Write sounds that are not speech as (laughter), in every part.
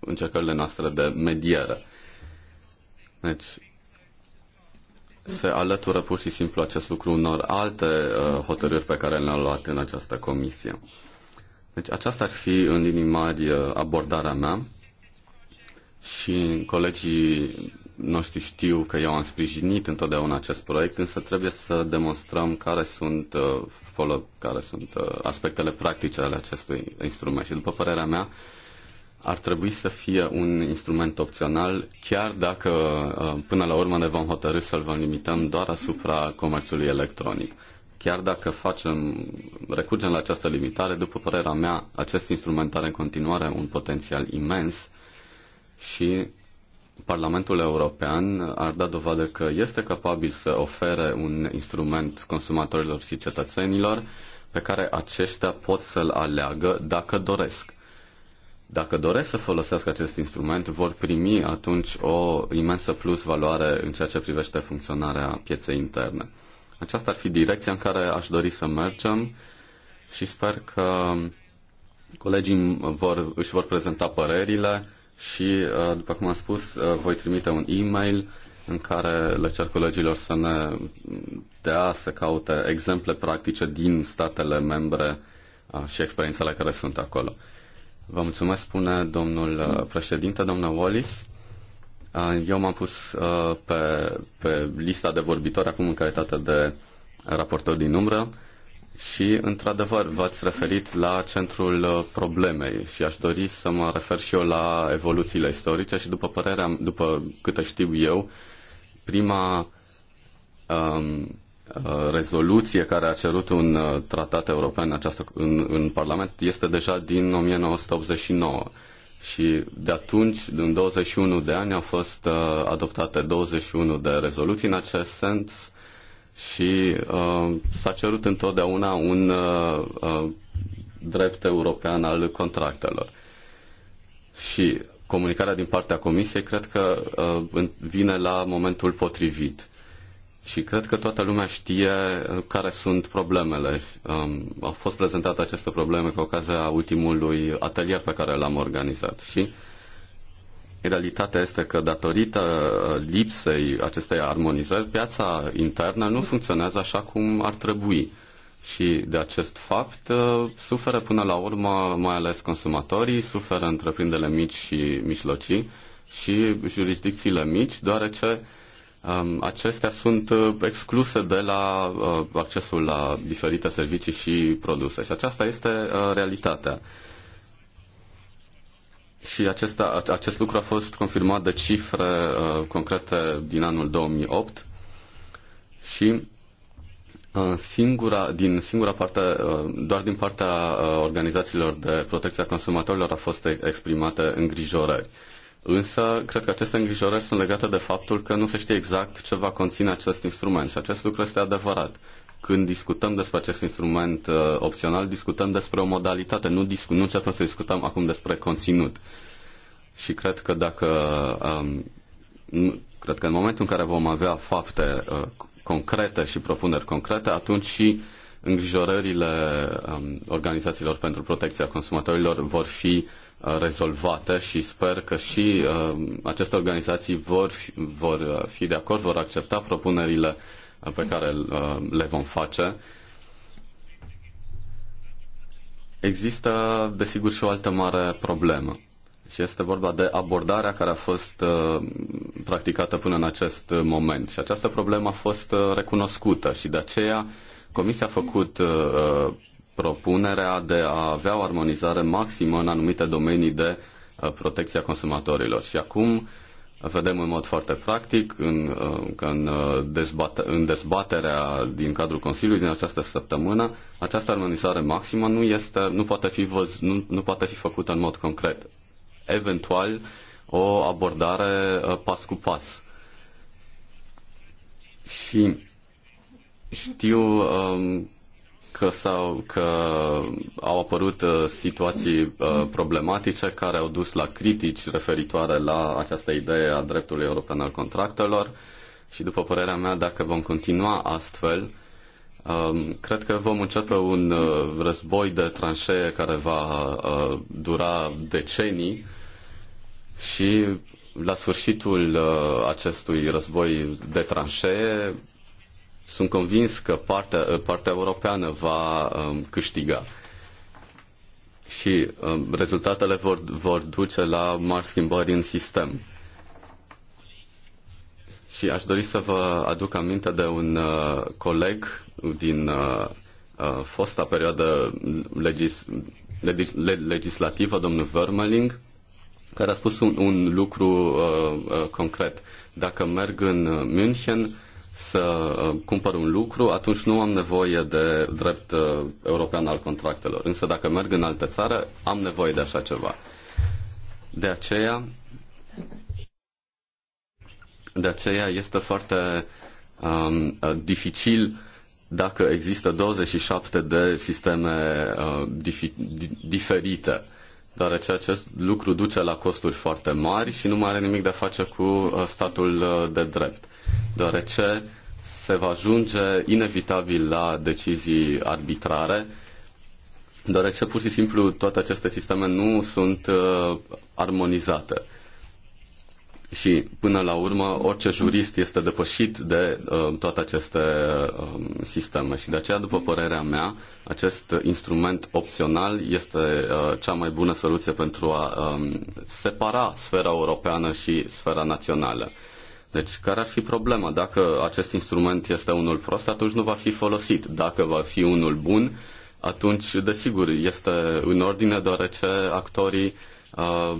încercările noastre de mediere. Deci, se alătură pur și simplu acest lucru unor alte uh, hotărâri pe care le-am luat în această comisie. Deci aceasta ar fi în linii mari uh, abordarea mea și colegii noștri știu că eu am sprijinit întotdeauna acest proiect, însă trebuie să demonstrăm care sunt, uh, care sunt uh, aspectele practice ale acestui instrument și după părerea mea, uh, ar trebui să fie un instrument opțional, chiar dacă uh, până la urmă ne vom hotărâ să-l vom limităm doar asupra comerțului electronic. Chiar dacă facem, recurgem la această limitare, după părerea mea, acest instrument are în continuare un potențial imens și Parlamentul European ar da dovadă că este capabil să ofere un instrument consumatorilor și cetățenilor pe care aceștia pot să-l aleagă dacă doresc dacă doresc să folosească acest instrument, vor primi atunci o imensă plus valoare în ceea ce privește funcționarea pieței interne. Aceasta ar fi direcția în care aș dori să mergem și sper că colegii vor, își vor prezenta părerile și, uh, după cum am spus, uh, voi trimite un e-mail în care le cer colegilor să ne dea să caute exemple practice din statele membre uh, și experiențele care sunt acolo. Vă mulțumesc, spune domnul uh, președinte, doamna Wallis. Uh, eu m-am pus uh, pe, pe lista de vorbitori acum în calitate de raportor din umbră și, într-adevăr, v-ați referit la centrul problemei și aș dori să mă refer și eu la evoluțiile istorice și, după părerea, după câte știu eu, prima um, Uh, rezoluție care a cerut un uh, tratat european în, această, în, în Parlament este deja din 1989 și de atunci, în 21 de ani, au fost uh, adoptate 21 de rezoluții în acest sens și uh, s-a cerut întotdeauna un uh, drept european al contractelor. Și comunicarea din partea Comisiei cred că uh, vine la momentul potrivit și cred că toată lumea știe uh, care sunt problemele. Um, au fost prezentate aceste probleme cu ocazia ultimului atelier pe care l-am organizat. Și realitatea este că datorită uh, lipsei acestei armonizări, piața internă nu funcționează așa cum ar trebui. Și de acest fapt uh, suferă până la urmă mai ales consumatorii, suferă întreprinderile mici și mijlocii și jurisdicțiile mici, deoarece Um, acestea sunt uh, excluse de la uh, accesul la diferite servicii și produse. Și aceasta este uh, realitatea. Și acesta, acest lucru a fost confirmat de cifre concrete din anul 2008 și singura, din singura parte, doar din partea organizațiilor de protecție a consumatorilor a fost exprimate îngrijorări. Însă, cred că aceste îngrijorări sunt legate de faptul că nu se știe exact ce va conține acest instrument și acest lucru este adevărat. Când discutăm despre acest instrument uh, opțional, discutăm despre o modalitate, nu, discu- nu începem să discutăm acum despre conținut. Și cred că dacă. Um, cred că în momentul în care vom avea fapte uh, concrete și propuneri concrete, atunci și îngrijorările um, organizațiilor pentru protecția consumatorilor vor fi uh, Uh, rezolvate și sper că și uh, aceste organizații vor fi, vor uh, fi de acord, vor accepta propunerile pe care le vom face. Există, desigur, și o altă mare problemă. Și este vorba de abordarea care a fost practicată până în acest moment. Și această problemă a fost recunoscută și de aceea Comisia a făcut propunerea de a avea o armonizare maximă în anumite domenii de uh, protecția consumatorilor. Și acum vedem în mod foarte practic în, uh, că în, uh, dezbate, în dezbaterea din cadrul Consiliului din această săptămână, această armonizare maximă nu, este, nu, poate fi văz, nu, nu poate fi făcută în mod concret. Eventual, o abordare pas cu pas. Și știu um, că, au că au apărut uh, situații uh, problematice care au dus la critici referitoare la această idee a dreptului european al contractelor și după părerea mea, dacă vom continua astfel, um, cred că vom începe un uh, război de tranșee care va dura decenii și la sfârșitul acestui război de tranșee sunt convins că partea, eh, partea europeană va um, câștiga și um, rezultatele vor, vor duce la mari schimbări în sistem. Și aș dori să vă aduc aminte de un uh, coleg din uh, uh, fosta perioadă legis, legis, legislativă, domnul Vermeling, care a spus un, un lucru uh, uh, concret. Dacă merg în München, să uh, cumpăr un lucru, atunci nu am nevoie de drept uh, european al contractelor. Însă dacă merg în altă țară, am nevoie de așa ceva. De aceea, de aceea este foarte um, uh, dificil dacă există 27 de sisteme uh, difi, diferite, deoarece acest lucru duce la costuri foarte mari și nu mai are nimic de a face cu statul de drept deoarece se va ajunge inevitabil la decizii arbitrare, deoarece pur și simplu toate aceste sisteme nu sunt uh, armonizate. Și până la urmă, orice jurist este depășit de uh, toate aceste uh, sisteme și de aceea, după părerea mea, acest instrument opțional este uh, cea mai bună soluție pentru a uh, separa sfera europeană și sfera națională. Deci, care ar fi problema? Dacă acest instrument este unul prost, atunci nu va fi folosit. Dacă va fi unul bun, atunci, desigur, este în ordine, deoarece actorii uh,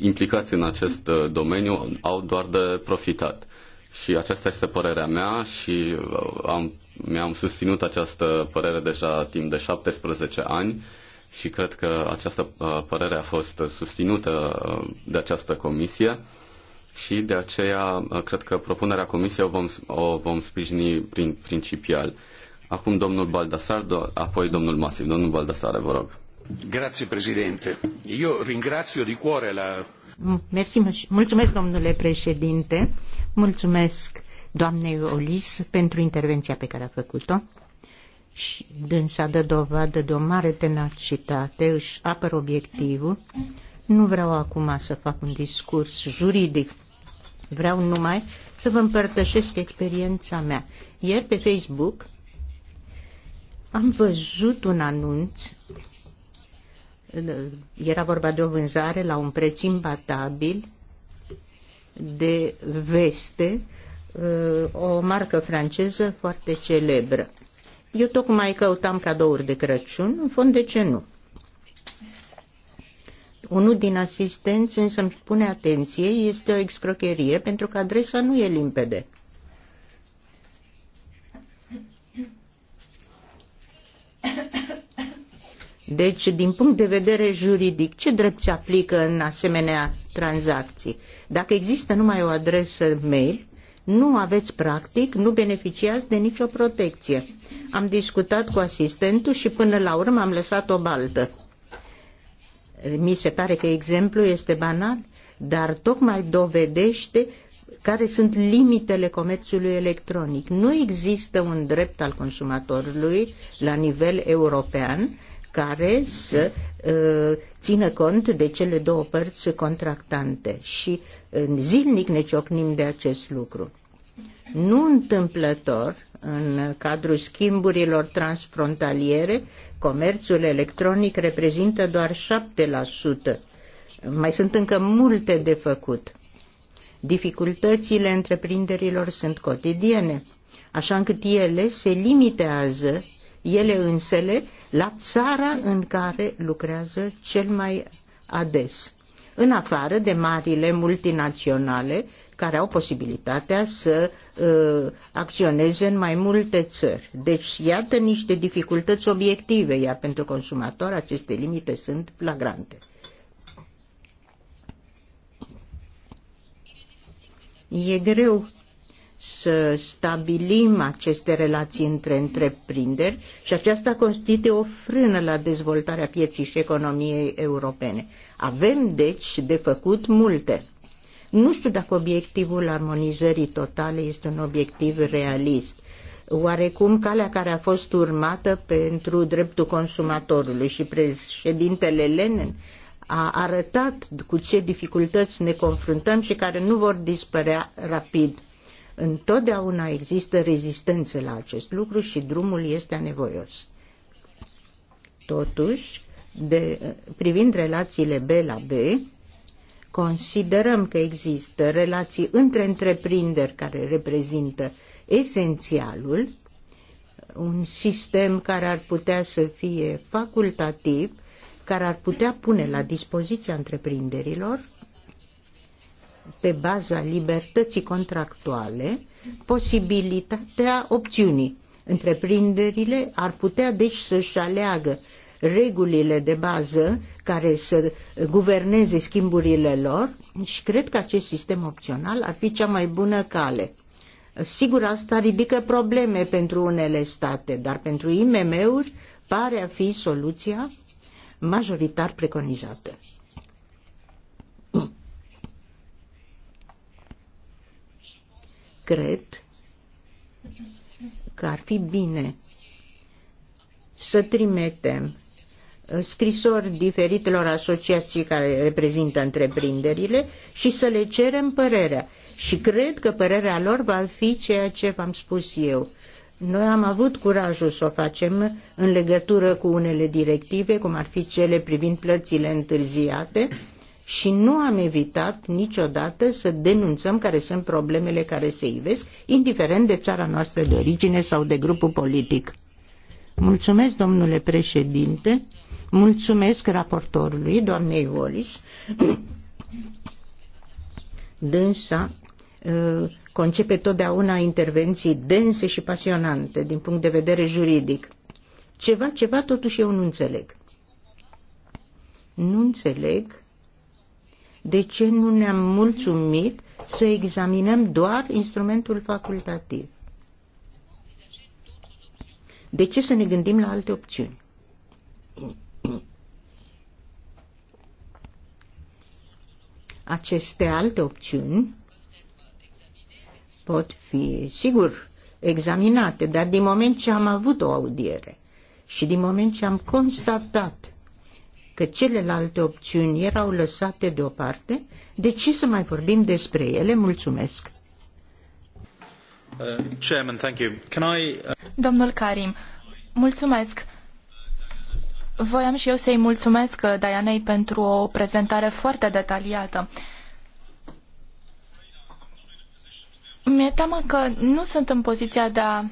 implicați în acest uh, domeniu au doar de profitat. Și aceasta este părerea mea și uh, am, mi-am susținut această părere deja timp de 17 ani și cred că această uh, părere a fost susținută de această comisie și de aceea uh, cred că propunerea comisiei o vom, o vom sprijini prin, principial. Acum domnul Baldassar, apoi domnul Masiv. Domnul Baldassare, vă rog. Grazie, președinte. Eu ringrazio di cuore la... Mersi, mulțumesc, domnule președinte. Mulțumesc doamnei Olis pentru intervenția pe care a făcut-o și dânsa dă dovadă de o mare tenacitate, își apăr obiectivul. Nu vreau acum să fac un discurs juridic, Vreau numai să vă împărtășesc experiența mea. Ieri pe Facebook am văzut un anunț era vorba de o vânzare la un preț imbatabil de veste, uh, o marcă franceză foarte celebră. Eu tocmai căutam cadouri de Crăciun, în fond de ce nu. Unul din asistenți însă îmi spune atenție, este o excrocherie pentru că adresa nu e limpede. Deci, din punct de vedere juridic, ce drept se aplică în asemenea tranzacții? Dacă există numai o adresă mail, nu aveți practic, nu beneficiați de nicio protecție. Am discutat cu asistentul și până la urmă am lăsat o baltă. Mi se pare că exemplul este banal, dar tocmai dovedește care sunt limitele comerțului electronic. Nu există un drept al consumatorului la nivel european care să uh, țină cont de cele două părți contractante și uh, zilnic ne ciocnim de acest lucru. Nu întâmplător, în cadrul schimburilor transfrontaliere, Comerțul electronic reprezintă doar 7%. Mai sunt încă multe de făcut. Dificultățile întreprinderilor sunt cotidiene, așa încât ele se limitează, ele însele, la țara în care lucrează cel mai ades. În afară de marile multinaționale, care au posibilitatea să uh, acționeze în mai multe țări. Deci, iată niște dificultăți obiective, iar pentru consumator aceste limite sunt flagrante. E greu să stabilim aceste relații între întreprinderi și aceasta constituie o frână la dezvoltarea pieții și economiei europene. Avem, deci, de făcut multe. Nu știu dacă obiectivul armonizării totale este un obiectiv realist oarecum calea care a fost urmată pentru dreptul consumatorului și președintele Lenin a arătat cu ce dificultăți ne confruntăm și care nu vor dispărea rapid. Întotdeauna există rezistență la acest lucru și drumul este anevoios. Totuși, de, privind relațiile B la B, Considerăm că există relații între întreprinderi care reprezintă esențialul, un sistem care ar putea să fie facultativ, care ar putea pune la dispoziția întreprinderilor pe baza libertății contractuale posibilitatea opțiunii. Întreprinderile ar putea deci să-și aleagă regulile de bază care să guverneze schimburile lor și cred că acest sistem opțional ar fi cea mai bună cale. Sigur, asta ridică probleme pentru unele state, dar pentru IMM-uri pare a fi soluția majoritar preconizată. Cred că ar fi bine să trimitem Uh, scrisori diferitelor asociații care reprezintă întreprinderile și să le cerem părerea. Și cred că părerea lor va fi ceea ce v-am spus eu. Noi am avut curajul să o facem în legătură cu unele directive, cum ar fi cele privind plățile întârziate, și nu am evitat niciodată să denunțăm care sunt problemele care se ivesc, indiferent de țara noastră de origine sau de grupul politic. Mulțumesc, domnule președinte. Mulțumesc raportorului, doamnei Wallis. Dânsa uh, concepe totdeauna intervenții dense și pasionante din punct de vedere juridic. Ceva, ceva totuși eu nu înțeleg. Nu înțeleg de ce nu ne-am mulțumit să examinăm doar instrumentul facultativ. De ce să ne gândim la alte opțiuni? Aceste alte opțiuni pot fi, sigur, examinate, dar din moment ce am avut o audiere și din moment ce am constatat că celelalte opțiuni erau lăsate deoparte, de ce să mai vorbim despre ele? Mulțumesc! Uh, chairman, thank you. Can I, uh... Domnul Karim, mulțumesc! Voiam și eu să-i mulțumesc uh, Dianei pentru o prezentare foarte detaliată. Mi-e teamă că nu sunt în poziția de a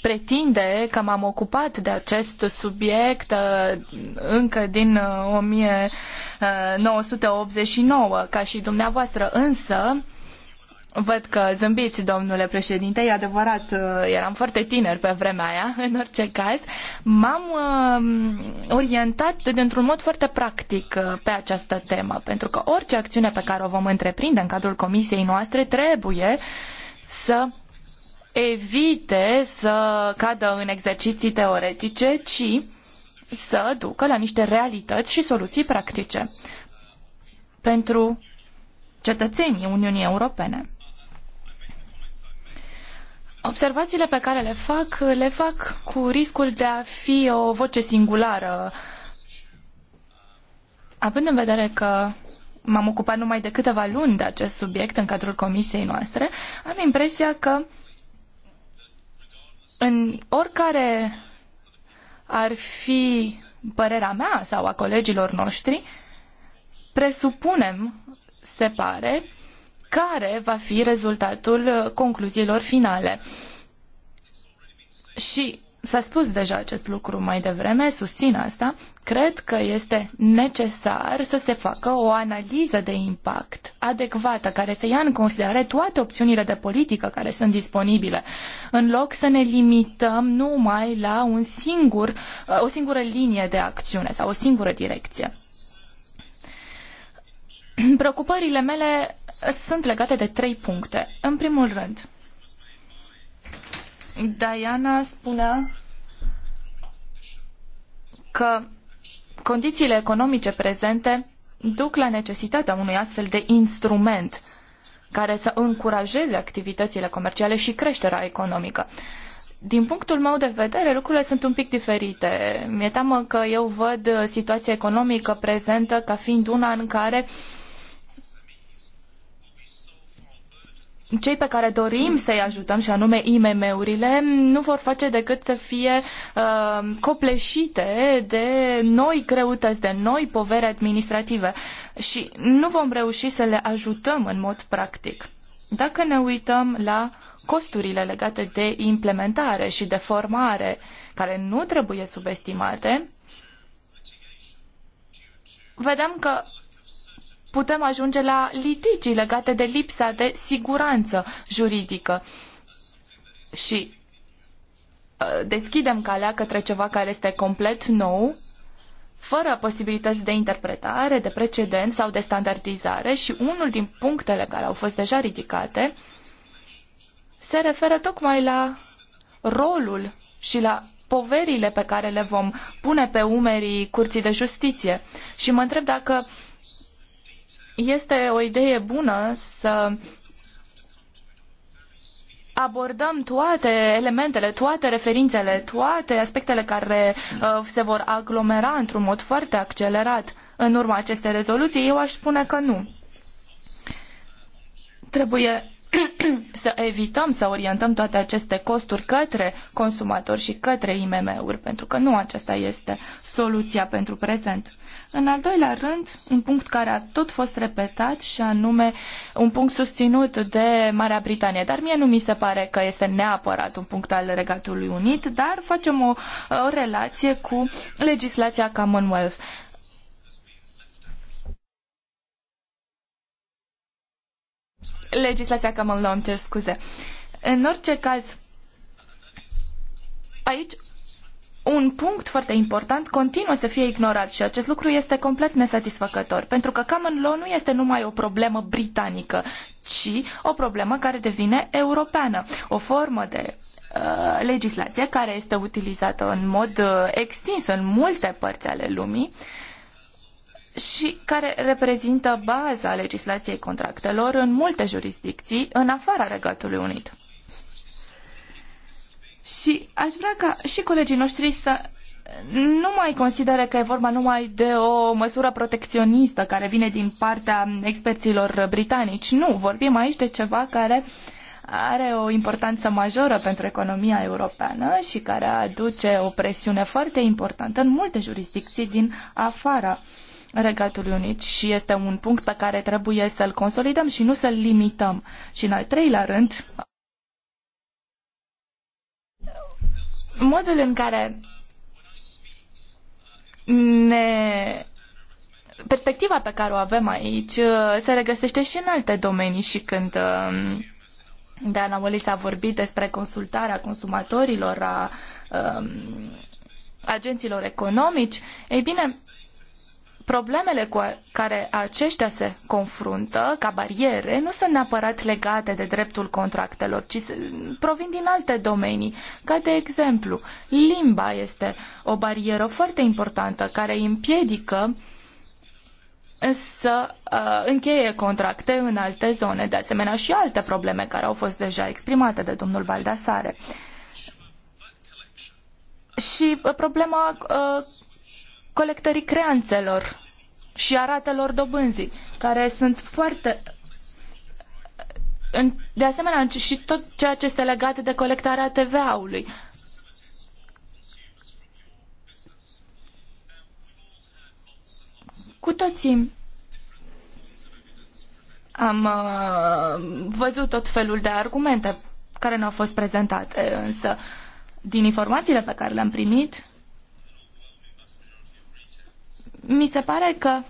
pretinde că m-am ocupat de acest subiect uh, încă din 1989, uh, ca și dumneavoastră, însă Văd că zâmbiți, domnule președinte, e adevărat, uh, eram foarte tineri pe vremea aia, (laughs) în orice caz. M-am uh, orientat dintr-un mod foarte practic uh, pe această temă, pentru că orice acțiune pe care o vom întreprinde în cadrul comisiei noastre trebuie să evite să cadă în exerciții teoretice, ci să ducă la niște realități și soluții practice pentru cetățenii Uniunii Europene. Observațiile pe care le fac, le fac cu riscul de a fi o voce singulară. Având în vedere că m-am ocupat numai de câteva luni de acest subiect în cadrul comisiei noastre, am impresia că în oricare ar fi părerea mea sau a colegilor noștri, presupunem, se pare, care va fi rezultatul uh, concluziilor finale. Și s-a spus deja acest lucru mai devreme, susțin asta, cred că este necesar să se facă o analiză de impact adecvată care să ia în considerare toate opțiunile de politică care sunt disponibile, în loc să ne limităm numai la un singur, uh, o singură linie de acțiune sau o singură direcție. (clears throat) Preocupările mele sunt legate de trei puncte. În primul rând, Diana spunea că condițiile economice prezente duc la necesitatea unui astfel de instrument care să încurajeze activitățile comerciale și creșterea economică. Din punctul meu de vedere, lucrurile sunt un pic diferite. Mi-e teamă că eu văd situația economică prezentă ca fiind una în care uh, cei pe care dorim să-i ajutăm, și anume IMM-urile, nu vor face decât să fie uh, copleșite de noi greutăți, de noi povere administrative și nu vom reuși să le ajutăm în mod practic. Dacă ne uităm la costurile legate de implementare și de formare, care nu trebuie subestimate, vedem că putem ajunge la litigii legate de lipsa de siguranță juridică. Și ă, deschidem calea către ceva care este complet nou, fără posibilități de interpretare, de precedent sau de standardizare și unul din punctele care au fost deja ridicate se referă tocmai la rolul și la poverile pe care le vom pune pe umerii Curții de Justiție. Și mă întreb dacă este o idee bună să abordăm toate elementele, toate referințele, toate aspectele care uh, se vor aglomera într-un mod foarte accelerat în urma acestei rezoluții, eu aș spune că nu. Trebuie (coughs) să evităm să orientăm toate aceste costuri către consumatori și către IMM-uri, pentru că nu aceasta este soluția pentru prezent. În al doilea rând, un punct care a tot fost repetat și anume un punct susținut de Marea Britanie, dar mie nu mi se pare că este neapărat un punct al Regatului Unit, dar facem o, o relație cu legislația Commonwealth. legislația common law, îmi cer scuze. În orice caz, aici un punct foarte important continuă să fie ignorat și acest lucru este complet nesatisfăcător, pentru că common law nu este numai o problemă britanică, ci o problemă care devine europeană, o formă de uh, legislație care este utilizată în mod uh, extins în multe părți ale lumii uh, și care reprezintă baza legislației contractelor în multe jurisdicții în afara Regatului Unit. Și aș vrea ca și colegii noștri să nu mai considere că e vorba numai de o măsură protecționistă care vine din partea experților britanici. Nu, vorbim aici de ceva care are o importanță majoră pentru economia europeană și care aduce o presiune foarte importantă în multe jurisdicții din afara uh, Regatul Unit și este un punct pe care trebuie să-l consolidăm și nu să-l limităm. Și în al treilea rând, modul în care ne perspectiva pe care o avem aici uh, se regăsește și în alte domenii și când um, Dana Wallis a vorbit despre consultarea consumatorilor, a, a um, agenților economici. Ei bine, problemele cu care aceștia se confruntă ca bariere nu sunt neapărat legate de dreptul contractelor, ci provin din alte domenii, ca de exemplu, limba este o barieră foarte importantă care îi împiedică să uh, încheie contracte în alte zone, de asemenea și alte probleme care au fost deja exprimate de domnul Baldasare. Și problema uh, colectării creanțelor și a ratelor dobânzii, care sunt foarte de asemenea, și tot ceea ce este legat de colectarea TVA-ului. Cu toții am uh, văzut tot felul de argumente care nu au fost prezentate, însă din informațiile pe care le-am primit, mi se pare că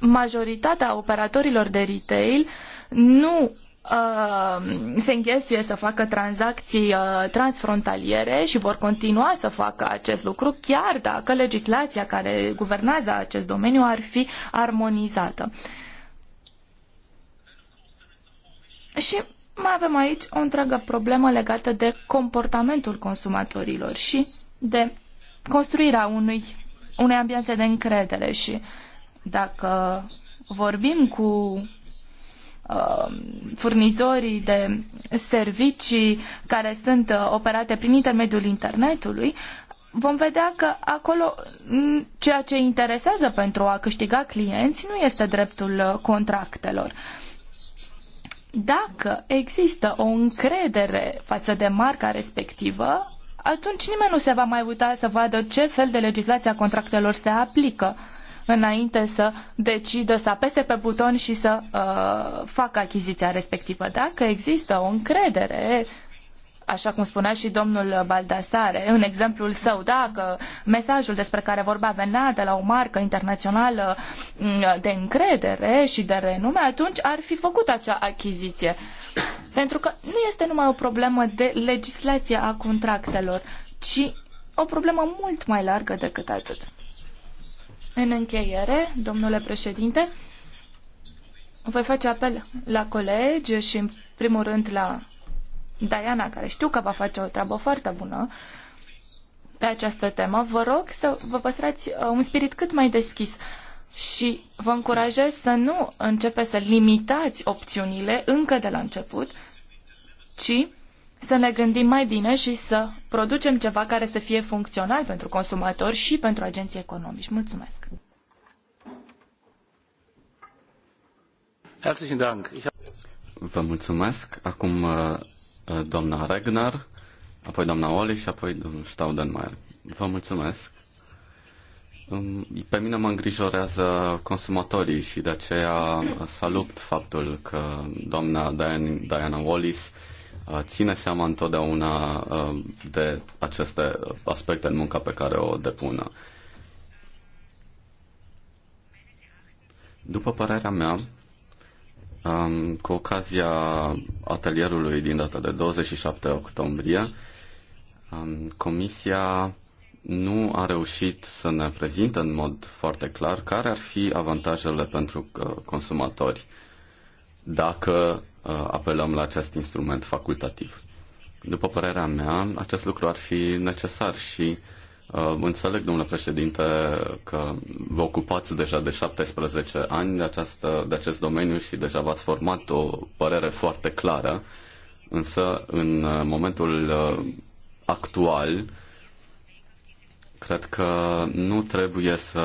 majoritatea operatorilor de retail nu uh, se înghesuie să facă tranzacții uh, transfrontaliere și vor continua să facă acest lucru chiar dacă legislația care guvernează acest domeniu ar fi armonizată. Și mai avem aici o întreagă problemă legată de comportamentul consumatorilor și de construirea unui unei ambianțe de încredere și dacă vorbim cu uh, furnizorii de servicii care sunt uh, operate prin intermediul internetului, vom vedea că acolo mm, ceea ce interesează pentru a câștiga clienți nu este dreptul uh, contractelor. Dacă există o încredere față de marca respectivă, atunci nimeni nu se va mai uita să vadă ce fel de legislație a contractelor se aplică înainte să decidă să apese pe buton și să uh, facă achiziția respectivă. Dacă există o încredere așa cum spunea și domnul Baldastare, în exemplul său, dacă mesajul despre care vorbea venea de la o marcă internațională mm, de încredere și de renume, atunci ar fi făcut acea achiziție. Pentru că nu este numai o problemă de legislație a contractelor, ci o problemă mult mai largă decât atât. În încheiere, domnule președinte, voi face apel la colegi și, în primul rând, la Diana, care știu că va face o treabă foarte bună pe această temă, vă rog să vă păstrați uh, un spirit cât mai deschis și vă încurajez să nu începeți să limitați opțiunile încă de la început, ci să ne gândim mai bine și să producem ceva care să fie funcțional pentru consumatori și pentru agenții economici. Mulțumesc! Vă mulțumesc. Acum uh, Uh, doamna Regnar, apoi doamna Oli și apoi domnul Staudenmaier. Vă mulțumesc. Um, pe mine mă îngrijorează consumatorii și de aceea salut faptul că doamna Diana Wallis uh, ține seama întotdeauna uh, de aceste aspecte în munca pe care o depună. După părerea mea, cu ocazia atelierului din data de 27 octombrie, Comisia nu a reușit să ne prezinte în mod foarte clar care ar fi avantajele pentru uh, consumatori dacă uh, apelăm la acest instrument facultativ. După părerea mea, acest lucru ar fi necesar și uh, Uh, înțeleg, domnule președinte, că vă ocupați deja de 17 ani de, această, de acest domeniu și deja v-ați format o părere foarte clară, însă în uh, momentul uh, actual Cred că nu trebuie să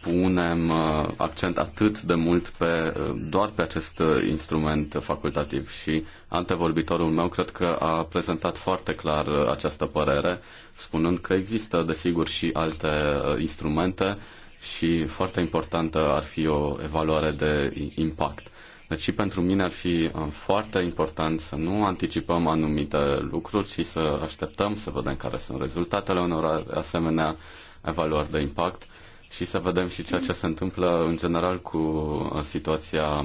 punem uh, accent atât de mult pe, uh, doar pe acest uh, instrument facultativ și antevorbitorul meu cred că a prezentat foarte clar această părere, spunând că există desigur și alte instrumente și foarte importantă ar fi o evaluare de impact. Deci și pentru mine ar fi uh, foarte important să nu anticipăm anumite lucruri și să așteptăm să vedem care sunt rezultatele unor asemenea evaluări de impact și să vedem și ceea ce se întâmplă în general cu uh, situația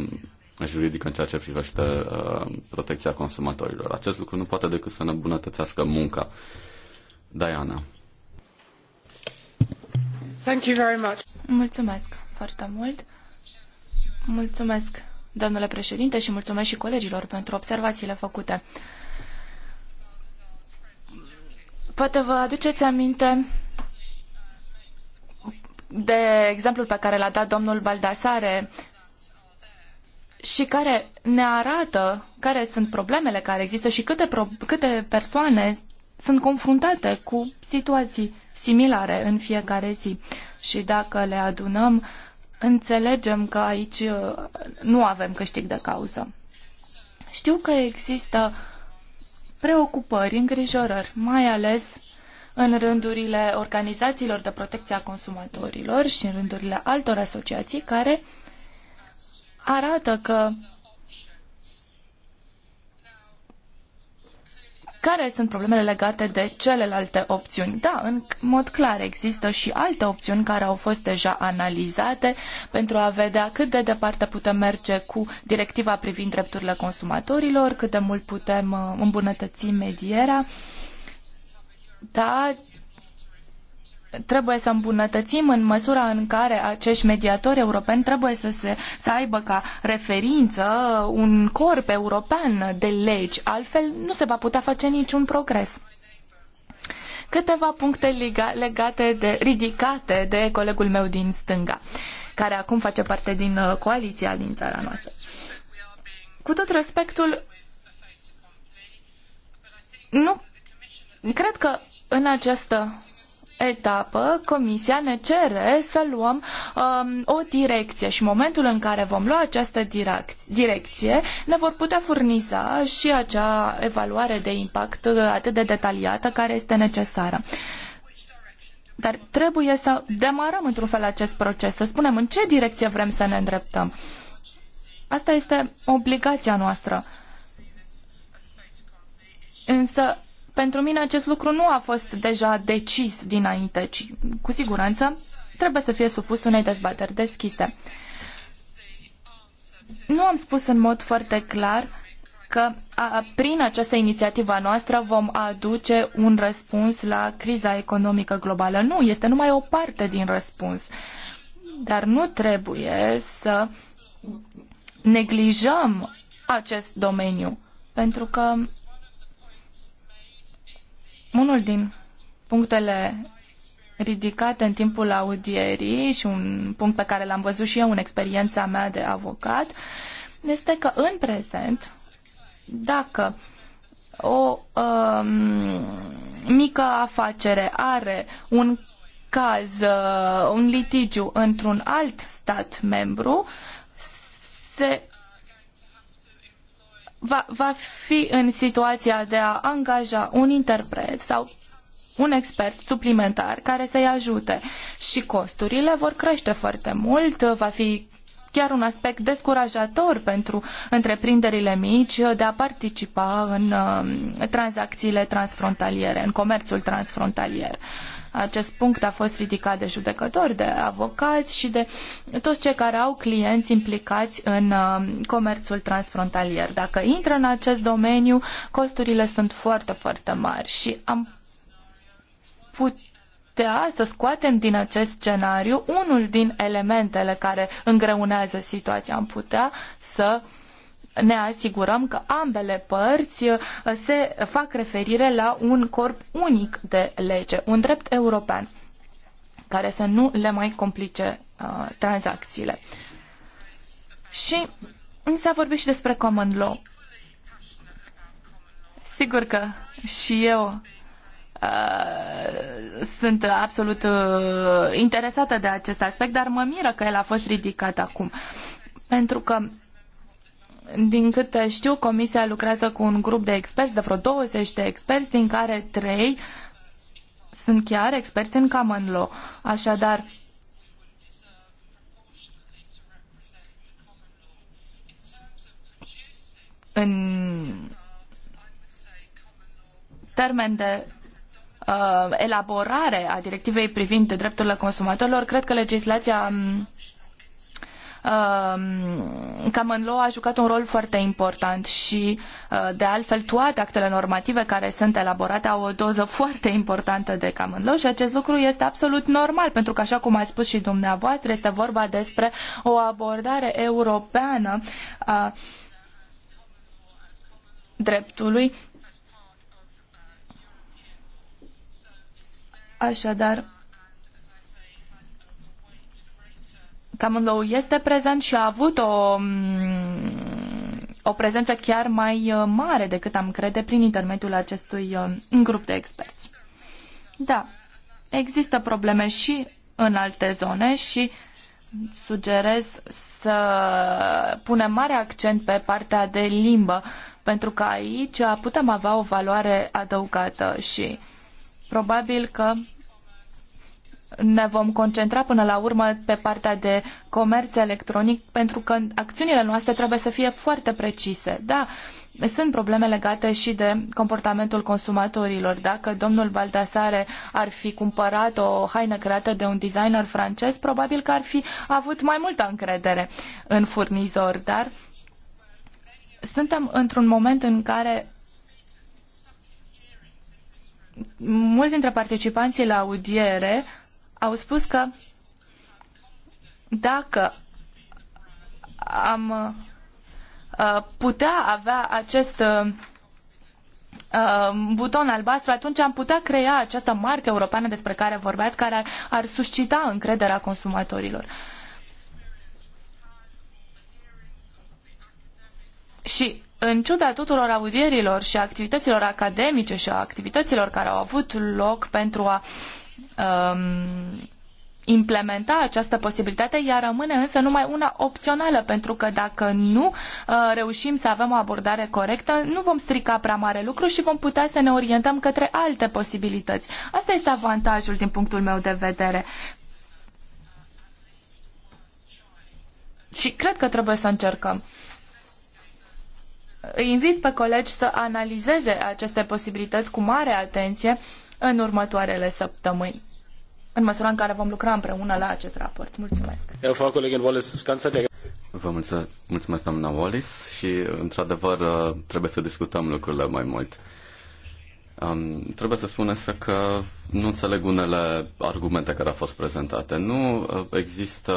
juridică în ceea ce privește uh, protecția consumatorilor. Acest lucru nu poate decât să ne bunătățească munca. Diana. Thank you very much. Mulțumesc foarte mult. Mulțumesc domnule președinte, și mulțumesc și colegilor pentru observațiile făcute. Poate vă aduceți aminte de exemplul pe care l-a dat domnul Baldasare și care ne arată care sunt problemele care există și câte, pro- câte persoane sunt confruntate cu situații similare în fiecare zi. Și dacă le adunăm, Înțelegem că aici uh, nu avem câștig de cauză. Știu că există preocupări, îngrijorări, mai ales în rândurile organizațiilor de protecție a consumatorilor și în rândurile altor asociații care arată că care sunt problemele legate de celelalte opțiuni. Da, în mod clar există și alte opțiuni care au fost deja analizate pentru a vedea cât de departe putem merge cu directiva privind drepturile consumatorilor, cât de mult putem uh, îmbunătăți medierea. Da, trebuie să îmbunătățim în măsura în care acești mediatori europeni trebuie să, se, să aibă ca referință un corp european de legi, altfel nu se va putea face niciun progres câteva puncte legate de, ridicate de colegul meu din stânga, care acum face parte din uh, coaliția din țara noastră. Cu tot respectul, nu, cred că în această etapă, Comisia ne cere să luăm um, o direcție și în momentul în care vom lua această direcție, ne vor putea furniza și acea evaluare de impact atât de detaliată care este necesară. Dar trebuie să demarăm într-un fel acest proces, să spunem în ce direcție vrem să ne îndreptăm. Asta este obligația noastră. Însă pentru mine acest lucru nu a fost deja decis dinainte, ci cu siguranță trebuie să fie supus unei dezbateri deschise. Nu am spus în mod foarte clar că a, prin această inițiativă a noastră vom aduce un răspuns la criza economică globală. Nu, este numai o parte din răspuns. Dar nu trebuie să neglijăm acest domeniu, pentru că unul din punctele ridicate în timpul audierii și un punct pe care l-am văzut și eu în experiența mea de avocat este că în prezent, dacă o um, mică afacere are un caz, uh, un litigiu într-un alt stat membru, se va, va fi în situația de a angaja un interpret sau un expert suplimentar care să-i ajute și costurile vor crește foarte mult, va fi chiar un aspect descurajator pentru întreprinderile mici de a participa în um, tranzacțiile transfrontaliere, în comerțul transfrontalier. Acest punct a fost ridicat de judecători, de avocați și de toți cei care au clienți implicați în uh, comerțul transfrontalier. Dacă intră în acest domeniu, costurile sunt foarte, foarte mari și am putut putea să scoatem din acest scenariu unul din elementele care îngreunează situația. Am putea să uh, ne asigurăm că ambele părți uh, se fac referire la un corp unic de lege, un drept european, care să nu le mai complice uh, tranzacțiile. Și s-a vorbit și despre common law. Sigur că și eu uh, sunt absolut uh, interesată de acest aspect, dar mă miră că el a fost ridicat acum. Pentru că din câte știu, Comisia lucrează cu un grup de experți, de vreo 20 de experți, din care trei sunt chiar experți în common law. Așadar, în termen de uh, elaborare a directivei privind drepturile consumatorilor, cred că legislația um, Um, Law a jucat un rol foarte important și uh, de altfel toate actele normative care sunt elaborate au o doză foarte importantă de Law și acest lucru este absolut normal pentru că așa cum a spus și dumneavoastră este vorba despre o abordare europeană a dreptului Așadar, Camunlow este prezent și a avut o, mm, o prezență chiar mai uh, mare decât am crede prin intermediul acestui uh, grup de experți. Da, există probleme și în alte zone și sugerez să punem mare accent pe partea de limbă, pentru că aici putem avea o valoare adăugată și probabil că ne vom concentra până la urmă pe partea de comerț electronic, pentru că acțiunile noastre trebuie să fie foarte precise. Da, sunt probleme legate și de comportamentul consumatorilor. Dacă domnul Baltasare ar fi cumpărat o haină creată de un designer francez, probabil că ar fi avut mai multă încredere în furnizor, dar suntem într-un moment în care mulți dintre participanții la audiere au spus că dacă am uh, putea avea acest uh, uh, buton albastru, atunci am putea crea această marcă europeană despre care vorbeați, care ar, ar suscita încrederea consumatorilor. Și în ciuda tuturor audierilor și activităților academice și activităților care au avut loc pentru a uh, um, implementa această posibilitate, ea rămâne însă numai una opțională, pentru că dacă nu uh, reușim să avem o abordare corectă, nu vom strica prea mare lucru și vom putea să ne orientăm către alte posibilități. Asta este avantajul din punctul meu de vedere. Și cred că trebuie să încercăm. Îi invit pe colegi să analizeze aceste posibilități cu mare atenție în următoarele săptămâni în măsura în care vom lucra împreună la acest raport. Mulțumesc. Vă mulțumesc, mulțumesc doamna Wallis, și, într-adevăr, trebuie să discutăm lucrurile mai mult. Um, trebuie să spun însă că nu înțeleg unele argumente care au fost prezentate. Nu uh, există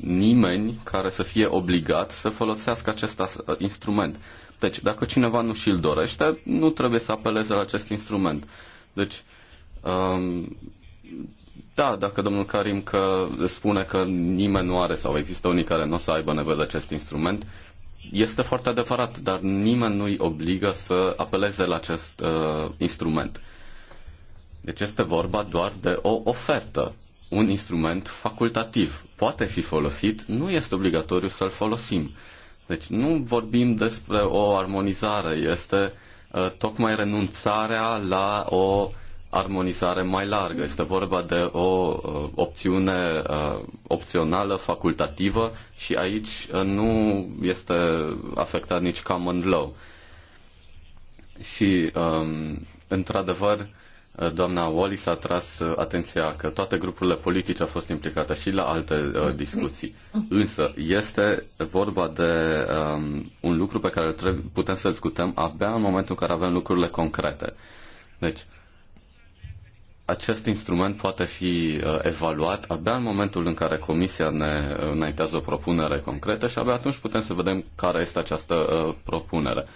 nimeni care să fie obligat să folosească acest instrument. Deci, dacă cineva nu și-l dorește, nu trebuie să apeleze la acest instrument. Deci, Um, da, dacă domnul Karim că spune că nimeni nu are sau există unii care nu o să aibă nevoie de acest instrument, este foarte adevărat, dar nimeni nu-i obligă să apeleze la acest uh, instrument. Deci este vorba doar de o ofertă, un instrument facultativ. Poate fi folosit, nu este obligatoriu să-l folosim. Deci nu vorbim despre o armonizare, este uh, tocmai renunțarea la o armonizare mai largă. Este vorba de o uh, opțiune uh, opțională, facultativă și aici uh, nu este afectat nici common law. Și, um, într-adevăr, doamna Wallis a tras atenția că toate grupurile politice au fost implicate și la alte discuții. Însă, este vorba de um, un lucru pe care putem să-l discutăm abia în momentul în care avem lucrurile concrete. Deci, acest instrument poate fi uh, evaluat abia în momentul în care Comisia ne înaintează o propunere concretă și abia atunci putem să vedem care este această uh, propunere.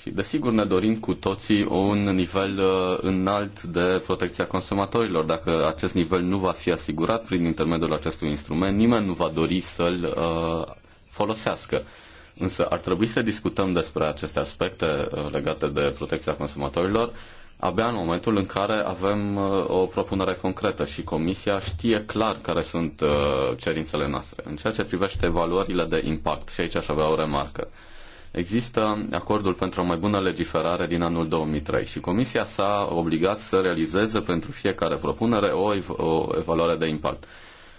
Și desigur ne dorim cu toții un nivel uh, înalt de protecția consumatorilor. Dacă acest nivel nu va fi asigurat prin intermediul acestui instrument, nimeni nu va dori să-l folosească. Însă ar trebui să discutăm despre aceste aspecte legate de protecția consumatorilor abia în momentul în care avem uh, o propunere concretă și Comisia știe clar care sunt uh, cerințele noastre. În ceea ce privește evaluările de impact, și aici aș avea o remarcă, există acordul pentru o mai bună legiferare din anul 2003 și Comisia s-a obligat să realizeze pentru fiecare propunere o, evaluare de impact.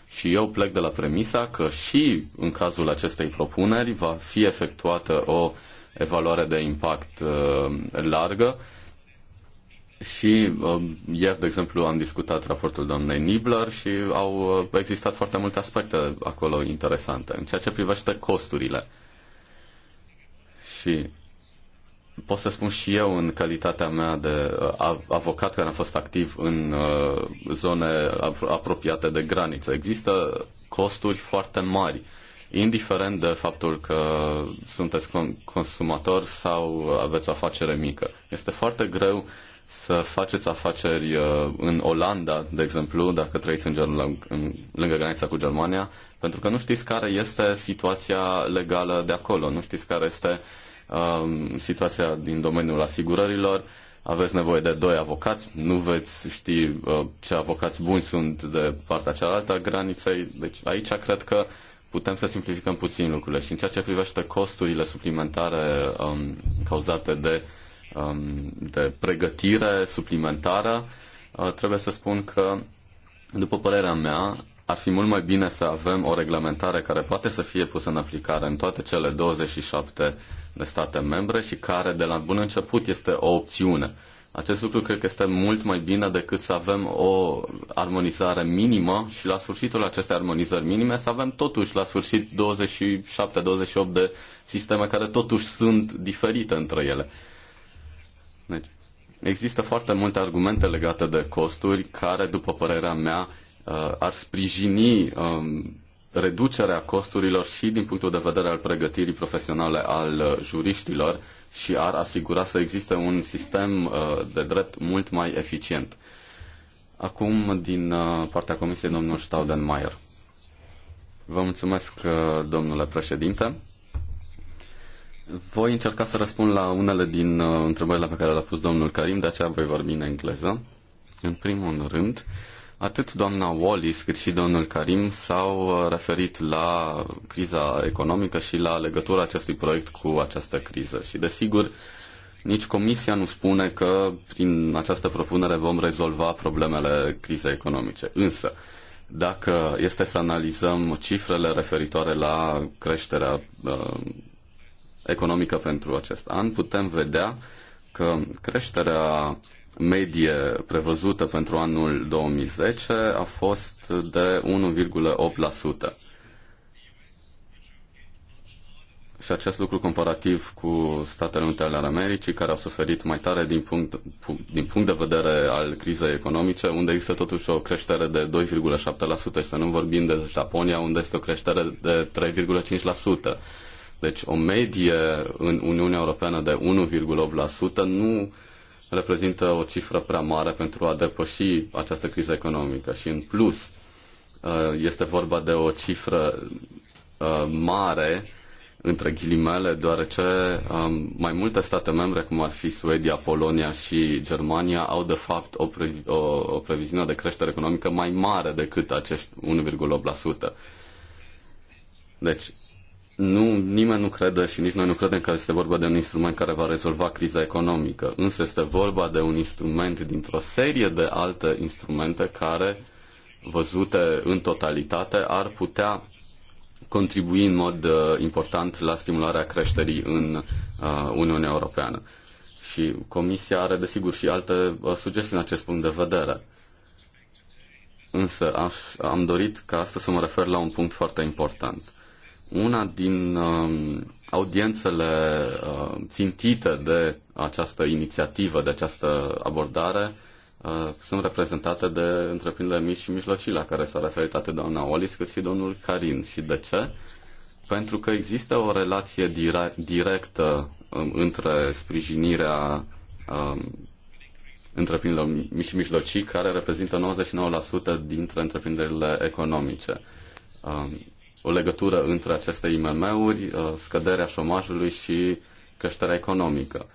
Și eu plec de la premisa că și în cazul acestei propuneri va fi efectuată o evaluare de impact uh, largă, și um, ieri, de exemplu, am discutat raportul doamnei Nibler și au uh, existat foarte multe aspecte acolo interesante în ceea ce privește costurile. Și pot să spun și eu în calitatea mea de uh, avocat care am fost activ în uh, zone apropiate de graniță. Există costuri foarte mari, indiferent de faptul că sunteți consumator sau aveți o afacere mică. Este foarte greu uh, să faceți afaceri uh, în Olanda, de exemplu, dacă trăiți în, în, în, lângă granița cu Germania, pentru că nu știți care este situația legală de acolo, nu știți care este um, situația din domeniul asigurărilor, aveți nevoie de doi avocați, nu veți ști uh, ce avocați buni sunt de partea cealaltă a graniței, deci aici cred că putem să simplificăm puțin lucrurile și în ceea ce privește costurile suplimentare um, cauzate de uh, Um, de pregătire suplimentară, uh, trebuie să spun că, după părerea mea, ar fi mult mai bine să avem o reglementare care poate să fie pusă în aplicare în toate cele 27 de state membre și care de la bun început este o opțiune. Acest lucru cred că este mult mai bine decât să avem o armonizare minimă și la sfârșitul acestei armonizări minime să avem totuși la sfârșit 27-28 de sisteme care totuși sunt diferite între ele. Deci, există foarte multe argumente legate de costuri care, după părerea mea, uh, ar sprijini um, reducerea costurilor și din punctul de vedere al pregătirii profesionale al uh, juriștilor și ar asigura să existe un sistem uh, de drept mult mai eficient. Acum, din partea Comisiei, domnul Staudenmayer. Vă mulțumesc, domnule președinte. Voi încerca să răspund la unele din uh, întrebările pe care le-a pus domnul Karim, de aceea voi vorbi în engleză. În primul rând, atât doamna Wallis cât și domnul Karim s-au uh, referit la criza economică și la legătura acestui proiect cu această criză. Și desigur, nici Comisia nu spune că prin această propunere vom rezolva problemele crizei economice. Însă, dacă este să analizăm cifrele referitoare la creșterea uh, economică pentru acest an, putem vedea că creșterea medie prevăzută pentru anul 2010 a fost de 1,8%. Și acest lucru comparativ cu Statele Unite ale Americii, care au suferit mai tare din punct, din punct de vedere al crizei economice, unde există totuși o creștere de 2,7%, și să nu vorbim de Japonia, unde este o creștere de 3,5%. Deci o medie în Uniunea Europeană de 1,8% nu reprezintă o cifră prea mare pentru a depăși această criză economică și în plus uh, este vorba de o cifră uh, mare între ghilimele, deoarece um, mai multe state membre, cum ar fi Suedia, Polonia și Germania, au de fapt o, pre- o, o previziune de creștere economică mai mare decât acești 1,8%. Deci, nu, nimeni nu crede și nici noi nu credem că este vorba de un instrument care va rezolva criza economică, însă este vorba de un instrument dintr-o serie de alte instrumente care, văzute în totalitate, ar putea contribui în mod uh, important la stimularea creșterii în uh, Uniunea Europeană. Și Comisia are, desigur, și alte uh, sugestii în acest punct de vedere. Însă aș, am dorit ca astăzi să mă refer la un punct foarte important una din uh, audiențele uh, țintite de această inițiativă, de această abordare, uh, sunt reprezentate de întreprinderile mici și mijlocii la care s-a referit atât doamna Olis cât și domnul Carin. Și de ce? Pentru că există o relație dire- directă um, între sprijinirea um, întreprinderilor mici și mijlocii, care reprezintă 99% dintre întreprinderile economice. Um, o legătură între aceste IMM-uri, uh, scăderea șomajului și creșterea economică.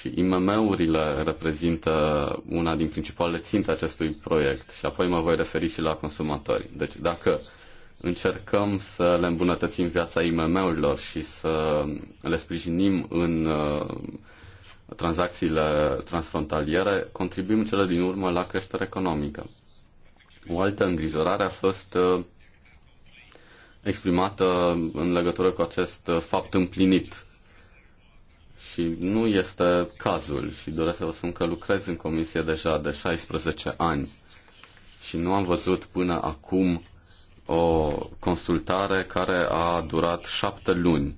Și IMM-urile reprezintă una din principalele ținte acestui proiect și apoi mă voi referi și la consumatori. Deci dacă încercăm să le îmbunătățim viața IMM-urilor și să le sprijinim în uh, tranzacțiile transfrontaliere, contribuim cele din urmă la creștere economică. O altă îngrijorare a fost uh, exprimată în legătură cu acest fapt împlinit. Și nu este cazul și doresc să vă spun că lucrez în comisie deja de 16 ani și nu am văzut până acum o consultare care a durat șapte luni.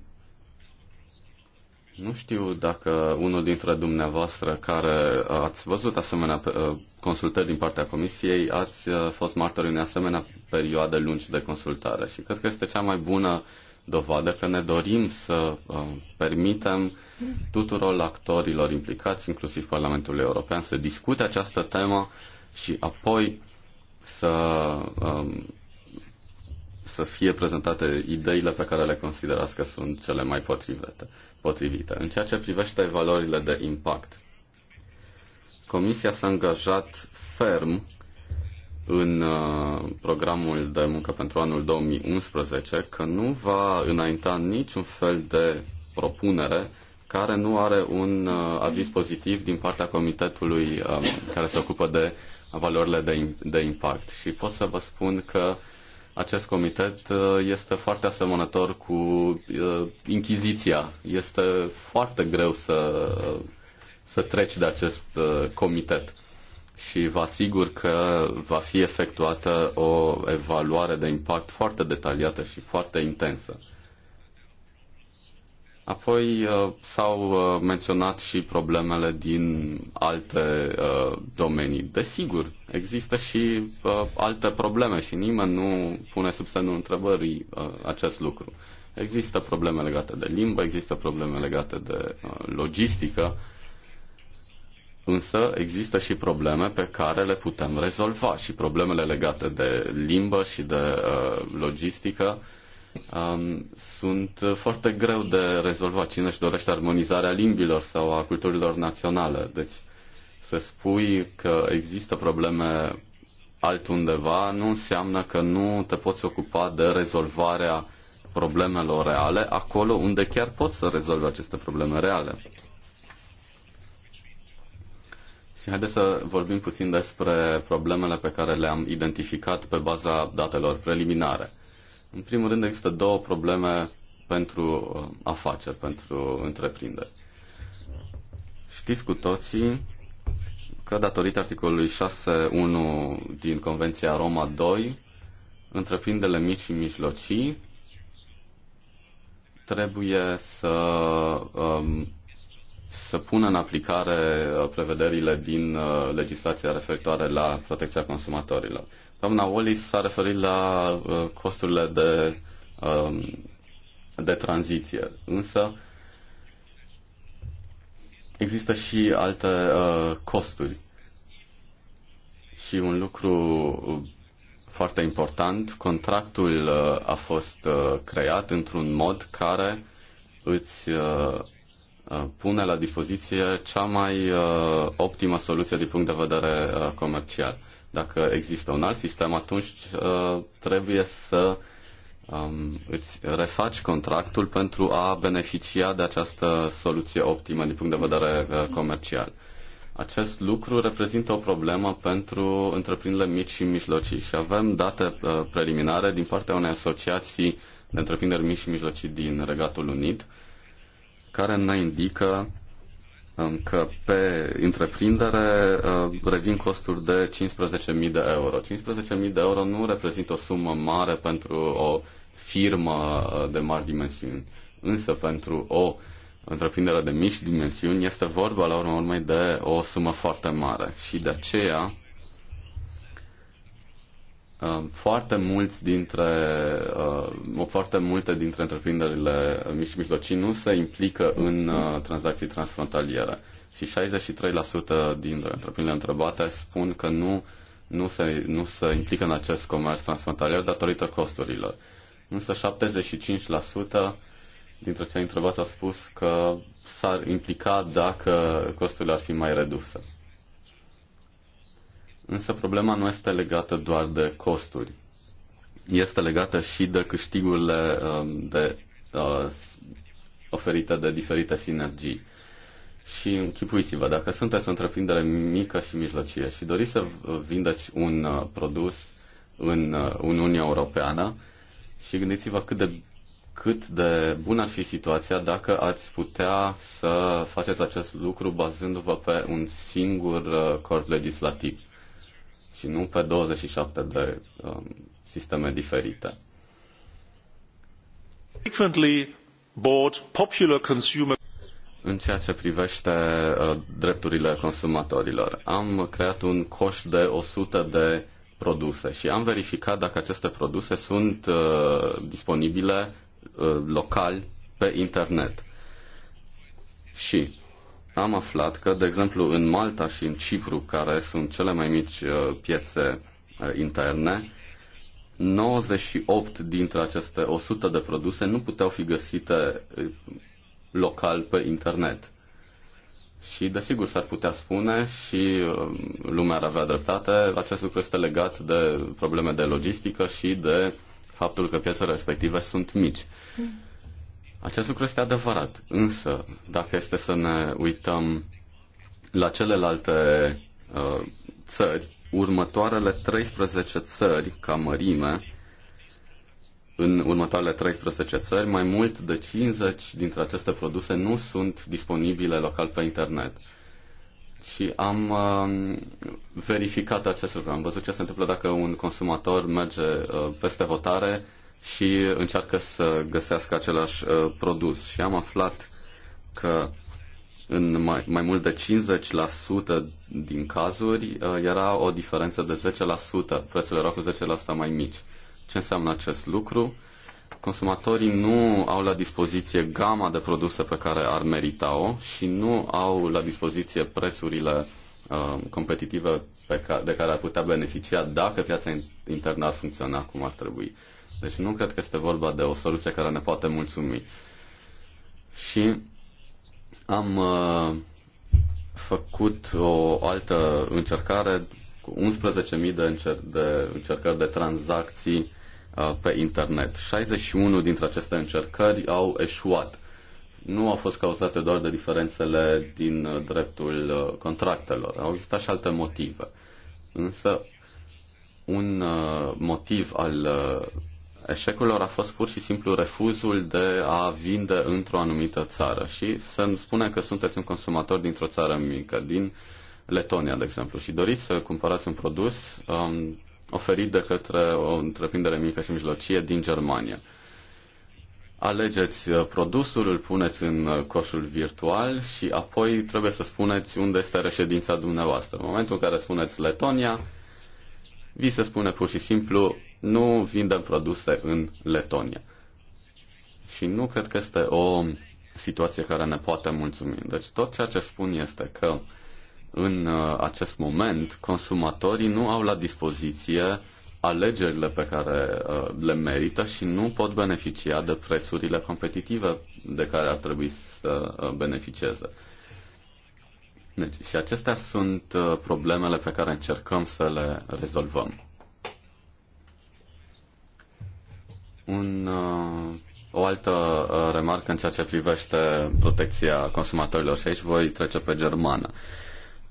Nu știu dacă unul dintre dumneavoastră care ați văzut asemenea consultări din partea comisiei, ați uh, fost martori în asemenea perioade lungi de consultare și cred că este cea mai bună dovadă că ne dorim să uh, permitem tuturor actorilor implicați, inclusiv Parlamentul European, să discute această temă și apoi să, um, să fie prezentate ideile pe care le considerați că sunt cele mai potrivite. potrivite. În ceea ce privește valorile de impact, Comisia s-a angajat ferm în uh, programul de muncă pentru anul 2011 că nu va înainta niciun fel de propunere care nu are un uh, aviz pozitiv din partea comitetului um, care se ocupă de valorile de, de impact. Și pot să vă spun că acest comitet uh, este foarte asemănător cu Inchiziția. Este foarte greu să, să treci de acest comitet și vă asigur că va fi efectuată o evaluare de impact foarte detaliată și foarte intensă. Apoi uh, s-au uh, menționat și problemele din alte uh, domenii. Desigur, există și alte probleme și nimeni nu pune sub semnul întrebării acest lucru. Există probleme legate de limbă, există probleme legate de logistică, Însă există și probleme pe care le putem rezolva și problemele legate de limbă și de uh, logistică um, sunt foarte greu de rezolvat. Cine își dorește armonizarea limbilor sau a culturilor naționale? Deci să spui că există probleme altundeva nu înseamnă că nu te poți ocupa de rezolvarea problemelor reale acolo unde chiar poți să rezolvi aceste probleme reale. Și haideți să vorbim puțin despre problemele pe care le-am identificat pe baza datelor preliminare. În primul rând există două probleme pentru uh, afaceri, pentru întreprinderi. Știți cu toții că datorită articolului 6.1 din Convenția Roma 2, întreprinderile mici și mijlocii trebuie să um, să pună în aplicare uh, prevederile din uh, legislația referitoare la protecția consumatorilor. Doamna Wallis s-a referit la uh, costurile de, um, de tranziție, însă există și alte costuri. Și un lucru foarte important, contractul a fost creat într-un mod care îți Uh, pune la dispoziție cea mai uh, optimă soluție din punct de vedere uh, comercial. Dacă există un alt sistem, atunci trebuie să um, îți refaci contractul pentru a beneficia de această soluție optimă din punct de vedere comercial. Acest lucru reprezintă o problemă pentru întreprinderile mici și mijlocii și avem date preliminare din partea unei asociații de întreprinderi mici și mijlocii din Regatul Unit, care ne indică um, că pe întreprindere uh, revin costuri de 15.000 de euro. 15.000 de euro nu reprezintă o sumă mare pentru o firmă uh, de mari dimensiuni, însă pentru o întreprindere de mici dimensiuni este vorba la urma urmei de o sumă foarte mare și de aceea Um, foarte mulți dintre uh, foarte multe dintre întreprinderile mici și mijlocii nu se implică în uh, tranzacții transfrontaliere și 63% dintre întreprinderile întrebate spun că nu, nu, se, nu se implică în acest comerț transfrontalier datorită costurilor. Însă 75% dintre cei întrebați au spus că s-ar implica dacă costurile ar fi mai reduse. Însă problema nu este legată doar de costuri. Este legată și de câștigurile uh, de, de, uh, oferite de diferite sinergii. Și închipuiți-vă, dacă sunteți o întreprindere mică și mijlocie și doriți să vindeți un uh, produs în Uniunea Europeană și gândiți-vă cât de, cât de bună ar fi situația dacă ați putea să faceți acest lucru bazându-vă pe un singur corp legislativ și nu pe 27 de um, sisteme diferite. în ceea ce privește uh, drepturile consumatorilor. Am creat un coș de 100 de produse și am verificat dacă aceste produse sunt uh, disponibile uh, local pe internet. Și am aflat că, de exemplu, în Malta și în Cipru, care sunt cele mai mici uh, piețe uh, interne, 98 dintre aceste 100 de produse nu puteau fi găsite uh, local pe internet. Și, desigur, s-ar putea spune și lumea ar avea dreptate, acest lucru este legat de probleme de logistică și de faptul că piețele respective sunt mici. Mm. Acest lucru este adevărat, însă dacă este să ne uităm la celelalte uh, țări, următoarele 13 țări ca mărime, în următoarele 13 țări, mai mult de 50 dintre aceste produse nu sunt disponibile local pe internet. Și am uh, verificat acest lucru. Am văzut ce se întâmplă dacă un consumator merge uh, peste hotare, uh, și încearcă să găsească același uh, produs. Și am aflat că în mai, mai mult de 50% din cazuri uh, era o diferență de 10%. Prețurile erau cu 10% mai mici. Ce înseamnă acest lucru? Consumatorii nu au la dispoziție gama de produse pe care ar merita-o și nu au la dispoziție prețurile uh, competitive pe care, de care ar putea beneficia dacă piața internă ar funcționa cum ar trebui. Uh, deci nu cred că este vorba de o soluție care ne poate mulțumi. Și am uh, făcut o altă încercare cu 11.000 de, încer- de încercări de tranzacții uh, pe internet. 61 dintre aceste încercări au eșuat. Nu au fost cauzate doar de diferențele din uh, dreptul uh, contractelor, au existat și alte motive. Însă, un uh, motiv al lor a fost pur și simplu refuzul de a vinde într-o anumită țară și să-mi spune că sunteți un consumator dintr-o țară mică, din Letonia, de exemplu, și doriți să cumpărați un produs um, oferit de către o întreprindere mică și mijlocie din Germania. Alegeți uh, produsul, îl puneți în uh, coșul virtual și apoi trebuie să spuneți unde este reședința dumneavoastră. În momentul în care spuneți Letonia, vi se spune pur și simplu nu vindem produse în Letonia. Și nu cred că este o situație care ne poate mulțumi. Deci tot ceea ce spun este că în uh, acest moment consumatorii nu au la dispoziție alegerile pe care uh, le merită și nu pot beneficia de prețurile competitive de care ar trebui să uh, beneficieze. Deci, și acestea sunt problemele pe care încercăm să le rezolvăm. Un, uh, o altă uh, remarcă în ceea ce privește protecția consumatorilor și aici voi trece pe germană.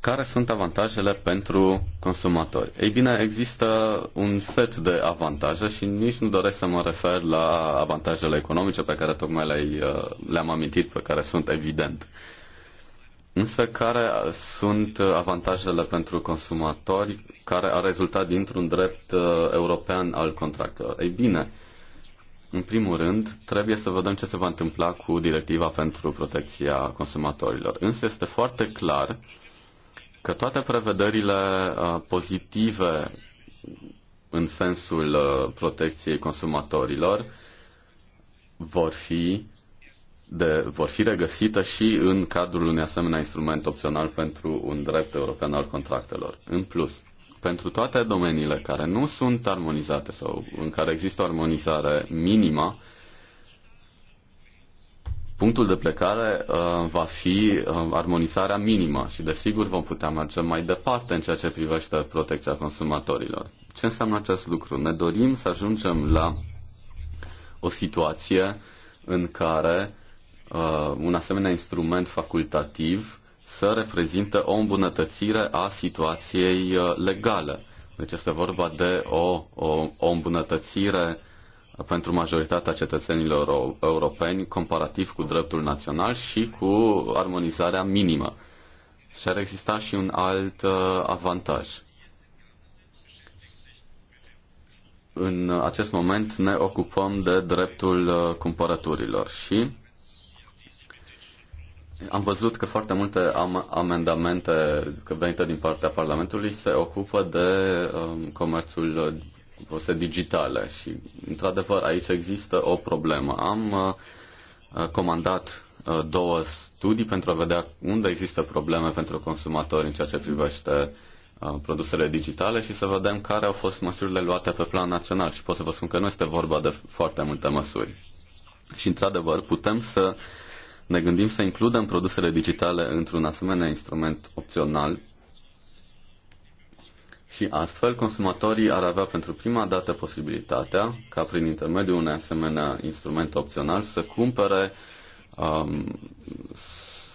Care sunt avantajele pentru consumatori? Ei bine, există un set de avantaje și nici nu doresc să mă refer la avantajele economice pe care tocmai le-ai, uh, le-am amintit, pe care sunt evident. Însă care sunt avantajele pentru consumatori care a rezultat dintr-un drept european al contractelor? Ei bine, în primul rând, trebuie să vedem ce se va întâmpla cu directiva pentru protecția consumatorilor. Însă este foarte clar că toate prevederile uh, pozitive în sensul uh, protecției consumatorilor vor fi, de, vor fi regăsite și în cadrul unui asemenea instrument opțional pentru un drept european al contractelor. În plus, pentru toate domeniile care nu sunt armonizate sau în care există o armonizare minimă, punctul de plecare uh, va fi uh, armonizarea minimă și desigur vom putea merge mai departe în ceea ce privește protecția consumatorilor. Ce înseamnă acest lucru? Ne dorim să ajungem la o situație în care uh, un asemenea instrument facultativ să reprezintă o îmbunătățire a situației uh, legale. Deci este vorba de o, o, o îmbunătățire pentru majoritatea cetățenilor europeni comparativ cu dreptul național și cu armonizarea minimă. Și ar exista și un alt uh, avantaj. În acest moment ne ocupăm de dreptul uh, cumpărăturilor și am văzut că foarte multe am- amendamente venite din partea Parlamentului se ocupă de um, comerțul produse uh, digitale și, într-adevăr, aici există o problemă. Am uh, comandat uh, două studii pentru a vedea unde există probleme pentru consumatori în ceea ce privește uh, produsele digitale și să vedem care au fost măsurile luate pe plan național. Și pot să vă spun că nu este vorba de foarte multe măsuri. Și, într-adevăr, putem să uh, ne gândim să includem produsele digitale într-un asemenea instrument opțional și astfel consumatorii ar avea pentru prima dată posibilitatea ca prin intermediul unui asemenea instrument opțional să cumpere um,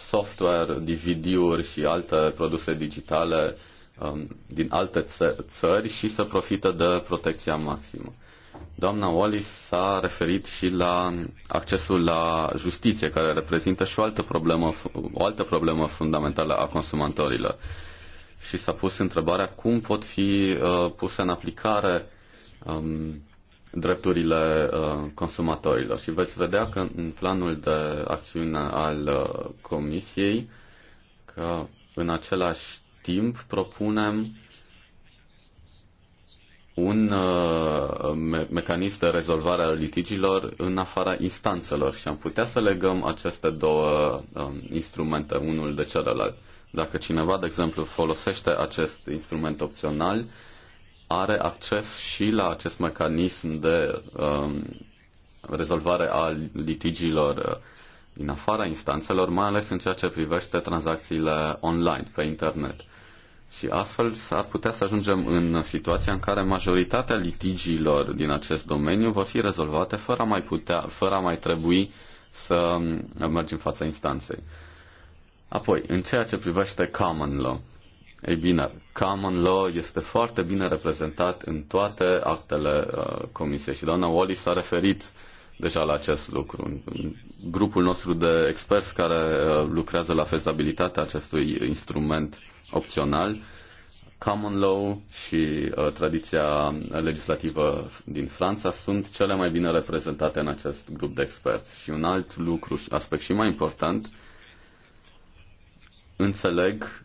software, DVD-uri și alte produse digitale um, din alte ță- țări și să profite de protecția maximă. Doamna Wallis s-a referit și la accesul la justiție, care reprezintă și o altă problemă, o altă problemă fundamentală a consumatorilor. Și s-a pus întrebarea cum pot fi uh, puse în aplicare um, drepturile uh, consumatorilor. Și veți vedea că în planul de acțiune al uh, Comisiei, că în același timp propunem un uh, me- mecanism de rezolvare a litigilor în afara instanțelor și am putea să legăm aceste două um, instrumente unul de celălalt. Dacă cineva, de exemplu, folosește acest instrument opțional, are acces și la acest mecanism de um, rezolvare a litigiilor uh, din afara instanțelor, mai ales în ceea ce privește tranzacțiile online, pe internet. Și astfel s-ar putea să ajungem în situația în care majoritatea litigiilor din acest domeniu vor fi rezolvate fără a mai, putea, fără a mai trebui să mergi în fața instanței. Apoi, în ceea ce privește common law, ei bine, common law este foarte bine reprezentat în toate actele uh, comisiei și doamna Wallis s-a referit deja la acest lucru. Grupul nostru de experți care uh, lucrează la fezabilitatea acestui instrument uh, opțional. Common law și uh, tradiția legislativă din Franța sunt cele mai bine reprezentate în acest grup de experți. Și un alt lucru, aspect și mai important, înțeleg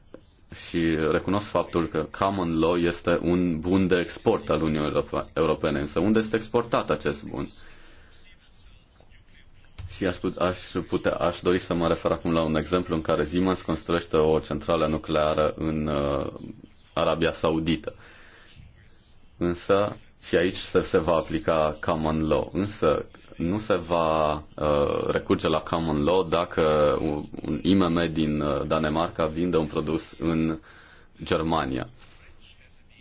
și recunosc faptul că common law este un bun de export al Uniunii Europene, însă unde este exportat acest bun? Uh, și aș, putea, aș, putea, aș dori să mă refer acum la un exemplu în care Siemens construiește o centrală nucleară în uh, Arabia Saudită. Însă, și aici se, se va aplica common law, însă nu se va uh, recurge la common law dacă un, un IMM din uh, Danemarca vinde un produs în Germania.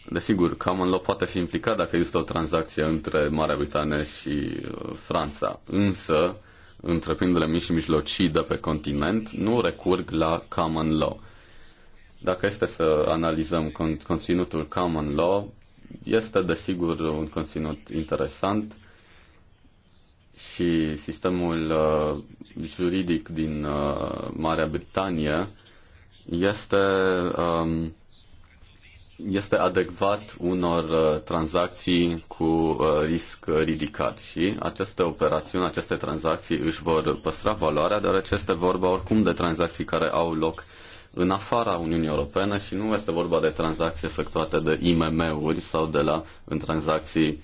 Desigur, common law poate fi implicat dacă există o tranzacție între Marea Britanie și uh, Franța, însă întreprinderile mici și mijlocii de pe continent nu recurg la common law. Dacă este să analizăm conținutul common law, este desigur un conținut interesant și sistemul uh, juridic din uh, Marea Britanie este um, este adecvat unor uh, tranzacții cu uh, risc ridicat și aceste operațiuni, aceste tranzacții își vor păstra valoarea, deoarece este vorba oricum de tranzacții care au loc în afara Uniunii Europene și nu este vorba de tranzacții efectuate de IMM-uri sau de la în tranzacții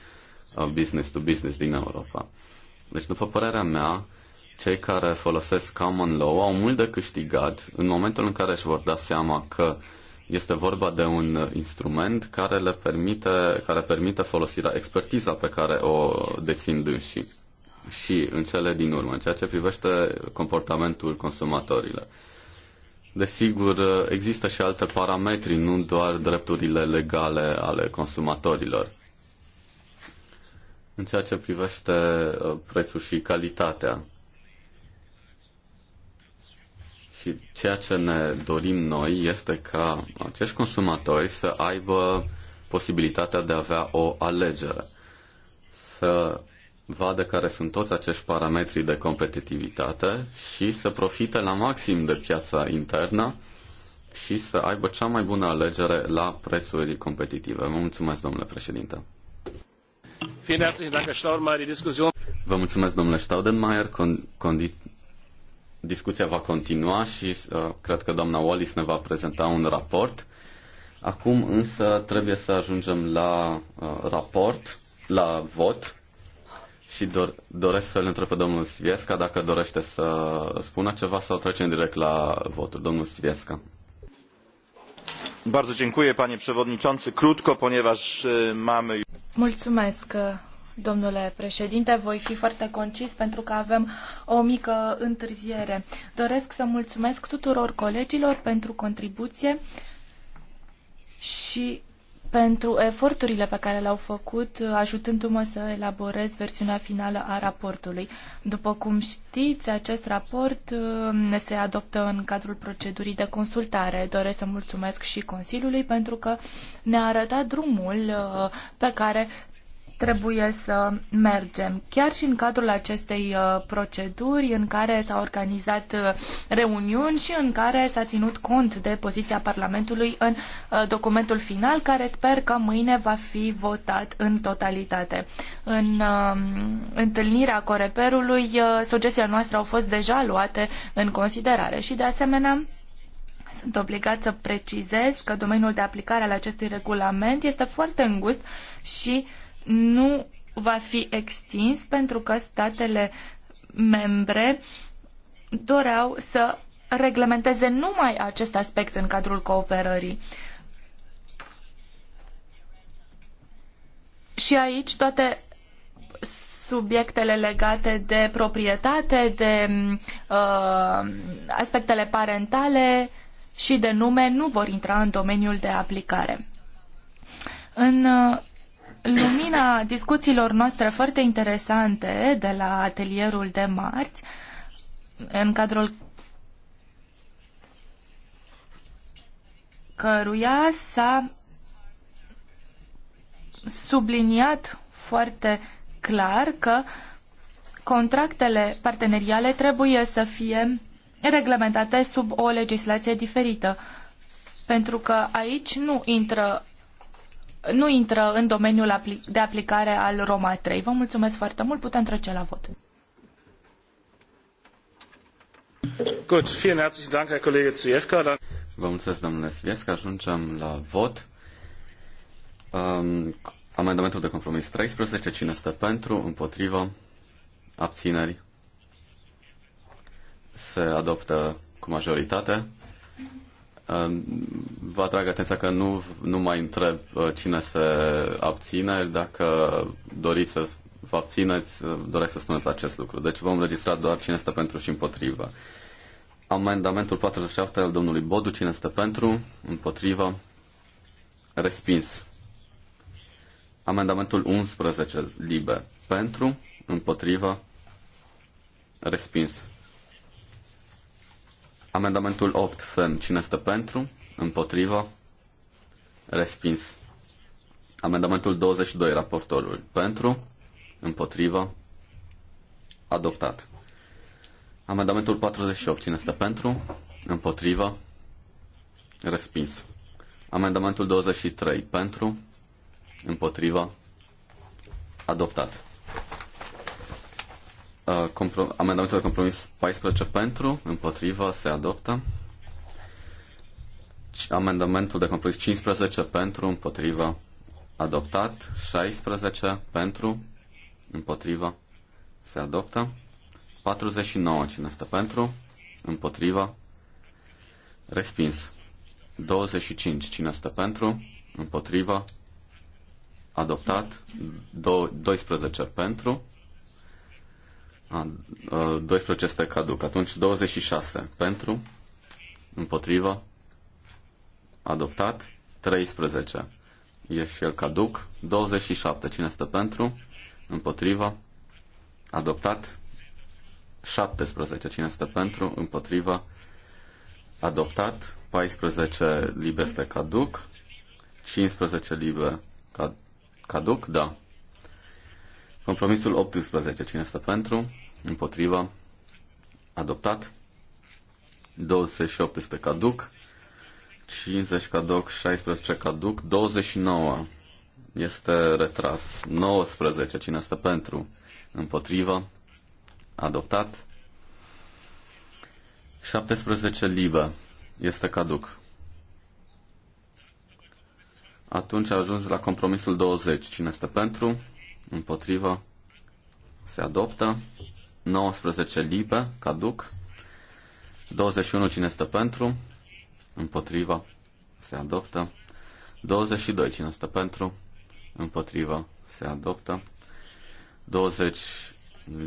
uh, business to business din Europa. Deci, după părerea mea, cei care folosesc common law au mult de câștigat în momentul în care își vor da seama că uh, este vorba de un instrument care le permite, care permite folosirea expertiza pe care o dețin dânsii și în cele din urmă, în ceea ce privește comportamentul consumatorilor. Desigur, există și alte parametri, nu doar drepturile legale ale consumatorilor. În ceea ce privește uh, prețul și calitatea, Și ceea ce ne dorim noi este ca acești consumatori să aibă posibilitatea de a avea o alegere, să vadă care sunt toți acești parametri de competitivitate și să profite la maxim de piața internă și să aibă cea mai bună alegere la prețuri competitive. Vă mulțumesc, domnule președinte. Vă mulțumesc, domnule Staudenmayer. Con- condi- Discuția va continua și uh, cred că doamna Wallis ne va prezenta un raport. Acum însă trebuie să ajungem la uh, raport, la vot și dor- doresc să-l întreb pe domnul Sviesca dacă dorește să spună ceva sau trecem direct la votul. Domnul Sviesca. Bardzo dziękuję, panie przewodniczący. Krótko, ponieważ mamy... Mulțumesc, Domnule președinte, voi fi foarte concis pentru că avem o mică întârziere. Doresc să mulțumesc tuturor colegilor pentru contribuție și pentru eforturile pe care le-au făcut ajutându-mă să elaborez versiunea finală a raportului. După cum știți, acest raport uh, se adoptă în cadrul procedurii de consultare. Doresc să mulțumesc și Consiliului pentru că ne-a arătat drumul uh, pe care trebuie să mergem. Chiar și în cadrul acestei uh, proceduri în care s-au organizat uh, reuniuni și în care s-a ținut cont de poziția Parlamentului în uh, documentul final, care sper că mâine va fi votat în totalitate. În um, întâlnirea Coreperului, sugestiile noastre au fost deja luate în considerare și, de asemenea, sunt obligat să precizez că domeniul de aplicare al acestui regulament este foarte îngust și uh, nu va fi extins pentru că statele membre doreau să reglementeze numai acest aspect în cadrul cooperării. Și aici toate subiectele legate de proprietate, de uh, aspectele parentale și de nume nu vor intra în domeniul de aplicare. În uh, lumina discuțiilor noastre foarte interesante de la atelierul de marți, în cadrul căruia s-a subliniat foarte clar că contractele parteneriale trebuie să fie reglementate sub o legislație diferită, pentru că aici nu intră nu intră în domeniul de aplicare al Roma 3. Vă mulțumesc foarte mult, putem trece la vot. Gut, vielen herzlichen Dank, Herr Kollege Zwiefka. Dann... Vă mulțumesc, domnule Sviesca. Ajungem la vot. Um, amendamentul de compromis 13. Cine este pentru? Împotrivă? Abțineri? Se adoptă cu majoritate. Vă atrag atenția că nu, nu mai întreb uh, cine se abține. Dacă doriți să vă abțineți, uh, doresc să spuneți acest lucru. Deci vom registra doar cine este pentru și împotrivă. Amendamentul 47 al domnului Bodu, cine este pentru, împotrivă respins. Amendamentul 11, liber, pentru, împotrivă respins. Amendamentul 8, FEM, cine stă pentru? Împotrivă? Respins. Amendamentul 22, raportorul, pentru? Împotrivă? Adoptat. Amendamentul 48, cine stă pentru? Împotrivă? Respins. Amendamentul 23, pentru? Împotrivă? Adoptat. Uh, amendamentul de compromis 14 pentru, împotrivă, se adoptă. Amendamentul de compromis 15 pentru, împotrivă, adoptat. 16 pentru, împotrivă, se adoptă. 49 cine este pentru, împotrivă, respins. 25 cine este pentru, împotrivă, adoptat. 12 pentru, a, 12 este caduc. Atunci 26 pentru, împotrivă, adoptat. 13 e și el caduc. 27 cine este pentru, împotrivă, adoptat. 17 cine este pentru, împotrivă, adoptat. 14 libe este caduc. 15 libe caduc, da. Compromisul 18 cine este pentru, împotriva, adoptat. 28 este caduc, 50 caduc, 16 caduc, 29 este retras, 19 cine este pentru, împotriva, adoptat. 17 libă este caduc. Atunci a ajuns la compromisul 20. Cine este pentru? Împotrivă? Se adoptă. 19 libe, caduc. 21 cine stă pentru, împotriva, se adoptă. 22 cine stă pentru, împotriva, se adoptă. 20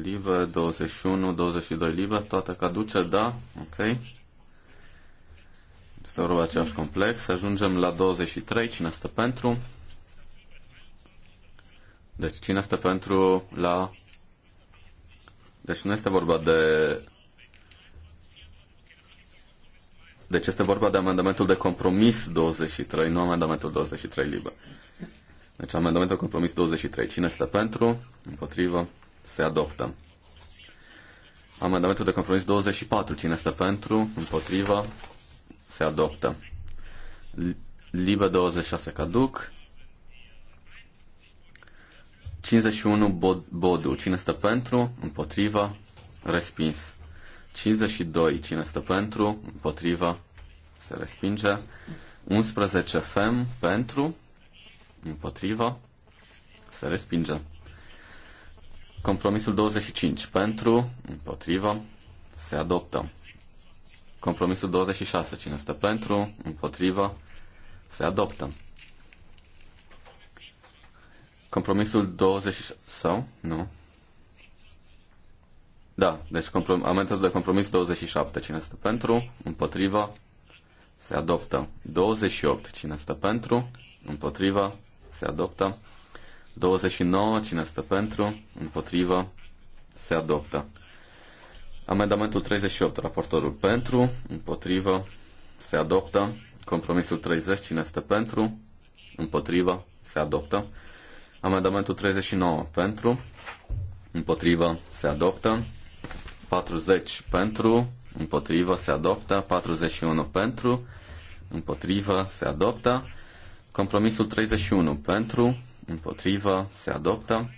libe, 21, 22 libe, toate caduce, da, ok. Este vorba aceeași complex. Ajungem la 23, cine stă pentru? Deci cine stă pentru la deci nu este vorba de Deci este vorba de amendamentul de compromis 23, nu amendamentul 23 liber. Deci amendamentul de compromis 23. Cine este pentru? Împotrivă? Se adoptă. Amendamentul de compromis 24. Cine este pentru? Împotrivă? Se adoptă. Liber 26 caduc. 51 bod, Bodu. Cine stă pentru? Împotriva? Respins. 52. Cine stă pentru? Împotriva? Se respinge. 11 Fem. Pentru? Împotriva? Se respinge. Compromisul 25. Pentru? Împotriva? Se adoptă. Compromisul 26. Cine stă pentru? Împotriva? Se adoptă. Compromisul 20 sau? Nu. Da, deci comprom- amendamentul de compromis 27. Cine este pentru? Împotriva? Se adoptă. 28. Cine este pentru? Împotriva? Se adoptă. 29. Cine este pentru? Împotriva? Se adoptă. Amendamentul 38. Raportorul pentru? Împotriva? Se adoptă. Compromisul 30. Cine este pentru? Împotriva? Se adoptă. Amendamentul 39 pentru, împotrivă, se adoptă. 40 pentru, împotrivă, se adoptă. 41 pentru, împotrivă, se adoptă. Compromisul 31 pentru, împotrivă, se adoptă.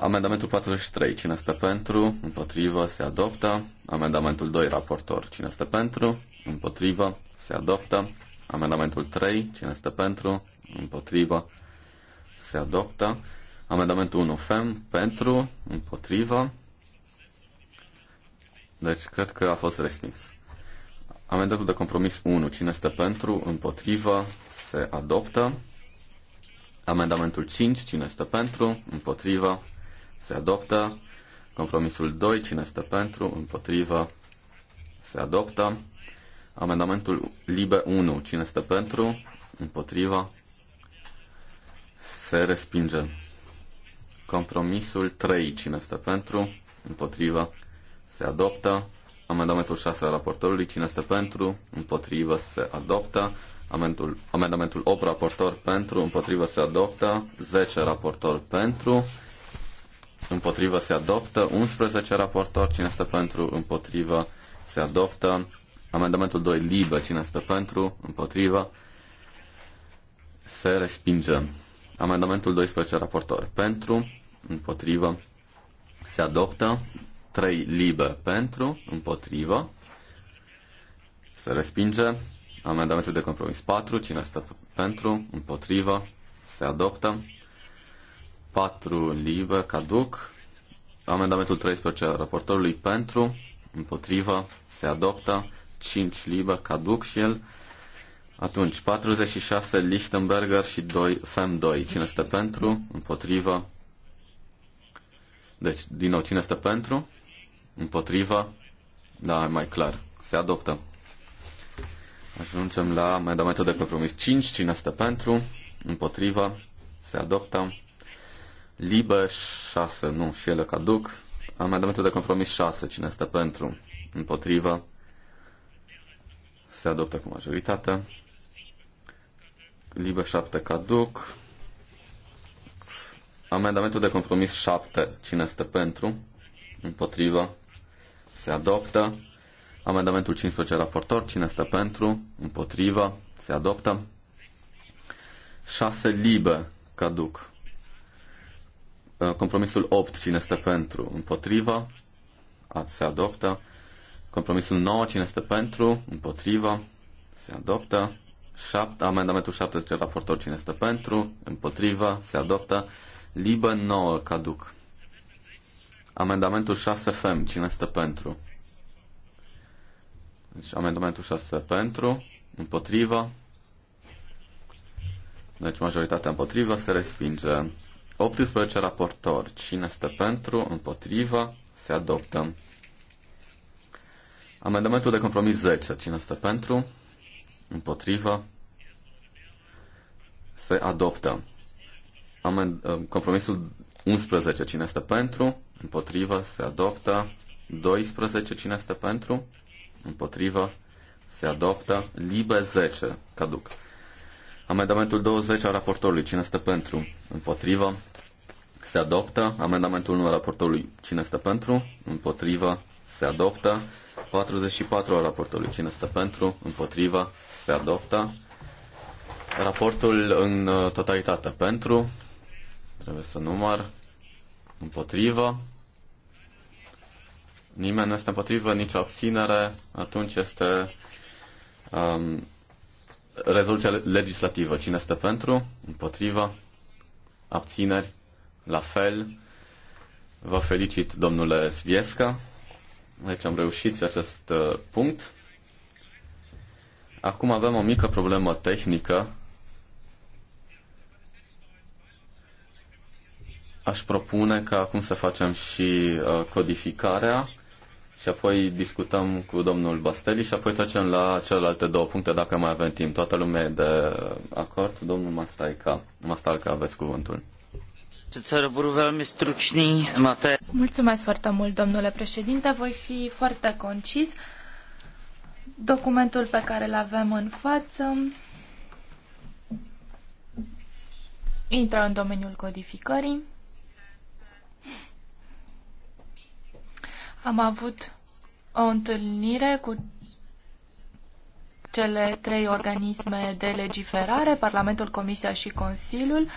Amendamentul 43, cine este pentru, împotrivă, se adoptă. Amendamentul 2, raportor, cine este pentru, împotrivă, se adoptă. Amendamentul 3, cine este pentru, împotrivă, se adoptă. Amendamentul 1 FEM pentru, împotrivă. Deci cred că a fost respins. Amendamentul de compromis 1. Cine este pentru, împotrivă, se adoptă. Amendamentul 5. Cine este pentru, împotrivă, se adoptă. Compromisul 2. Cine este pentru, împotrivă, se adoptă. Amendamentul libe 1. Cine este pentru, împotrivă, se respinge. Compromisul 3, cine este pentru, împotrivă, se adoptă. Amendamentul 6 al raportorului, cine este pentru, împotrivă, se adoptă. Amendul, amendamentul 8, raportor pentru, împotrivă, se adoptă. 10, raportor pentru, împotrivă, se adoptă. 11, raportor, cine este pentru, împotrivă, se adoptă. Amendamentul 2, liber, cine este pentru, împotrivă, se respinge. Amendamentul 12, raportor. Pentru, împotrivă, se adoptă. 3 libe pentru, împotrivă, se respinge. Amendamentul de compromis 4, cine stă pentru, împotrivă, se adoptă. 4 libe, caduc. Amendamentul 13 raportorului pentru, împotrivă, se adoptă. 5 libe, caduc și el. Atunci, 46 Lichtenberger și 2 Fem 2. Cine este pentru? Împotrivă. Deci, din nou, cine este pentru? Împotrivă. Da, e mai clar. Se adoptă. Ajungem la amendamentul de compromis 5. Cine este pentru? Împotrivă. Se adoptă. Libă 6. Nu, și ele caduc. Amendamentul de compromis 6. Cine este pentru? Împotrivă. Se adoptă cu majoritate. Libe 7 caduc. Amendamentul de compromis 7. Cine este pentru? Împotrivă. Se adoptă. Amendamentul 15 raportor. Cine este pentru? Împotrivă. Se adoptă. 6 libe caduc. Compromisul 8. Cine este pentru? Împotrivă. Se adoptă. Compromisul 9. Cine este pentru? Împotrivă. Se adoptă. 7, amendamentul 17, raportor cine stă pentru, împotriva, se adoptă. Libă 9, caduc. Amendamentul 6 FEM, cine stă pentru? Deci amendamentul 6 pentru, împotriva. Deci majoritatea împotriva se respinge. 18 raportor, cine stă pentru, împotriva, se adoptă. Amendamentul de compromis 10, cine stă pentru? împotrivă, se adoptă. Amen, uh, compromisul 11, cine este pentru, împotrivă, se adoptă. 12, cine este pentru, împotrivă, se adoptă. Libe 10, caduc. Amendamentul 20 al raportorului, cine este pentru, împotrivă, se adoptă. Amendamentul 1 al raportorului, cine este pentru, împotrivă, se adoptă. 44 al raportorului, Cine este pentru? împotrivă, se adoptă. Raportul în uh, totalitate pentru, trebuie să număr, împotrivă, nimeni nu este împotrivă, nicio abținere, atunci este um, rezoluția legislativă. Cine este pentru, împotrivă, abțineri, la fel. Vă felicit, domnule Sviesca. Deci am reușit și acest uh, punct. Acum avem o mică problemă tehnică. Aș propune că acum să facem și uh, codificarea și apoi discutăm cu domnul Basteli și apoi trecem la celelalte două puncte dacă mai avem timp. Toată lumea e de acord. Domnul Mastaica, Mastalca, aveți cuvântul. Mulțumesc foarte mult, domnule președinte. Voi fi foarte concis documentul pe care îl avem în față intră în domeniul codificării. Am avut o întâlnire cu cele trei organisme de legiferare, Parlamentul, Comisia și Consiliul,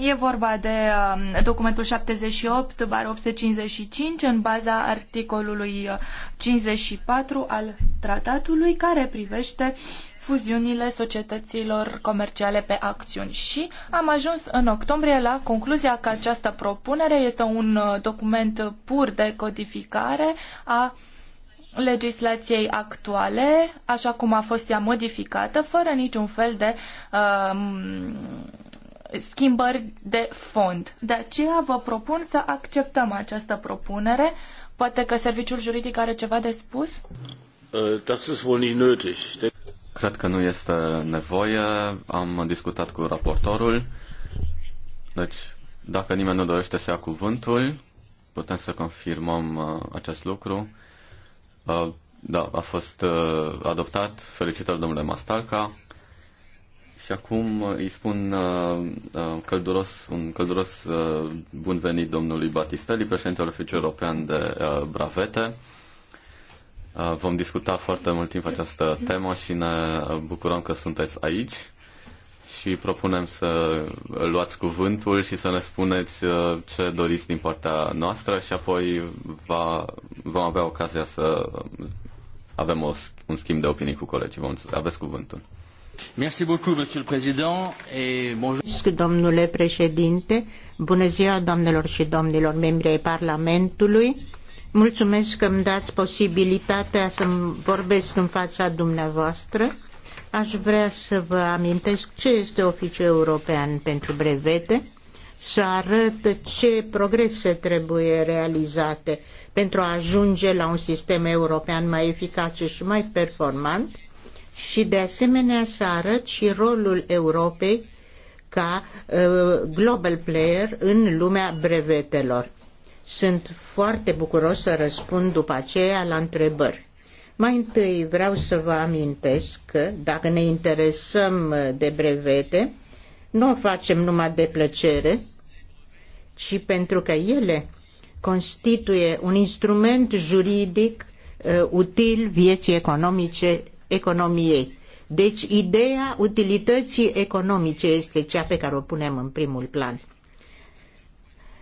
E vorba de um, documentul 78 bar 855 în baza articolului 54 uh, al tratatului care privește fuziunile societăților comerciale pe acțiuni și am ajuns în octombrie la concluzia că această propunere este un uh, document pur de codificare a legislației actuale, așa cum a fost ea modificată, fără niciun fel de uh, schimbări de fond. De aceea vă propun să acceptăm această propunere. Poate că serviciul juridic are ceva de spus? Uh, das ist wohl nicht nötig. Cred că nu este nevoie. Am discutat cu raportorul. Deci, dacă nimeni nu dorește să ia cuvântul, putem să confirmăm uh, acest lucru. Uh, da, a fost adoptat. Felicitări, domnule Mastalca. Și acum uh, îi spun uh, uh, călduros, un călduros uh, bun venit domnului Batistelli, președintele Oficiului European de uh, Bravete. Uh, vom discuta foarte mult timp această temă și ne uh, bucurăm că sunteți aici și propunem să luați cuvântul și să ne spuneți ce doriți din partea noastră și apoi va, vom avea ocazia să avem o, un schimb de opinii cu colegii. Vom, aveți cuvântul. Domnule președinte, bună ziua doamnelor și domnilor membri ai Parlamentului. Mulțumesc că îmi dați posibilitatea să vorbesc în fața dumneavoastră. Aș vrea să vă amintesc ce este Oficiul European pentru Brevete, să arăt ce progrese trebuie realizate pentru a ajunge la un sistem european mai eficace și mai performant și de asemenea să arăt și rolul Europei ca ă, global player în lumea brevetelor. Sunt foarte bucuros să răspund după aceea la întrebări. Mai întâi vreau să vă amintesc că dacă ne interesăm de brevete, nu o facem numai de plăcere, ci pentru că ele constituie un instrument juridic uh, util vieții economice economiei. Deci ideea utilității economice este cea pe care o punem în primul plan.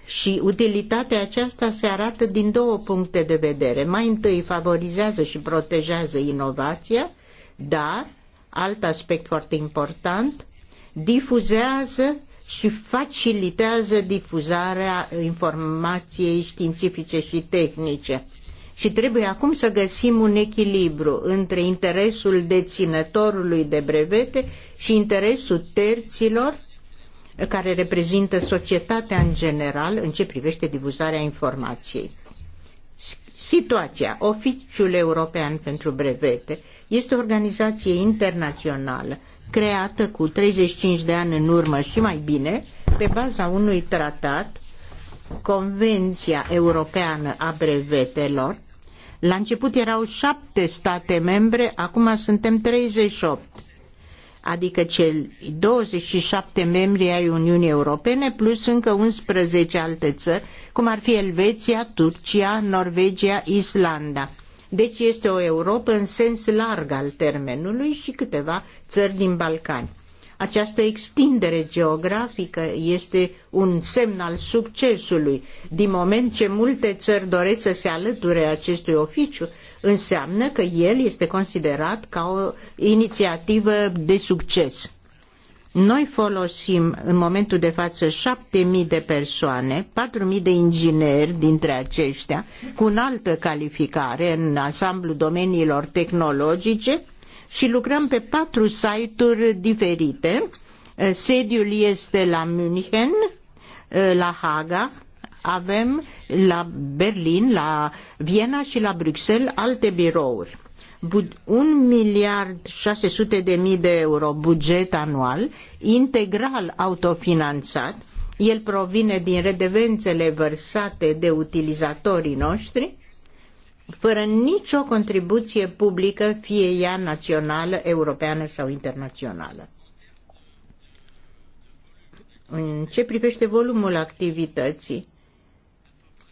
Și utilitatea aceasta se arată din două puncte de vedere. Mai întâi favorizează și protejează inovația, dar, alt aspect foarte important, difuzează și facilitează difuzarea informației științifice și tehnice și trebuie acum să găsim un echilibru între interesul deținătorului de brevete și interesul terților care reprezintă societatea în general în ce privește divuzarea informației. Situația, Oficiul European pentru Brevete, este o organizație internațională creată cu 35 de ani în urmă și mai bine, pe baza unui tratat, Convenția Europeană a Brevetelor, la început erau șapte state membre, acum suntem 38 adică cel 27 membri ai Uniunii Europene, plus încă 11 alte țări, cum ar fi Elveția, Turcia, Norvegia, Islanda. Deci este o Europa în sens larg al termenului și câteva țări din Balcani. Această extindere geografică este un semn al succesului. Din moment ce multe țări doresc să se alăture acestui oficiu, înseamnă că el este considerat ca o inițiativă de succes. Noi folosim în momentul de față 7.000 de persoane, 4.000 de ingineri dintre aceștia, cu înaltă calificare în ansamblu domeniilor tehnologice, și lucrăm pe patru site-uri diferite. Eh, sediul este la München, eh, la Haga, avem la Berlin, la Viena și la Bruxelles alte birouri. 1 miliard 600 de mii de euro buget anual, integral autofinanțat, el provine din redevențele vărsate de utilizatorii noștri fără nicio contribuție publică, fie ea națională, europeană sau internațională. În ce privește volumul activității,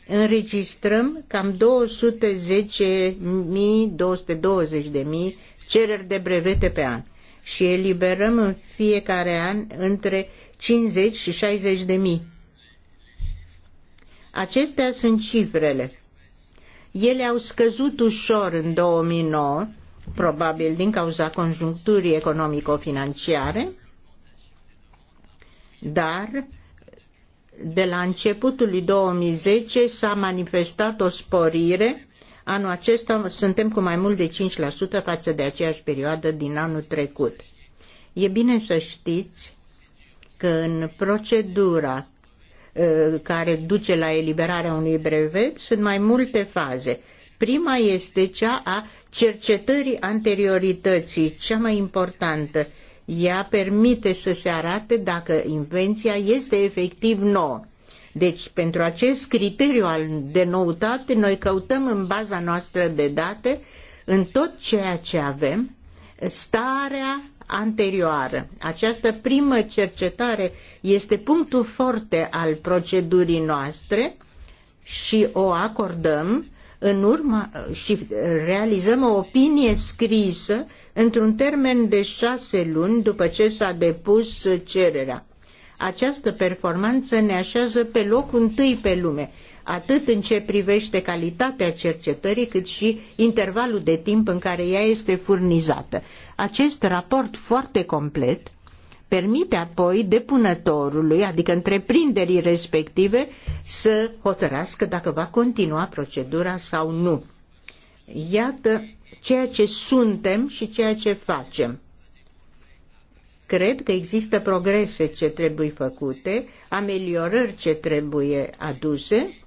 înregistrăm cam 210.000-220.000 cereri de brevete pe an și eliberăm în fiecare an între 50 și 60 de mii. Acestea sunt cifrele. Ele au scăzut ușor în 2009, probabil din cauza conjuncturii economico-financiare, dar de la începutul lui 2010 s-a manifestat o sporire. Anul acesta suntem cu mai mult de 5% față de aceeași perioadă din anul trecut. E bine să știți că în procedura Eh, care duce la eliberarea unui brevet sunt mai multe faze. Prima este cea a cercetării anteriorității, cea mai importantă. Ea permite să se arate dacă invenția este efectiv nouă. Deci, pentru acest criteriu de noutate, noi căutăm în baza noastră de date, în tot ceea ce avem, starea anterioară. Această primă cercetare este punctul forte al procedurii noastre și o acordăm în urmă și realizăm o opinie scrisă într-un termen de șase luni după ce s-a depus cererea. Această performanță ne așează pe locul întâi pe lume atât în ce privește calitatea cercetării, cât și intervalul de timp în care ea este furnizată. Acest raport foarte complet permite apoi depunătorului, adică întreprinderii respective, să hotărască dacă va continua procedura sau nu. Iată ceea ce suntem și ceea ce facem. Cred că există progrese ce trebuie făcute, ameliorări ce trebuie aduse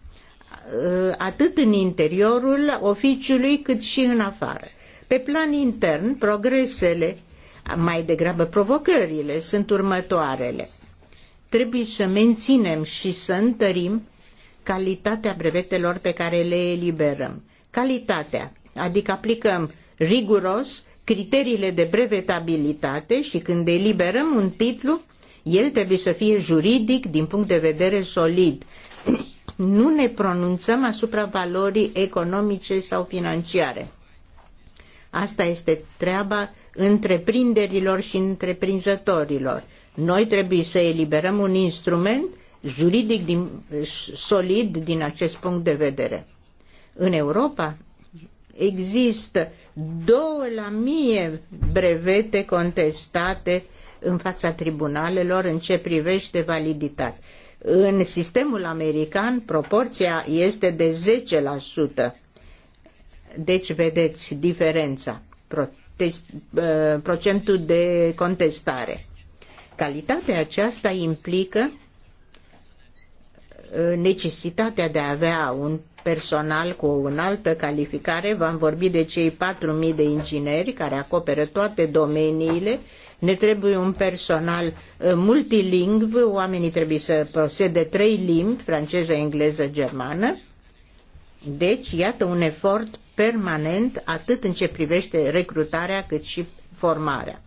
Uh, atât în interiorul oficiului cât și în afară. Pe plan intern, progresele, mai degrabă provocările, sunt următoarele. Trebuie să menținem și să întărim calitatea brevetelor pe care le eliberăm. Calitatea, adică aplicăm riguros criteriile de brevetabilitate și când eliberăm un titlu, el trebuie să fie juridic din punct de vedere solid nu ne pronunțăm asupra valorii economice sau financiare. Asta este treaba întreprinderilor și întreprinzătorilor. Noi trebuie să eliberăm un instrument juridic din, solid din acest punct de vedere. În Europa există două la mie brevete contestate în fața tribunalelor în ce privește validitate. În sistemul american proporția este de 10%. Deci vedeți diferența, protest, procentul de contestare. Calitatea aceasta implică necesitatea de a avea un personal cu o înaltă calificare. V-am vorbit de cei 4.000 de ingineri care acoperă toate domeniile ne trebuie un personal eh, multilingv, oamenii trebuie să posede trei limbi, franceză, engleză, germană. Deci, iată un efort permanent, atât în ce privește recrutarea, cât și formarea.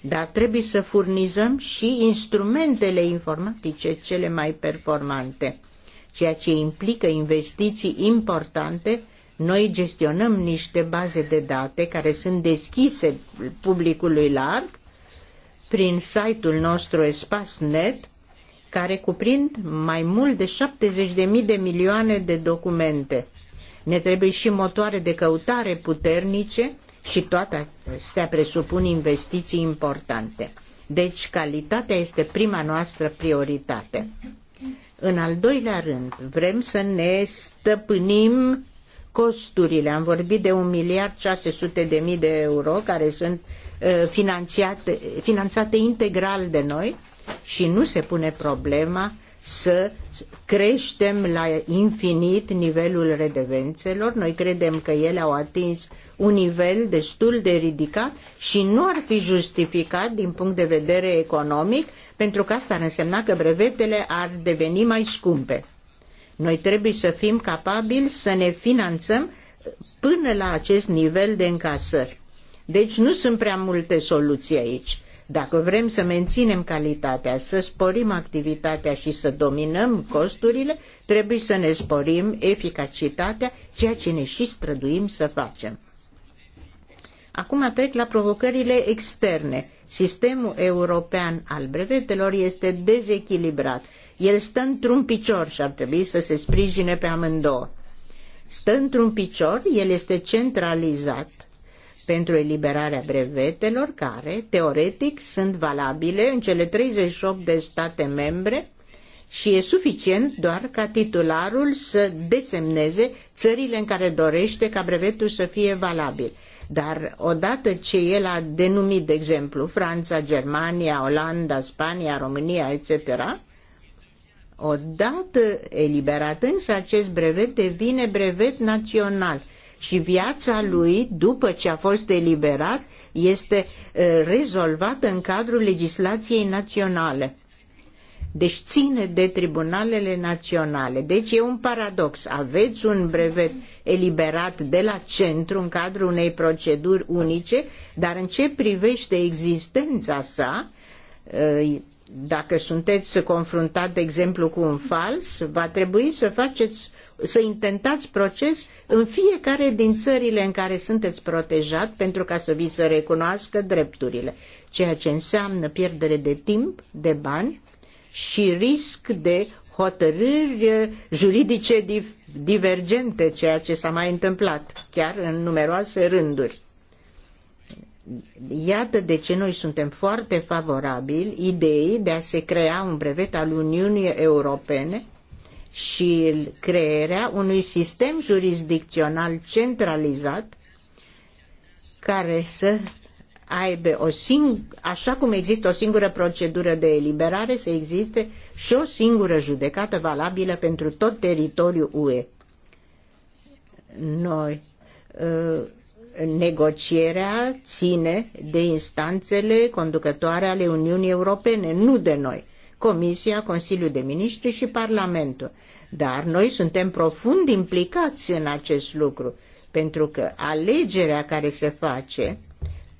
Dar trebuie să furnizăm și instrumentele informatice cele mai performante, ceea ce implică investiții importante. Noi gestionăm niște baze de date care sunt deschise publicului larg prin site-ul nostru Spasnet, care cuprind mai mult de 70.000 de milioane de documente. Ne trebuie și motoare de căutare puternice și toate acestea presupun investiții importante. Deci calitatea este prima noastră prioritate. În al doilea rând, vrem să ne stăpânim costurile. Am vorbit de 1.600.000 de mii de euro, care sunt Eh, finanțate, finanțate integral de noi și nu se pune problema să creștem la infinit nivelul redevențelor. Noi credem că ele au atins un nivel destul de ridicat și nu ar fi justificat din punct de vedere economic, pentru că asta ar însemna că brevetele ar deveni mai scumpe. Noi trebuie să fim capabili să ne finanțăm până la acest nivel de încasări. Deci nu sunt prea multe soluții aici. Dacă vrem să menținem calitatea, să sporim activitatea și să dominăm costurile, trebuie să ne sporim eficacitatea, ceea ce ne și străduim să facem. Acum trec la provocările externe. Sistemul european al brevetelor este dezechilibrat. El stă într-un picior și ar trebui să se sprijine pe amândouă. Stă într-un picior, el este centralizat pentru eliberarea brevetelor care, teoretic, sunt valabile în cele 38 de state membre și e suficient doar ca titularul să desemneze țările în care dorește ca brevetul să fie valabil. Dar odată ce el a denumit, de exemplu, Franța, Germania, Olanda, Spania, România, etc., odată eliberat însă acest brevet devine brevet național – și viața lui, după ce a fost eliberat, este rezolvată în cadrul legislației naționale. Deci ține de tribunalele naționale. Deci e un paradox. Aveți un brevet eliberat de la centru în cadrul unei proceduri unice, dar în ce privește existența sa, dacă sunteți confruntat, de exemplu, cu un fals, va trebui să faceți să intentați proces în fiecare din țările în care sunteți protejat pentru ca să vi se recunoască drepturile, ceea ce înseamnă pierdere de timp, de bani și risc de hotărâri juridice divergente, ceea ce s-a mai întâmplat chiar în numeroase rânduri. Iată de ce noi suntem foarte favorabili ideii de a se crea un brevet al Uniunii Europene și crearea unui sistem jurisdicțional centralizat care să aibă o sing- așa cum există o singură procedură de eliberare, să existe și o singură judecată valabilă pentru tot teritoriul UE. Noi uh, negocierea ține de instanțele conducătoare ale Uniunii Europene, nu de noi. Comisia, Consiliul de Ministri și Parlamentul. Dar noi suntem profund implicați în acest lucru, pentru că alegerea care se face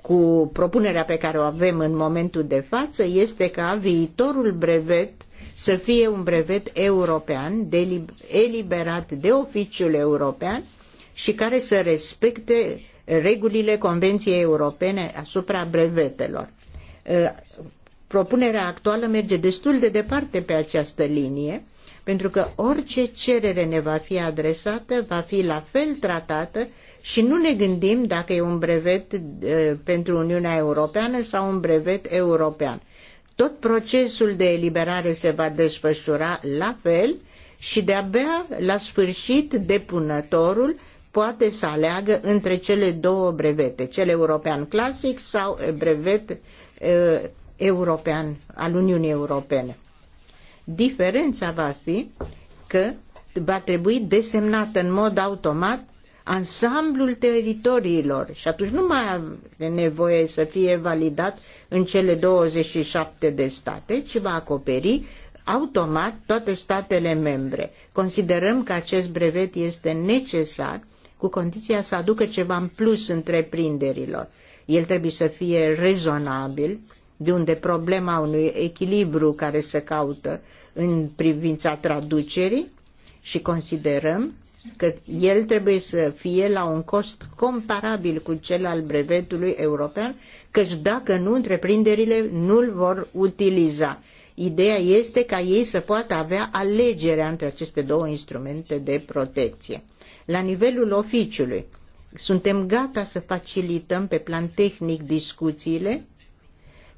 cu propunerea pe care o avem în momentul de față este ca viitorul brevet să fie un brevet european, eliberat de oficiul european și care să respecte regulile Convenției Europene asupra brevetelor. Ă, propunerea actuală merge destul de departe pe această linie, pentru că orice cerere ne va fi adresată va fi la fel tratată și nu ne gândim dacă e un brevet e, eh, pentru Uniunea Europeană sau un brevet european. Tot procesul de eliberare se va desfășura la fel și de-abia la sfârșit depunătorul poate să aleagă între cele două brevete, cel european clasic sau brevet eh, european, al Uniunii Europene. Diferența va fi că va trebui desemnat în mod automat ansamblul teritoriilor și atunci nu mai are nevoie să fie validat în cele 27 de state, ci va acoperi automat toate statele membre. Considerăm că acest brevet este necesar cu condiția să aducă ceva în plus întreprinderilor. El trebuie să fie rezonabil, de unde problema unui echilibru care se caută în privința traducerii și considerăm că el trebuie să fie la un cost comparabil cu cel al brevetului european, căci dacă nu, întreprinderile nu îl vor utiliza. Ideea este ca ei să poată avea alegerea între aceste două instrumente de protecție. La nivelul oficiului, suntem gata să facilităm pe plan tehnic discuțiile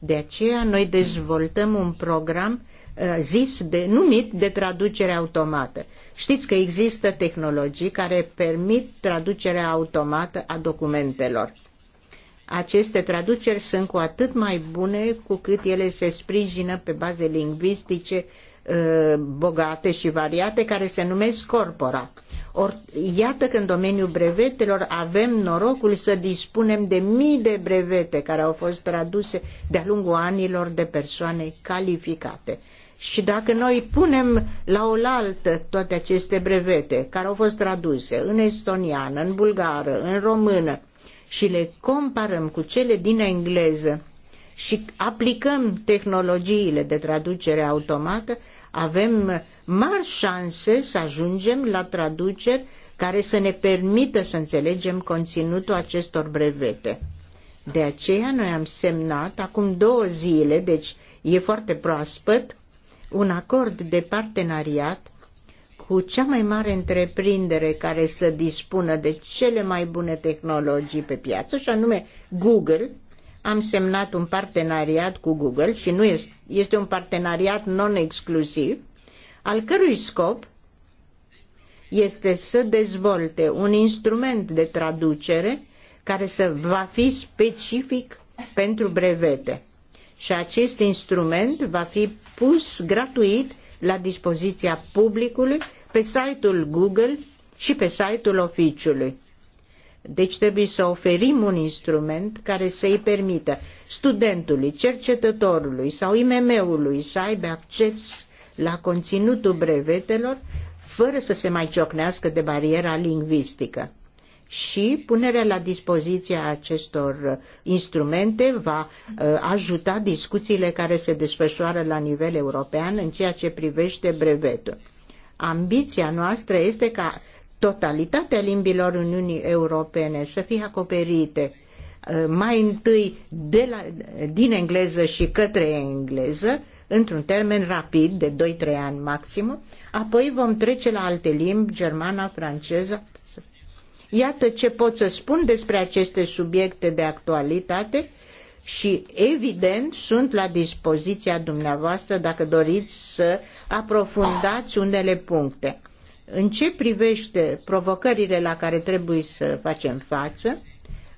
de aceea noi dezvoltăm un program uh, zis de, numit de traducere automată. Știți că există tehnologii care permit traducerea automată a documentelor. Aceste traduceri sunt cu atât mai bune cu cât ele se sprijină pe baze lingvistice Uh, bogate și variate care se numesc corpora. Or, iată că în domeniul brevetelor avem norocul să dispunem de mii de brevete care au fost traduse de-a lungul anilor de persoane calificate. Și dacă noi punem la oaltă toate aceste brevete care au fost traduse în estoniană, în bulgară, în română și le comparăm cu cele din engleză și aplicăm tehnologiile de traducere automată, avem mari șanse să ajungem la traduceri care să ne permită să înțelegem conținutul acestor brevete. De aceea noi am semnat acum două zile, deci e foarte proaspăt, un acord de parteneriat cu cea mai mare întreprindere care să dispună de cele mai bune tehnologii pe piață, și anume Google, am semnat un parteneriat cu Google și nu este, este un parteneriat non-exclusiv, al cărui scop este să dezvolte un instrument de traducere care să va fi specific pentru brevete. Și acest instrument va fi pus gratuit la dispoziția publicului pe site-ul Google și pe site-ul oficiului. Deci trebuie să oferim un instrument care să îi permită studentului, cercetătorului sau IMM-ului să aibă acces la conținutul brevetelor fără să se mai ciocnească de bariera lingvistică. Și punerea la dispoziția acestor uh, instrumente va uh, ajuta discuțiile care se desfășoară la nivel european în ceea ce privește brevetul. Ambiția noastră este ca totalitatea limbilor Uniunii Europene să fie acoperite uh, mai întâi de la, din engleză și către engleză, într-un termen rapid de 2-3 ani maxim, apoi vom trece la alte limbi, germana, franceză. Iată ce pot să spun despre aceste subiecte de actualitate și evident sunt la dispoziția dumneavoastră dacă doriți să aprofundați unele puncte. În ce privește provocările la care trebuie să facem față,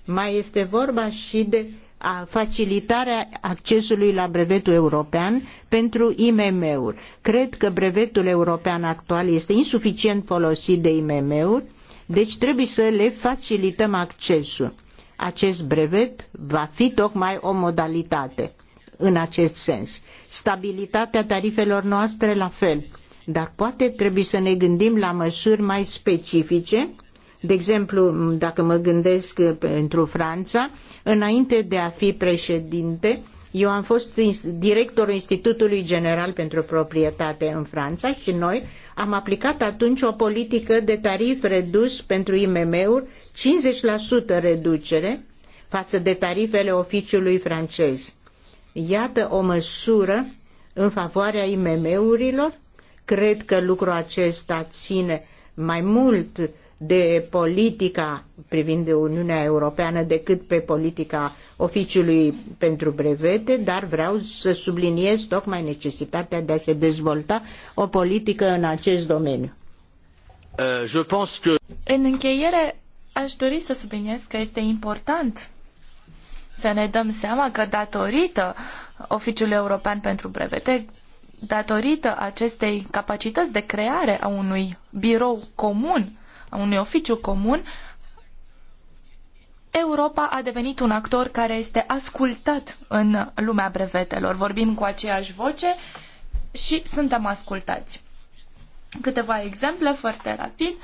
mai este vorba și de a facilitarea accesului la brevetul european pentru IMM-uri. Cred că brevetul european actual este insuficient folosit de IMM-uri, deci trebuie să le facilităm accesul. Acest brevet va fi tocmai o modalitate în acest sens. Stabilitatea tarifelor noastre la fel dar poate trebuie să ne gândim la măsuri mai specifice de exemplu, dacă mă gândesc uh, pentru Franța, înainte de a fi președinte, eu am fost directorul Institutului General pentru Proprietate în Franța și noi am aplicat atunci o politică de tarif redus pentru IMM-uri, 50% reducere față de tarifele oficiului francez. Iată o măsură în favoarea IMM-urilor Cred că lucrul acesta ține mai mult de politica privind de Uniunea Europeană decât pe politica oficiului pentru brevete, dar vreau să subliniez tocmai necesitatea de a se dezvolta o politică în acest domeniu. Uh, que... În încheiere, aș dori să subliniez că este important să ne dăm seama că datorită Oficiului European pentru Brevete, datorită acestei capacități de creare a unui birou comun, a unui oficiu comun, Europa a devenit un actor care este ascultat în lumea brevetelor. Vorbim cu aceeași voce și suntem ascultați. Câteva exemple foarte rapid.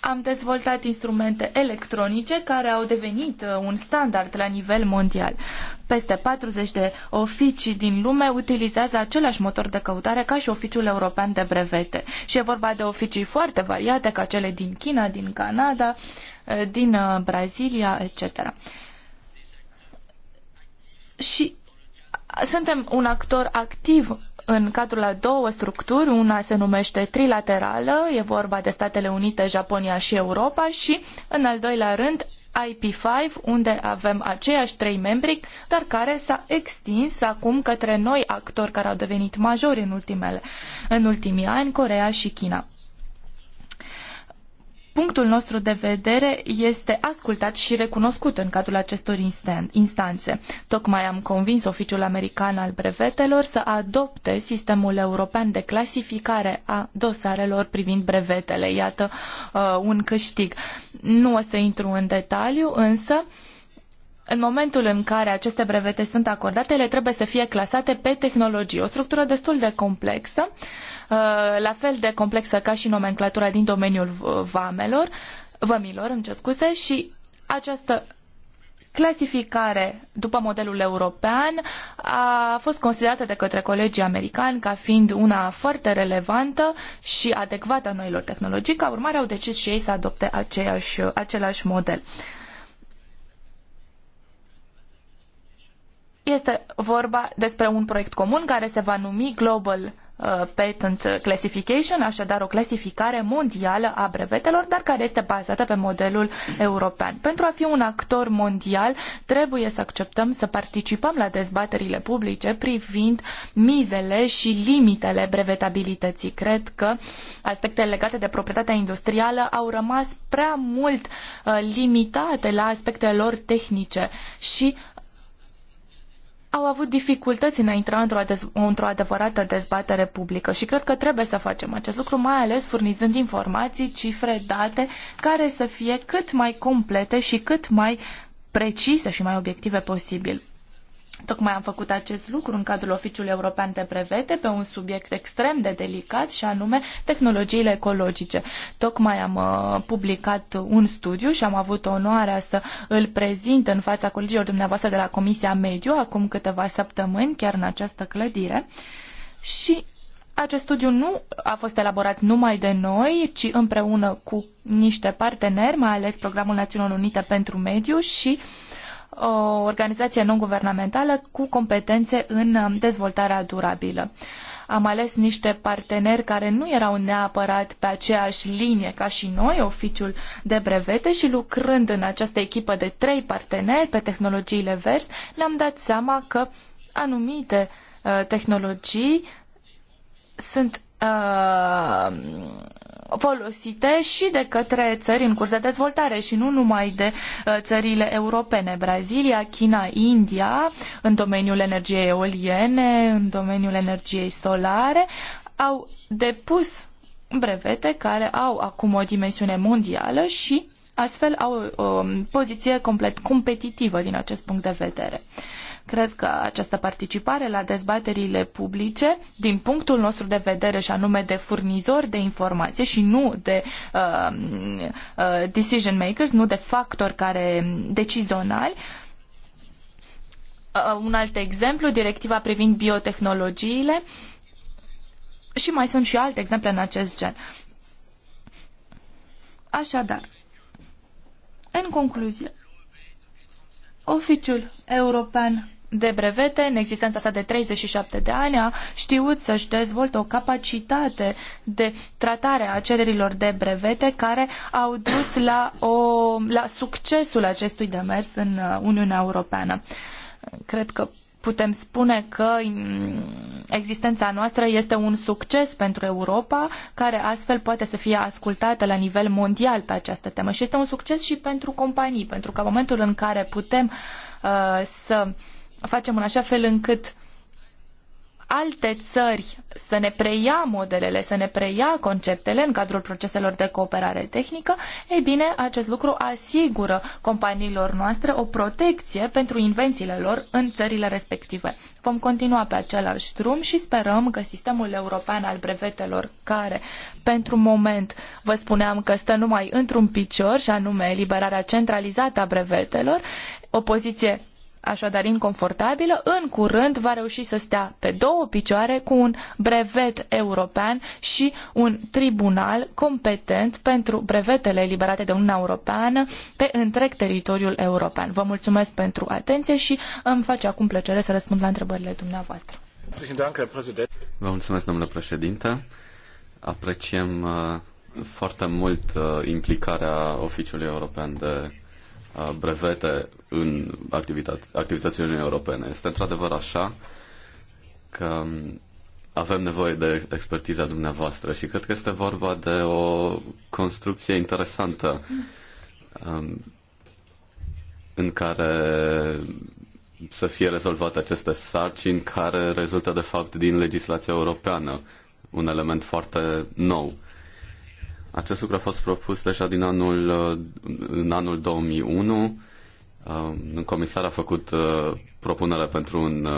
Am dezvoltat instrumente electronice care au devenit uh, un standard la nivel mondial peste 40 de oficii din lume utilizează același motor de căutare ca și oficiul european de brevete. Și e vorba de oficii foarte variate, ca cele din China, din Canada, eh, din eh, Brazilia, etc. Și suntem un actor activ în cadrul a două structuri, una se numește trilaterală, e vorba de Statele Unite, Japonia și Europa și, în al doilea rând, IP5, unde avem aceiași trei membri, dar care s-a extins acum către noi actori care au devenit majori în, ultimele, în ultimii ani, Coreea și China punctul nostru de vedere este ascultat și recunoscut în cadrul acestor instanțe. Tocmai am convins Oficiul American al Brevetelor să adopte sistemul european de clasificare a dosarelor privind brevetele. Iată uh, un câștig. Nu o să intru în detaliu, însă uh, în momentul în care aceste brevete sunt acordate, ele trebuie să fie clasate pe tehnologie. O structură destul de complexă, uh, la fel de complexă ca și nomenclatura din domeniul vamelor, vămilor, îmi scuze, și această clasificare după modelul european a fost considerată de către colegii americani ca fiind una foarte relevantă și adecvată noilor tehnologii, ca urmare au decis și ei să adopte aceeași, același model. Este vorba despre un proiect comun care se va numi Global uh, Patent Classification, așadar o clasificare mondială a brevetelor, dar care este bazată pe modelul european. Pentru a fi un actor mondial, trebuie să acceptăm să participăm la dezbaterile publice privind mizele și limitele brevetabilității. Cred că aspectele legate de proprietatea industrială au rămas prea mult uh, limitate la aspectele lor tehnice și au avut dificultăți în a intra într-o, adez- într adevărată dezbatere publică și cred că trebuie să facem acest lucru, mai ales furnizând informații, cifre, date care să fie cât mai complete și cât mai precise și mai obiective posibil. Tocmai am făcut acest lucru în cadrul Oficiului European de Brevete pe un subiect extrem de delicat și anume tehnologiile ecologice. Tocmai am uh, publicat un studiu și am avut onoarea să îl prezint în fața colegilor dumneavoastră de la Comisia Mediu acum câteva săptămâni, chiar în această clădire. Și acest studiu nu a fost elaborat numai de noi, ci împreună cu niște parteneri, mai ales Programul Națiunilor Unite pentru Mediu și uh, o organizație non-guvernamentală cu competențe în um, dezvoltarea durabilă. Am ales niște parteneri care nu erau neapărat pe aceeași linie ca și noi, oficiul de brevete și lucrând în această echipă de trei parteneri pe tehnologiile verzi, le-am dat seama că anumite uh, tehnologii sunt Uh, folosite și de către țări în curs de dezvoltare și nu numai de uh, țările europene, Brazilia, China, India, în domeniul energiei eoliene, în domeniul energiei solare, au depus brevete care au acum o dimensiune mondială și astfel au o um, poziție complet competitivă din acest punct de vedere. Uh, Cred că această participare la dezbaterile publice, din punctul nostru de vedere și anume de furnizori de informație și nu de uh, uh, decision makers, nu de factori care decizionali, uh, un alt exemplu, directiva privind biotehnologiile și mai sunt și alte exemple în acest gen. Așadar, în concluzie, Oficiul European de brevete, în existența sa de 37 de ani, a știut să-și dezvolte o capacitate de tratare a cererilor de brevete care au dus la, o, la succesul acestui demers în uh, Uniunea Europeană. Cred că putem spune că mm, existența noastră este un succes pentru Europa, care astfel poate să fie ascultată la nivel mondial pe această temă. Și este un succes și pentru companii, pentru că în momentul în care putem uh, să uh, facem în așa fel încât alte țări să ne preia modelele, să ne preia conceptele în cadrul proceselor de cooperare tehnică, ei bine, acest lucru asigură companiilor noastre o protecție pentru invențiile lor în țările respective. Vom continua pe același drum și sperăm că sistemul european al brevetelor, care pentru moment vă spuneam că stă numai într-un picior, și anume eliberarea centralizată a brevetelor, o poziție așadar inconfortabilă, în curând va reuși să stea pe două picioare cu un brevet european și un tribunal competent pentru brevetele eliberate de Uniunea Europeană pe întreg teritoriul european. Vă mulțumesc pentru atenție și îmi face acum plăcere să răspund la întrebările dumneavoastră. Vă mulțumesc, domnule președinte. Apreciem uh, foarte mult uh, implicarea Oficiului European de brevete în activitate, activitățile Uniunii Europene. Este într-adevăr așa că avem nevoie de expertiza dumneavoastră și cred că este vorba de o construcție interesantă în care să fie rezolvate aceste sarcini care rezultă de fapt din legislația europeană, un element foarte nou. Acest lucru a fost propus deja din anul, uh, în anul 2001. Uh, un comisar a făcut uh, propunere pentru un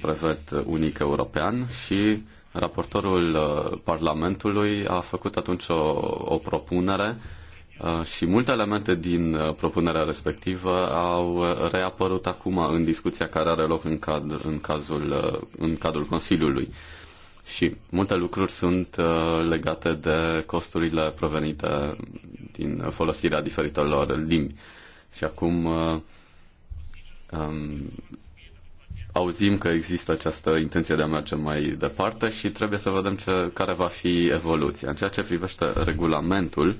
brevet unic european și raportorul Parlamentului a făcut atunci o, o propunere și multe elemente din propunerea respectivă au reapărut acum în discuția care are loc în, cadr, în, cazul, în cadrul Consiliului și multe lucruri sunt uh, legate de costurile provenite din folosirea diferitelor limbi. Și acum uh, um, auzim că există această intenție de a merge mai departe și trebuie să vedem ce, care va fi evoluția. În ceea ce privește regulamentul,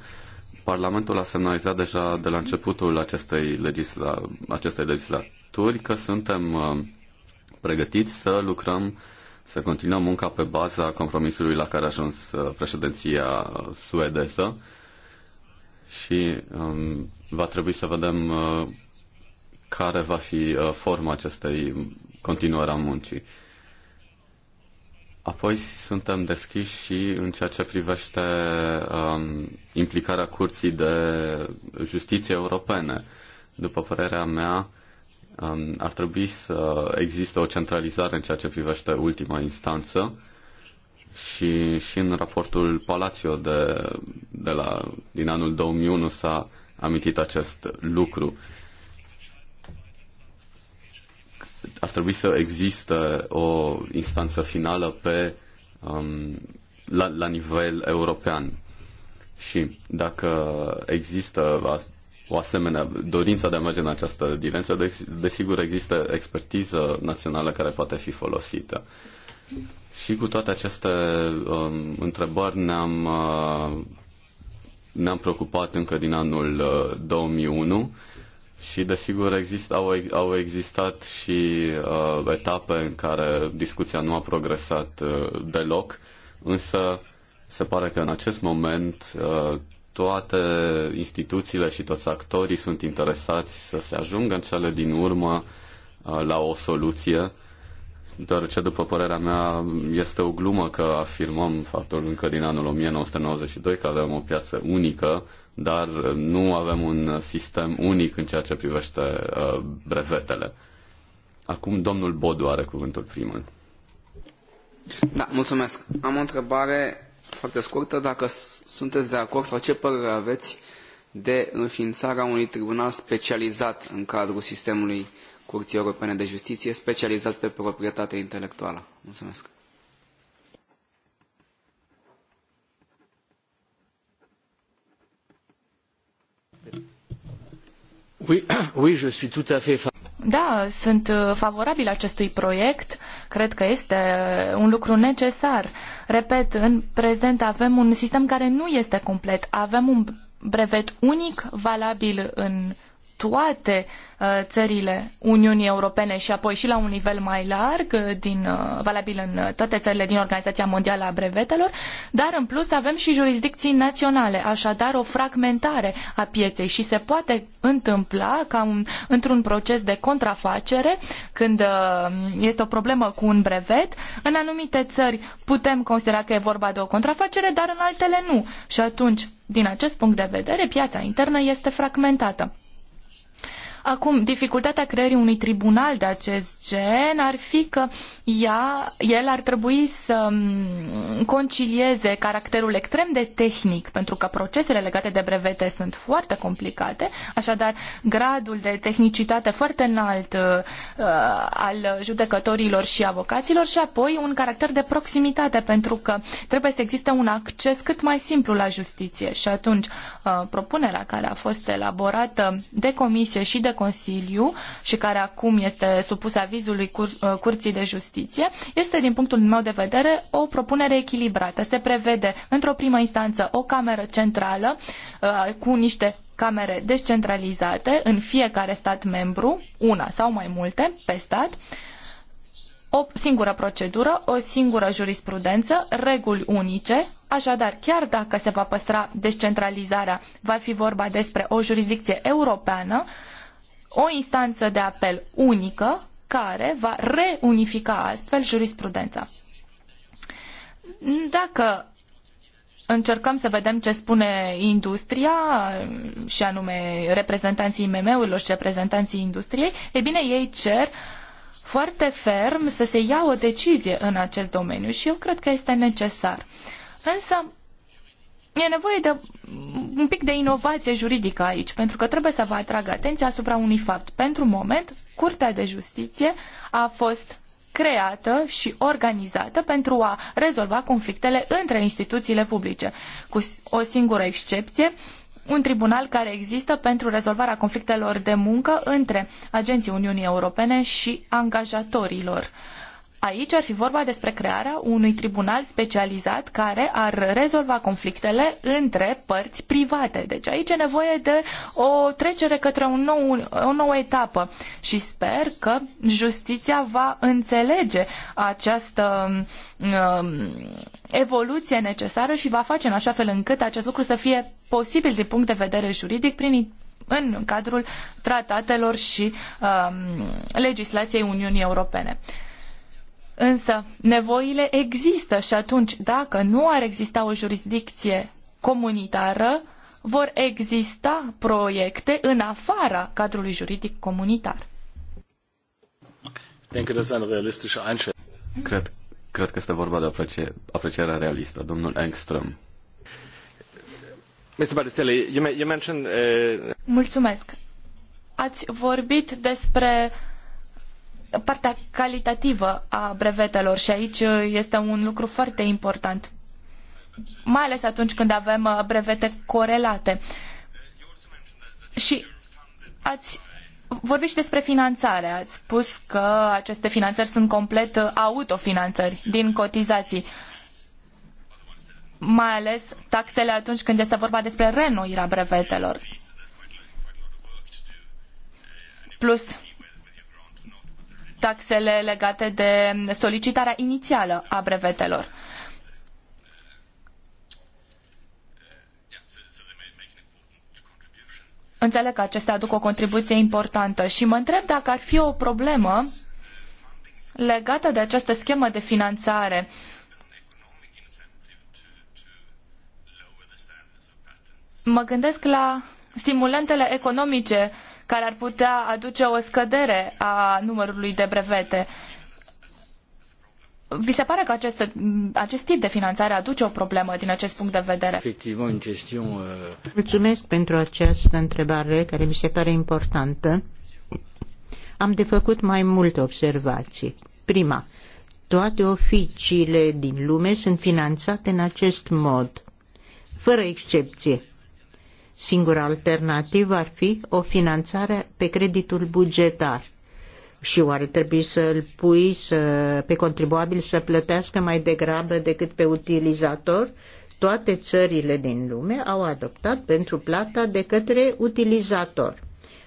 Parlamentul a semnalizat deja de la începutul acestei, legisla, acestei legislaturi că suntem uh, pregătiți să lucrăm uh, să continuăm munca pe baza compromisului la care a ajuns uh, președinția suedeză și um, va trebui să vedem uh, care va fi uh, forma acestei continuări a muncii. Apoi suntem deschiși și în ceea ce privește um, implicarea Curții de Justiție Europene. După părerea mea, Um, ar trebui să existe o centralizare în ceea ce privește ultima instanță și, și în raportul Palacio de, de la, din anul 2001 s-a amintit acest lucru. Ar trebui să existe o instanță finală pe, um, la, la nivel european. Și dacă există o asemenea dorință de a merge în această direcție. Deci, desigur, există expertiză națională care poate fi folosită. Și cu toate aceste um, întrebări ne-am, uh, ne-am preocupat încă din anul uh, 2001 și desigur exist, au, au existat și uh, etape în care discuția nu a progresat uh, deloc, însă se pare că în acest moment uh, toate instituțiile și toți actorii sunt interesați să se ajungă în cele din urmă uh, la o soluție, deoarece, după părerea mea, este o glumă că afirmăm faptul încă din anul 1992 că avem o piață unică, dar nu avem un sistem unic în ceea ce privește uh, brevetele. Acum domnul Bodu are cuvântul primul. Da, mulțumesc. Am o întrebare foarte scurtă, dacă sunteți de acord sau ce părere aveți de înființarea unui tribunal specializat în cadrul sistemului Curții Europene de Justiție, specializat pe proprietate intelectuală. Mulțumesc. (clears throat) Da, sunt uh, favorabil acestui proiect. Cred că este uh, un lucru necesar Repet, în prezent avem un sistem care nu este complet. Avem un brevet unic valabil în toate uh, țările Uniunii Europene și apoi și la un nivel mai larg, uh, din, uh, valabil în toate țările din Organizația Mondială a Brevetelor, dar în plus avem și jurisdicții naționale, așadar o fragmentare a pieței și se poate întâmpla ca un, într-un proces de contrafacere, când este o problemă cu un brevet, în anumite țări putem considera că e vorba de o contrafacere, dar în altele nu. Și atunci, din acest punct de vedere, piața internă este fragmentată. Acum, dificultatea creării unui tribunal de acest gen ar fi că ea, el ar trebui să mm, concilieze caracterul extrem de tehnic, pentru că procesele legate de brevete sunt foarte complicate, așadar gradul de tehnicitate foarte înalt uh, uh, al judecătorilor și avocaților și apoi un caracter de proximitate, pentru că trebuie să existe un acces cât mai simplu la justiție. Și atunci, uh, propunerea care a fost elaborată de comisie și de de Consiliu și care acum este supus avizului cur- uh, Curții de Justiție, este, din punctul meu de vedere, o propunere echilibrată. Se prevede, într-o primă instanță, o cameră centrală uh, cu niște camere descentralizate în fiecare stat membru, una sau mai multe pe stat, o singură procedură, o singură jurisprudență, reguli unice, așadar chiar dacă se va păstra descentralizarea, va fi vorba despre o jurisdicție europeană o instanță de apel unică care va reunifica astfel jurisprudența. Dacă încercăm să vedem ce spune industria și anume reprezentanții IMM-urilor și reprezentanții industriei, e bine, ei cer foarte ferm să se ia o decizie în acest domeniu și eu cred că este necesar. Însă, e nevoie de un pic de inovație juridică aici, pentru că trebuie să vă atrag atenția asupra unui fapt. Pentru moment, Curtea de Justiție a fost creată și organizată pentru a rezolva conflictele între instituțiile publice, cu o singură excepție, un tribunal care există pentru rezolvarea conflictelor de muncă între agenții Uniunii Europene și angajatorilor. Uh, Aici ar fi vorba despre crearea unui tribunal specializat care ar rezolva conflictele între părți private. Deci aici e nevoie de o trecere către un nou, o nouă etapă și sper că justiția va înțelege această um, evoluție necesară și va face în așa fel încât acest lucru să fie posibil din punct de vedere juridic prin în cadrul tratatelor și um, legislației Uniunii Europene. Însă nevoile există și atunci dacă nu ar exista o jurisdicție comunitară, vor exista proiecte în afara cadrului juridic comunitar. Cred, cred că este vorba de aprecie, aprecierea realistă. Domnul Engström. Uh, Mulțumesc. Ați vorbit despre partea calitativă a brevetelor și aici uh, este un lucru foarte important, mai ales atunci când avem uh, brevete corelate. Și ați vorbit și despre finanțare. Ați spus că aceste finanțări sunt complet uh, autofinanțări din cotizații mai ales taxele atunci când este vorba despre renoirea brevetelor. Plus, taxele legate de solicitarea inițială a brevetelor. Înțeleg că acestea aduc o contribuție importantă și mă întreb dacă ar fi o problemă legată de această schemă de finanțare. Mă gândesc la stimulentele economice uh, care ar putea aduce o scădere a numărului de brevete. Vi se pare că acest, acest tip de finanțare aduce o problemă din acest punct de vedere? Efectiv, în chestiune... Uh, Mulțumesc pentru această întrebare care mi se pare importantă. Am de făcut mai multe observații. Prima, toate oficiile din lume sunt finanțate în acest mod, fără excepție. Singura alternativă ar fi o finanțare pe creditul bugetar. Și oare trebuie să îl pui să, pe contribuabil să plătească mai degrabă decât pe utilizator? Toate țările din lume au adoptat pentru plata de către utilizator.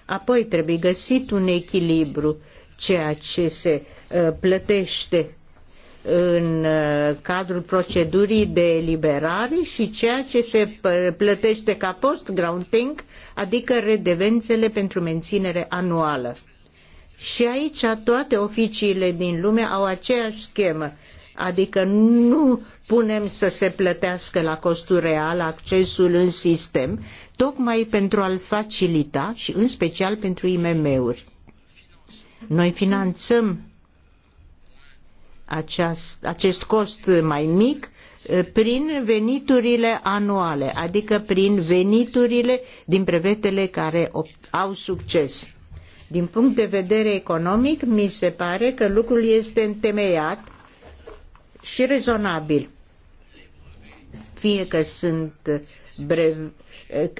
Apoi trebuie găsit un echilibru, ceea ce se uh, plătește în uh, cadrul procedurii de eliberare și ceea ce se plătește ca post-grounding, adică redevențele pentru menținere anuală. Și aici toate oficiile din lume au aceeași schemă, adică nu punem să se plătească la costul real accesul în sistem, tocmai pentru a-l facilita și în special pentru IMM-uri. Noi finanțăm aceast, acest cost mai mic eh, prin veniturile anuale, adică prin veniturile din brevetele care au succes. Din punct de vedere economic, mi se pare că lucrul este întemeiat și rezonabil. Fie că sunt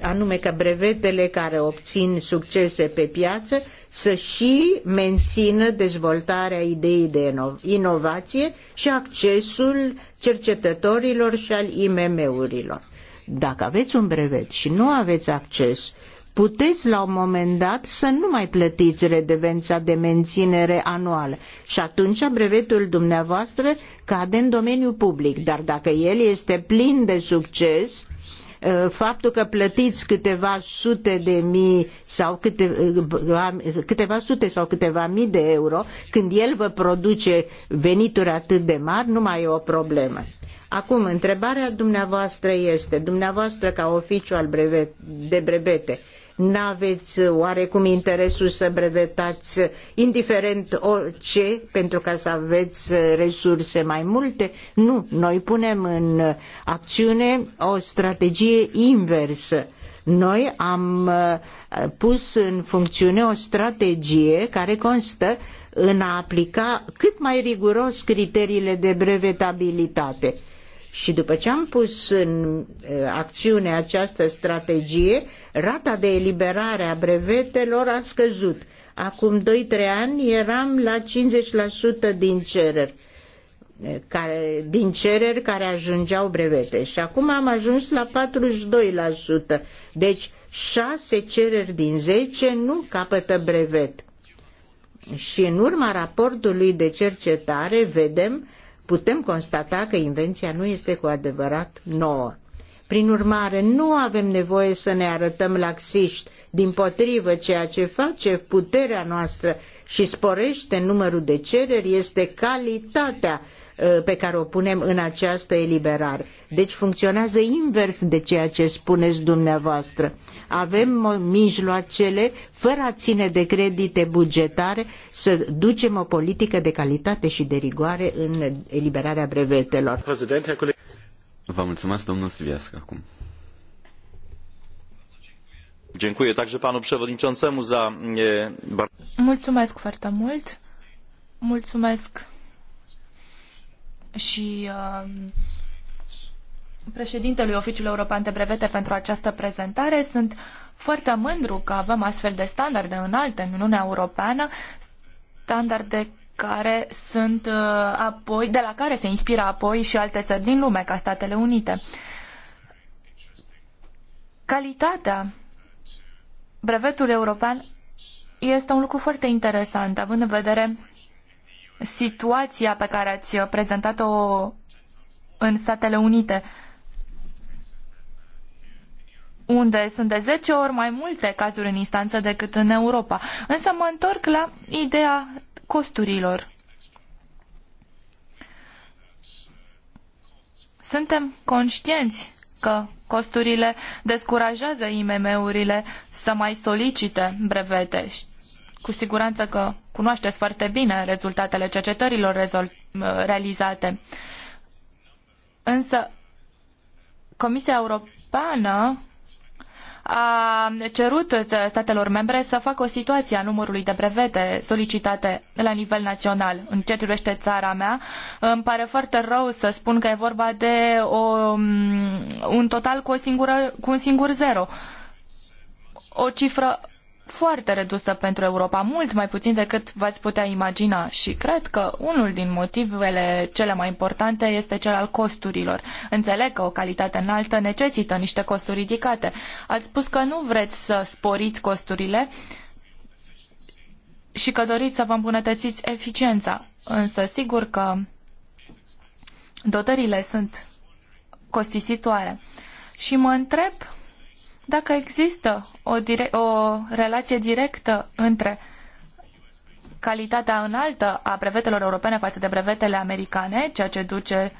anume că brevetele care obțin succese pe piață să și mențină dezvoltarea ideii de inovație și accesul cercetătorilor și al IMM-urilor. Dacă aveți un brevet și nu aveți acces puteți la un moment dat să nu mai plătiți redevența de menținere anuală și atunci brevetul dumneavoastră cade în domeniul public, dar dacă el este plin de succes, Eh, faptul că plătiți câteva sute de mii sau câteva, eh, câteva sute sau câteva mii de euro, când el vă produce venituri atât de mari, nu mai e o problemă. Acum, întrebarea dumneavoastră este, dumneavoastră ca oficiu al brevet, de brevete, N-aveți oarecum interesul să brevetați indiferent orice pentru ca să aveți resurse mai multe? Nu, noi punem în acțiune o strategie inversă noi am uh, pus în funcțiune o strategie care constă în a aplica cât mai riguros criteriile de brevetabilitate. Și după ce am pus în acțiune această strategie, rata de eliberare a brevetelor a scăzut. Acum 2-3 ani eram la 50% din cereri care, din cereri care ajungeau brevete și acum am ajuns la 42%. Deci 6 cereri din 10 nu capătă brevet. Și în urma raportului de cercetare vedem putem constata că invenția nu este cu adevărat nouă. Prin urmare, nu avem nevoie să ne arătăm laxiști, din potrivă ceea ce face puterea noastră și sporește numărul de cereri este calitatea Uh, pe care o punem în această eliberare. Deci funcționează invers de ceea ce spuneți dumneavoastră. Avem mijloacele, fără a ține de credite bugetare, să ducem o politică de calitate și de rigoare în eliberarea brevetelor. Vă mulțumesc, domnul Siviască, acum dziękuję także panu przewodniczącemu za mulțumesc foarte mult mulțumesc și um, președintelui Oficiului European de Brevete pentru această prezentare. Sunt foarte mândru că avem astfel de standarde înalte în Uniunea Europeană, standarde care sunt uh, apoi, de la care se inspiră apoi și alte țări din lume, ca Statele Unite. Calitatea brevetului european este un lucru foarte interesant, având în vedere situația pe care ați prezentat-o în Statele Unite, unde sunt de zece ori mai multe cazuri în instanță decât în Europa. Însă mă întorc la ideea costurilor. Suntem conștienți că costurile descurajează IMM-urile să mai solicite brevete. Cu siguranță că cunoașteți foarte bine rezultatele cercetărilor realizate. Însă, Comisia Europeană a cerut statelor membre să facă o situație a numărului de brevete solicitate la nivel național. În ce privește țara mea, îmi pare foarte rău să spun că e vorba de o, mm, un total cu, o singură, cu un singur zero. O cifră foarte redusă pentru Europa, mult mai puțin decât v-ați putea imagina și cred că unul din motivele cele mai importante este cel al costurilor. Înțeleg că o calitate înaltă necesită niște costuri ridicate. Ați spus că nu vreți să sporiți costurile și că doriți să vă îmbunătățiți eficiența, însă sigur că dotările sunt costisitoare. Și mă întreb dacă există o, dire- o relație directă între calitatea înaltă a brevetelor europene față de brevetele americane, ceea ce duce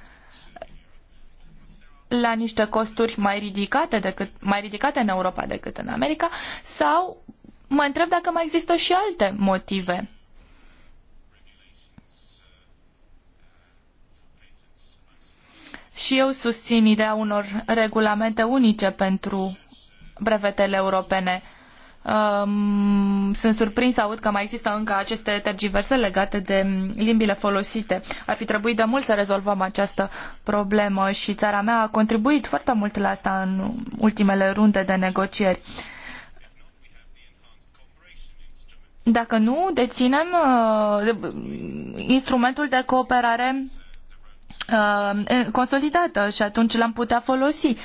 la niște costuri mai ridicate, decât, mai ridicate în Europa decât în America, sau mă întreb dacă mai există și alte motive. Și eu susțin ideea unor regulamente unice pentru brevetele europene. sunt surprins să aud că mai există încă aceste tergiverse legate de limbile folosite. Ar fi trebuit de mult să rezolvăm această problemă și țara mea a contribuit foarte mult la asta în ultimele runde de negocieri. Dacă nu, deținem uh, instrumentul de cooperare uh, consolidată și atunci l-am putea folosi. Uh,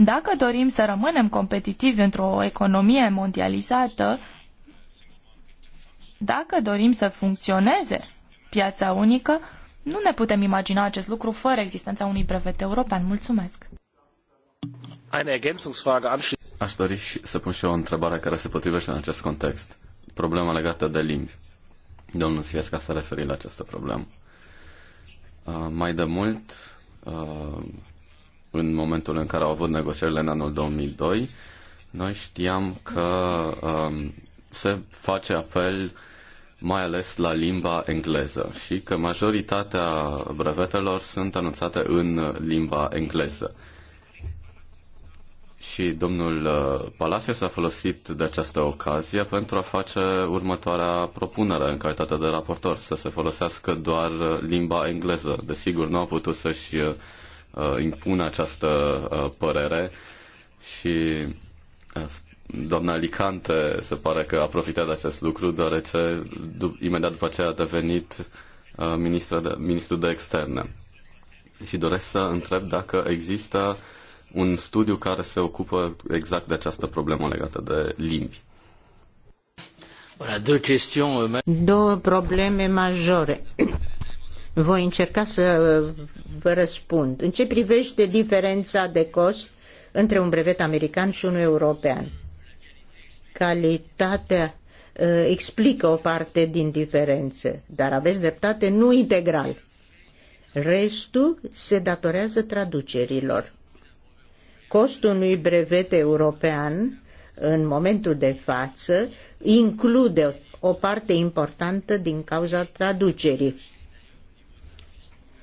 dacă dorim să rămânem competitivi într-o economie mondializată, dacă dorim să funcționeze piața unică, nu ne putem imagina acest lucru fără existența unui brevet european. Mulțumesc! Aș dori să pun și eu o întrebare care se potrivește în acest context. Problema legată de limbi. Domnul Sviesca s-a referit la această problemă. Uh, mai de mult, uh, în momentul în care au avut negocierile în anul 2002, noi știam că um, se face apel mai ales la limba engleză și că majoritatea brevetelor sunt anunțate în limba engleză. Și domnul uh, Palacio s-a folosit de această ocazie pentru a face următoarea propunere în calitate de raportor, să se folosească doar limba engleză. Desigur, nu a putut să-și uh, Uh, impune această uh, părere și uh, doamna Alicante se pare că a profitat de acest lucru, deoarece imediat după aceea a devenit uh, de, ministru de externe. Și doresc să întreb dacă există un studiu care se ocupă exact de această problemă legată de limbi. Euh, Două probleme majore. Voi încerca să uh, vă răspund. În ce privește diferența de cost între un brevet american și unul european? Calitatea uh, explică o parte din diferențe, dar aveți dreptate, nu integral. Restul se datorează traducerilor. Costul unui brevet european în momentul de față include o parte importantă din cauza traducerii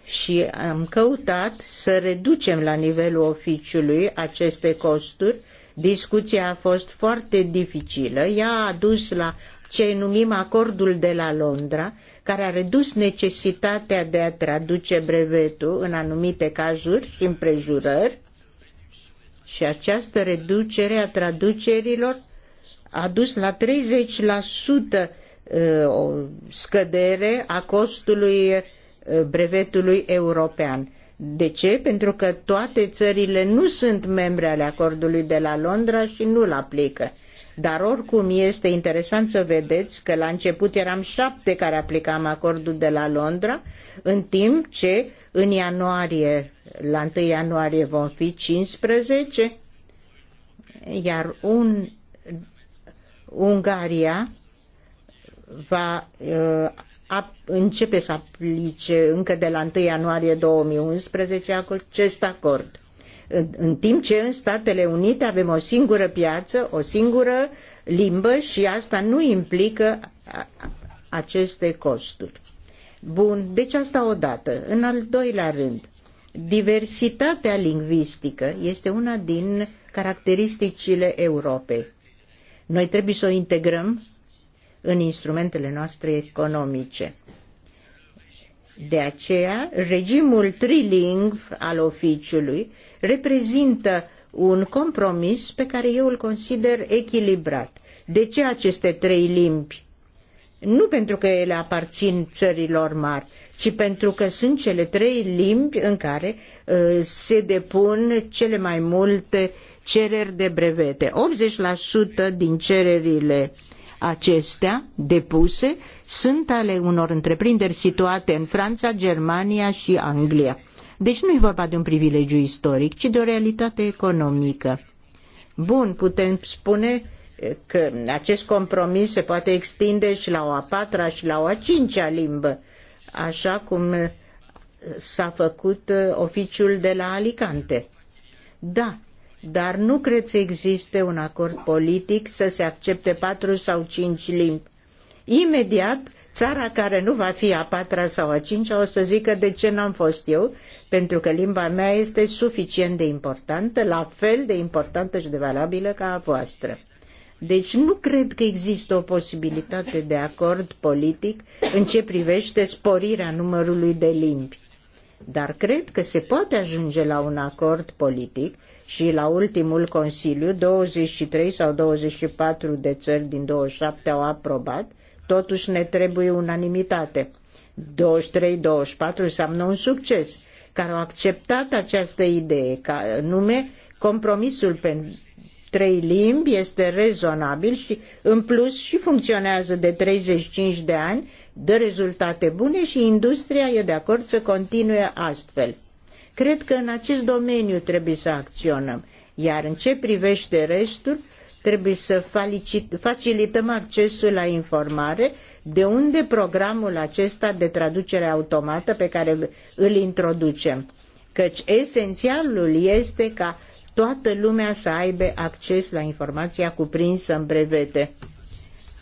și am căutat să reducem la nivelul oficiului aceste costuri. Discuția a fost foarte dificilă. Ea a dus la ce numim acordul de la Londra, care a redus necesitatea de a traduce brevetul în anumite cazuri și împrejurări și această reducere a traducerilor a dus la 30% uh, o scădere a costului Uh, brevetului european. De ce? Pentru că toate țările nu sunt membre ale acordului de la Londra și nu-l aplică. Dar oricum este interesant să vedeți că la început eram șapte care aplicam acordul de la Londra, în timp ce în ianuarie, la 1 ianuarie vom fi 15, iar un, Ungaria va uh, începe să aplice încă de la 1 ianuarie 2011 acest acord. În, în timp ce în Statele Unite avem o singură piață, o singură limbă și asta nu implică aceste costuri. Bun, deci asta odată. În al doilea rând, diversitatea lingvistică este una din caracteristicile Europei. Noi trebuie să o integrăm în instrumentele noastre economice. De aceea, regimul trilingv al oficiului reprezintă un compromis pe care eu îl consider echilibrat. De ce aceste trei limbi? Nu pentru că ele aparțin țărilor mari, ci pentru că sunt cele trei limbi în care uh, se depun cele mai multe cereri de brevete. 80% din cererile Acestea depuse sunt ale unor întreprinderi situate în Franța, Germania și Anglia. Deci nu e vorba de un privilegiu istoric, ci de o realitate economică. Bun, putem spune eh, că acest compromis se poate extinde și la o a patra și la o a cincea limbă, așa cum eh, s-a făcut eh, oficiul de la Alicante. Da, dar nu cred să existe un acord politic să se accepte patru sau cinci limbi. Imediat, țara care nu va fi a patra sau a cincea o să zică de ce n-am fost eu, pentru că limba mea este suficient de importantă, la fel de importantă și de valabilă ca a voastră. Deci nu cred că există o posibilitate de acord politic în ce privește sporirea numărului de limbi. Dar cred că se poate ajunge la un acord politic și la ultimul Consiliu 23 sau 24 de țări din 27 au aprobat, totuși ne trebuie unanimitate. 23-24 înseamnă un succes, care au acceptat această idee, ca nume compromisul pe trei limbi este rezonabil și în plus și funcționează de 35 de ani, dă rezultate bune și industria e de acord să continue astfel. Cred că în acest domeniu trebuie să acționăm. Iar în ce privește restul, trebuie să facilităm accesul la informare, de unde programul acesta de traducere automată pe care îl introducem. Căci esențialul este ca toată lumea să aibă acces la informația cuprinsă în brevete.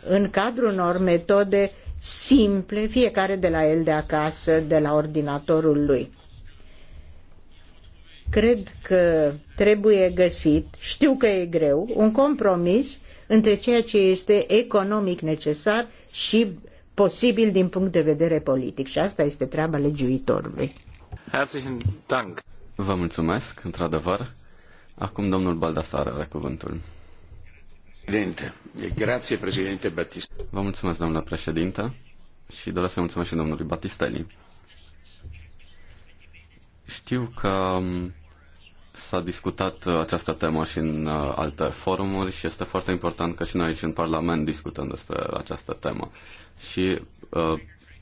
În cadrul unor metode simple, fiecare de la el de acasă, de la ordinatorul lui. Cred că trebuie găsit, știu că e greu, un compromis între ceea ce este economic necesar și posibil din punct de vedere politic. Și asta este treaba legiuitorului. Vă mulțumesc, într-adevăr. Acum domnul Baldasar are cuvântul. Președinte, grație președinte Batista. Vă mulțumesc, domnule președinte, și doresc să mulțumesc și domnului Batistelli. Știu că S-a discutat uh, această temă și în uh, alte forumuri și este foarte important că și noi aici în Parlament discutăm despre această temă. Și uh,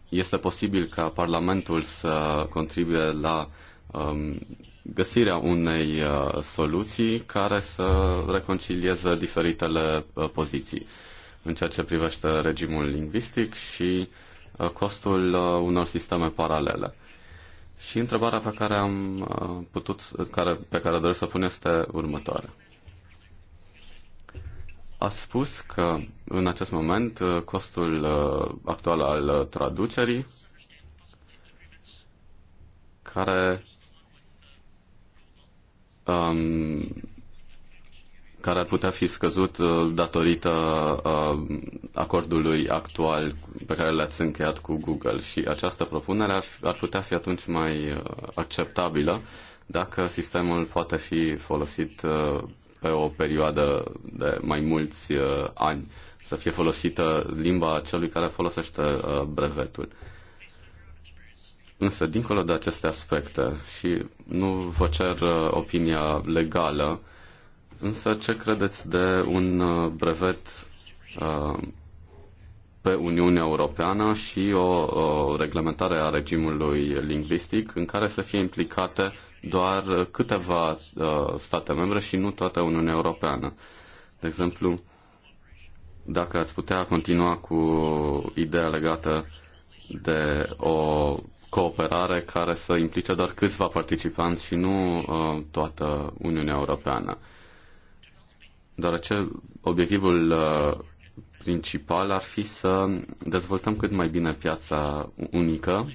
este posibil ca Parlamentul să contribuie la um, găsirea unei soluții care să reconcilieze diferitele poziții în ceea ce privește regimul lingvistic și costul unor sisteme paralele. Și întrebarea pe care am uh, putut, care, pe care doresc să pun este următoarea. A spus că în acest moment uh, costul uh, actual al traducerii care um, care ar putea fi scăzut uh, datorită uh, acordului actual pe care l-ați încheiat cu Google și această propunere ar, ar putea fi atunci mai uh, acceptabilă dacă sistemul poate fi folosit pe o perioadă de mai mulți ani, să fie folosită limba celui care folosește brevetul. Însă, dincolo de aceste aspecte, și nu vă cer opinia legală, Însă ce credeți de un uh, brevet uh, pe Uniunea Europeană și o, reglementare a regimului lingvistic în care să fie implicate doar câteva uh, state membre și nu toată Uniunea Europeană. De exemplu, dacă ați putea continua cu ideea legată de o cooperare care să implice doar câțiva participanți și nu uh, toată Uniunea Europeană. Uh, acel obiectivul uh, principal ar fi să dezvoltăm cât mai bine piața unică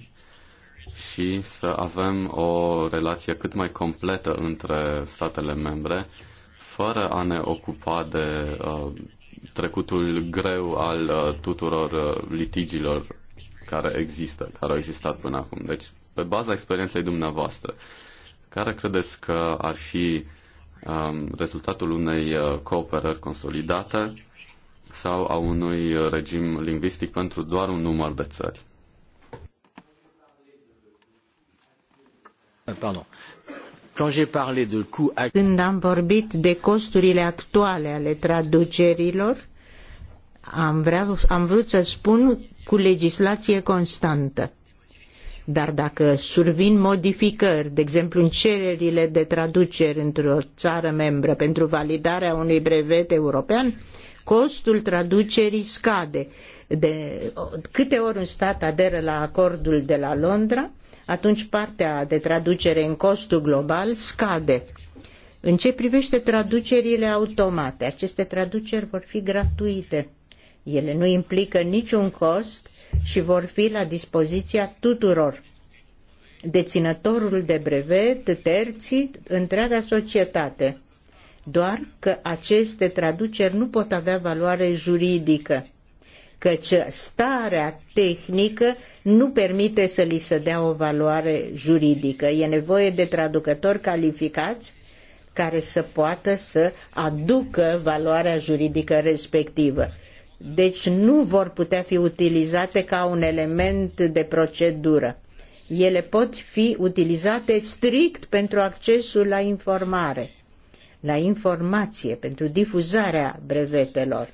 și să avem o relație cât mai completă între statele membre, fără a ne ocupa de uh, trecutul greu al uh, tuturor uh, litigilor care există, care au existat până acum. Deci, pe baza experienței dumneavoastră, care credeți că ar fi Um, rezultatul unei uh, cooperări consolidate sau a unui uh, regim lingvistic pentru doar un număr de țări. Uh, pardon. Când am vorbit de costurile actuale ale traducerilor, am, vreau, am vrut să spun cu legislație constantă. Dar dacă survin modificări, de exemplu în cererile de traducere într-o țară membră pentru validarea unui brevet european, costul traducerii scade. De câte ori un stat aderă la acordul de la Londra, atunci partea de traducere în costul global scade. În ce privește traducerile automate, aceste traduceri vor fi gratuite. Ele nu implică niciun cost și vor fi la dispoziția tuturor deținătorul de brevet, terții, întreaga societate. Doar că aceste traduceri nu pot avea valoare juridică, căci starea tehnică nu permite să li se dea o valoare juridică. E nevoie de traducători calificați care să poată să aducă valoarea juridică respectivă deci nu vor putea fi utilizate ca un element de procedură. Ele pot fi utilizate strict pentru accesul la informare, la informație, pentru difuzarea brevetelor.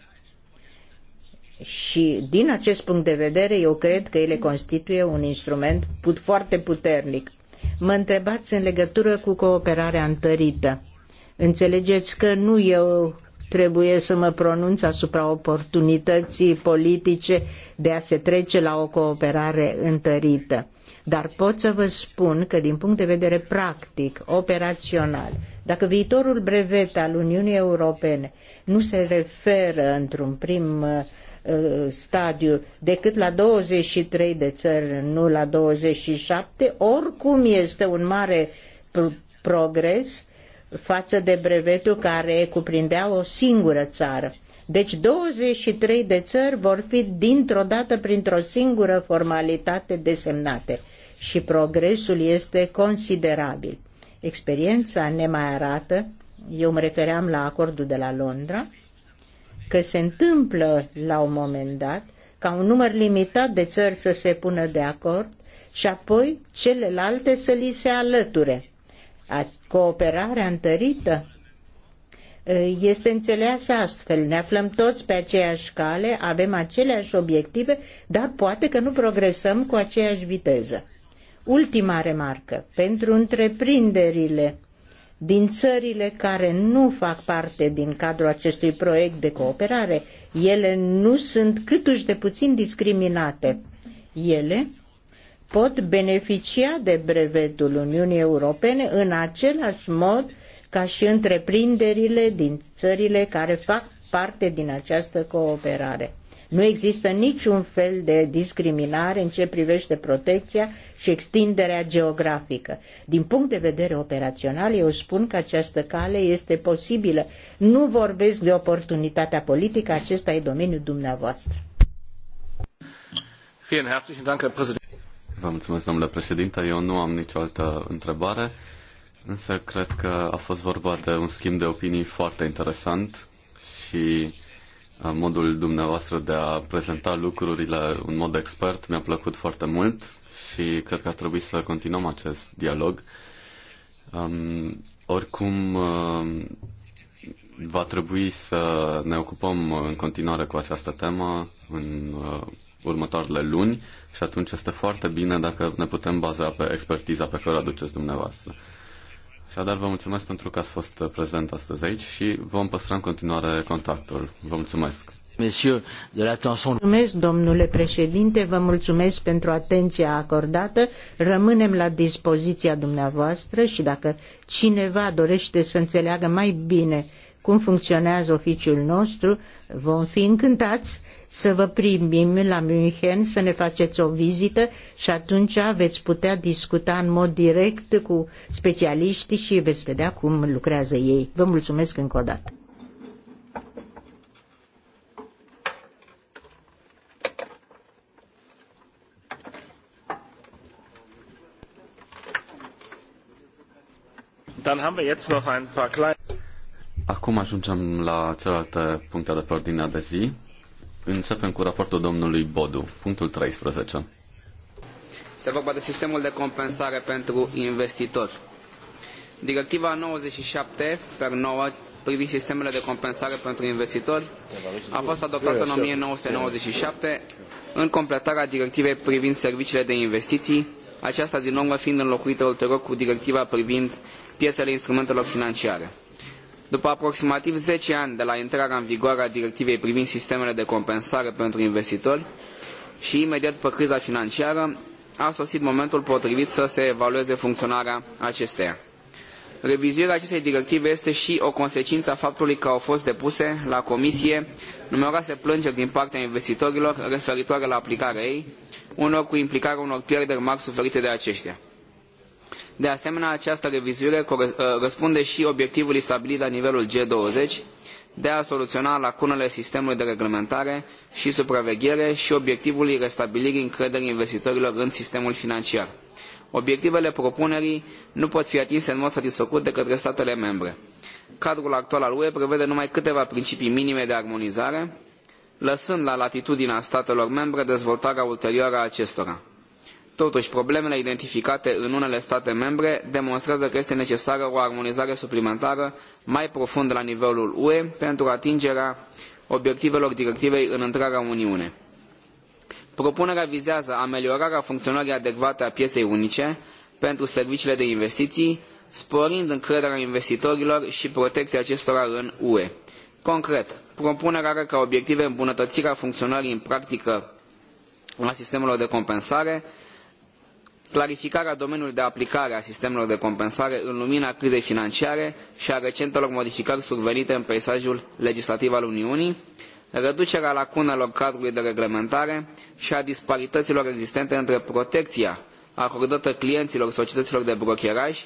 Și din acest punct de vedere, eu cred că ele constituie un instrument put foarte puternic. Mă întrebați în legătură cu cooperarea întărită. Înțelegeți că nu eu Trebuie să mă pronunț asupra oportunității politice de a se trece la o cooperare întărită. Dar pot să vă spun că din punct de vedere practic, operațional, dacă viitorul brevet al Uniunii Europene nu se referă într-un prim uh, stadiu decât la 23 de țări, nu la 27, oricum este un mare progres față de brevetul care cuprindea o singură țară. Deci 23 de țări vor fi dintr-o dată printr-o singură formalitate desemnate și progresul este considerabil. Experiența ne mai arată, eu mă refeream la acordul de la Londra, că se întâmplă la un moment dat ca un număr limitat de țări să se pună de acord și apoi celelalte să li se alăture. Cooperarea întărită este înțeleasă astfel. Ne aflăm toți pe aceeași cale, avem aceleași obiective, dar poate că nu progresăm cu aceeași viteză. Ultima remarcă. Pentru întreprinderile din țările care nu fac parte din cadrul acestui proiect de cooperare, ele nu sunt câtuși de puțin discriminate. Ele pot beneficia de brevetul Uniunii Europene în același mod ca și întreprinderile din țările care fac parte din această cooperare. Nu există niciun fel de discriminare în ce privește protecția și extinderea geografică. Din punct de vedere operațional, eu spun că această cale este posibilă. Nu vorbesc de oportunitatea politică, acesta e domeniul dumneavoastră. Vielen herzlichen Dank, Herr Präsident. Vă mulțumesc, domnule președinte. Eu nu am nicio altă întrebare, însă cred că a fost vorba de un schimb de opinii foarte interesant și uh, modul dumneavoastră de a prezenta lucrurile în mod expert mi-a plăcut foarte mult și cred că ar trebui să continuăm acest dialog. Um, oricum, um, va trebui să ne ocupăm în continuare cu această temă în uh, următoarele luni și atunci este foarte bine dacă ne putem baza pe expertiza pe care o aduceți dumneavoastră. Așadar, vă mulțumesc pentru că ați fost prezent astăzi aici și vom păstra în continuare contactul. Vă mulțumesc! Mulțumesc, domnule președinte, vă mulțumesc pentru atenția acordată. Rămânem la dispoziția dumneavoastră și dacă cineva dorește să înțeleagă mai bine cum funcționează oficiul nostru, vom fi încântați să vă primim la München, să ne faceți o vizită și atunci veți putea discuta în mod direct cu specialiștii și veți vedea cum lucrează ei. Vă mulțumesc încă o dată. Dann haben wir jetzt noch ein paar kleine Acum ajungem la celelalte puncte de pe ordinea de zi. Începem cu raportul domnului Bodu, punctul 13. Se vorba de sistemul de compensare pentru investitori. Directiva 97 per 9 privind sistemele de compensare pentru investitori a fost adoptată în 1997 în completarea directivei privind serviciile de investiții, aceasta din nou fiind înlocuită ulterior cu directiva privind piețele instrumentelor financiare. După aproximativ zece ani de la intrarea în vigoare a directivei privind sistemele de compensare pentru investitori și imediat după criza financiară, a sosit momentul potrivit să se evalueze funcționarea acesteia. Revizuirea acestei directive este și o consecință a faptului că au fost depuse la Comisie numeroase plângeri din partea investitorilor referitoare la aplicarea ei, unor cu implicarea unor pierderi mari suferite de aceștia. De asemenea, această revizuire ă, răspunde și obiectivului stabilit la nivelul G20 de a soluționa lacunele sistemului de reglementare și supraveghere și obiectivului restabilirii încrederii investitorilor în sistemul financiar. Obiectivele propunerii nu pot fi atinse în mod satisfăcut de către statele membre. Cadrul actual al UE prevede numai câteva principii minime de armonizare, lăsând la latitudinea statelor membre dezvoltarea ulterioară a acestora. Totuși, problemele identificate în unele state membre demonstrează că este necesară o armonizare suplimentară mai profundă la nivelul UE pentru atingerea obiectivelor directivei în întreaga Uniune. Propunerea vizează ameliorarea funcționării adecvate a pieței unice pentru serviciile de investiții, sporind încrederea investitorilor și protecția acestora în UE. Concret, propunerea are ca obiective îmbunătățirea funcționării în practică a sistemelor de compensare, clarificarea domeniului de aplicare a sistemelor de compensare în lumina crizei financiare și a recentelor modificări survenite în peisajul legislativ al Uniunii, reducerea lacunelor cadrului de reglementare și a disparităților existente între protecția acordată clienților societăților de brokeraj,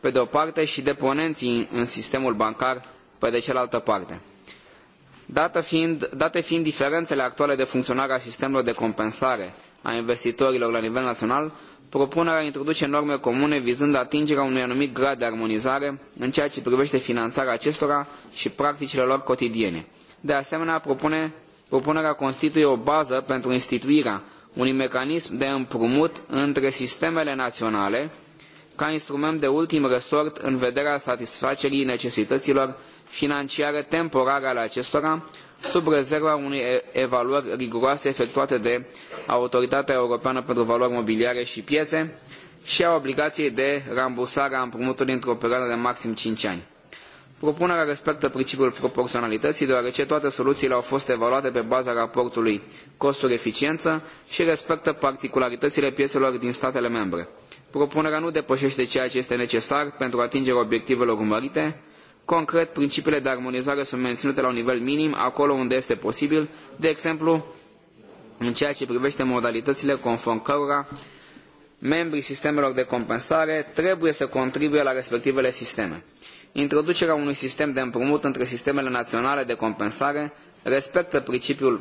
pe de o parte, și deponenții în sistemul bancar, pe de cealaltă parte. Dată fiind, date fiind diferențele actuale de funcționare a sistemelor de compensare a investitorilor la nivel național, Propunerea introduce norme comune vizând atingerea unui anumit grad de armonizare în ceea ce privește finanțarea acestora și practicile lor cotidiene. De asemenea, propune, propunerea constituie o bază pentru instituirea unui mecanism de împrumut între sistemele naționale ca instrument de ultim resort în vederea satisfacerii necesităților financiare temporare ale acestora, sub rezerva unei evaluări riguroase efectuate de Autoritatea Europeană pentru Valori Mobiliare și Piețe și a obligației de rambursare a împrumutului într-o perioadă de maxim 5 ani. Propunerea respectă principiul proporționalității, deoarece toate soluțiile au fost evaluate pe baza raportului costuri-eficiență și respectă particularitățile piețelor din statele membre. Propunerea nu depășește ceea ce este necesar pentru atingerea obiectivelor urmărite, Concret, principiile de armonizare sunt menținute la un nivel minim, acolo unde este posibil, de exemplu, în ceea ce privește modalitățile conform cărora membrii sistemelor de compensare trebuie să contribuie la respectivele sisteme. Introducerea unui sistem de împrumut între sistemele naționale de compensare respectă principiul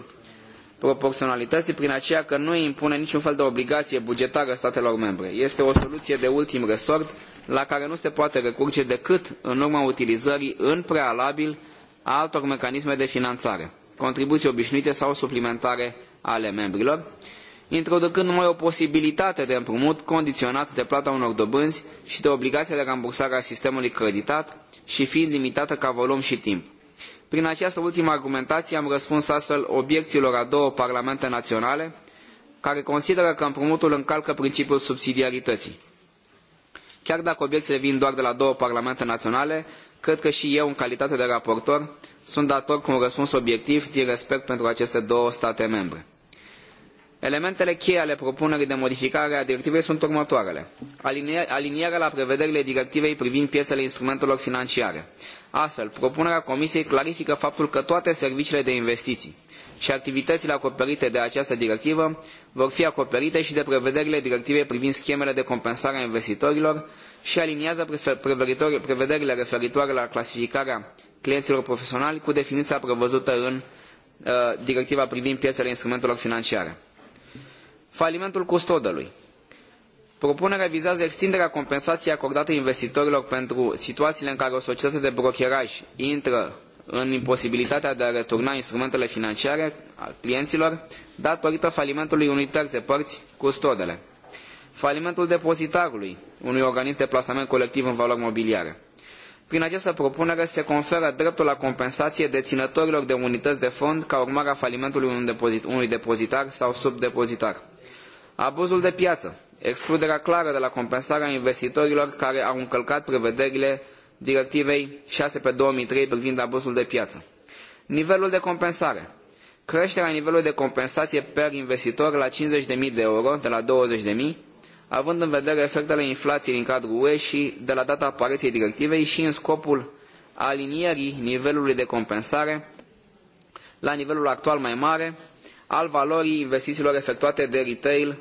proporționalității prin aceea că nu îi impune niciun fel de obligație bugetară statelor membre. Este o soluție de ultim resort la care nu se poate recurge decât în urma utilizării în prealabil a altor mecanisme de finanțare, contribuții obișnuite sau suplimentare ale membrilor, introducând numai o posibilitate de împrumut condiționat de plata unor dobânzi și de obligația de rambursare a sistemului creditat și fiind limitată ca volum și timp. Prin această ultimă argumentație am răspuns astfel obiecțiilor a două parlamente naționale care consideră că împrumutul încalcă principiul subsidiarității. Chiar dacă obiecțiile vin doar de la două parlamente naționale, cred că și eu, în calitate de raportor, sunt dator cu un răspuns obiectiv din respect pentru aceste două state membre. Elementele cheie ale propunerii de modificare a directivei sunt următoarele. Alinierea la prevederile directivei privind piețele instrumentelor financiare. Astfel, propunerea Comisiei clarifică faptul că toate serviciile de investiții și activitățile acoperite de această directivă vor fi acoperite și de prevederile directivei privind schemele de compensare a investitorilor și aliniază prevederile referitoare la clasificarea clienților profesionali cu definiția prevăzută în uh, directiva privind piețele instrumentelor financiare. Falimentul custodului. Propunerea vizează extinderea compensației acordate investitorilor pentru situațiile în care o societate de brokeraj intră în imposibilitatea de a returna instrumentele financiare a clienților datorită falimentului unui terț de părți custodele. Falimentul depozitarului unui organism de plasament colectiv în valori mobiliare. Prin această propunere se conferă dreptul la compensație deținătorilor de unități de fond ca urmare a falimentului unui depozitar sau subdepozitar. Abuzul de piață. Excluderea clară de la compensarea investitorilor care au încălcat prevederile Directivei 6 pe 2003 privind abuzul de piață. Nivelul de compensare. Creșterea nivelului de compensație per investitor la 50.000 de euro, de la 20.000, având în vedere efectele inflației din cadrul UE și de la data apariției directivei și în scopul alinierii nivelului de compensare la nivelul actual mai mare al valorii investițiilor efectuate de retail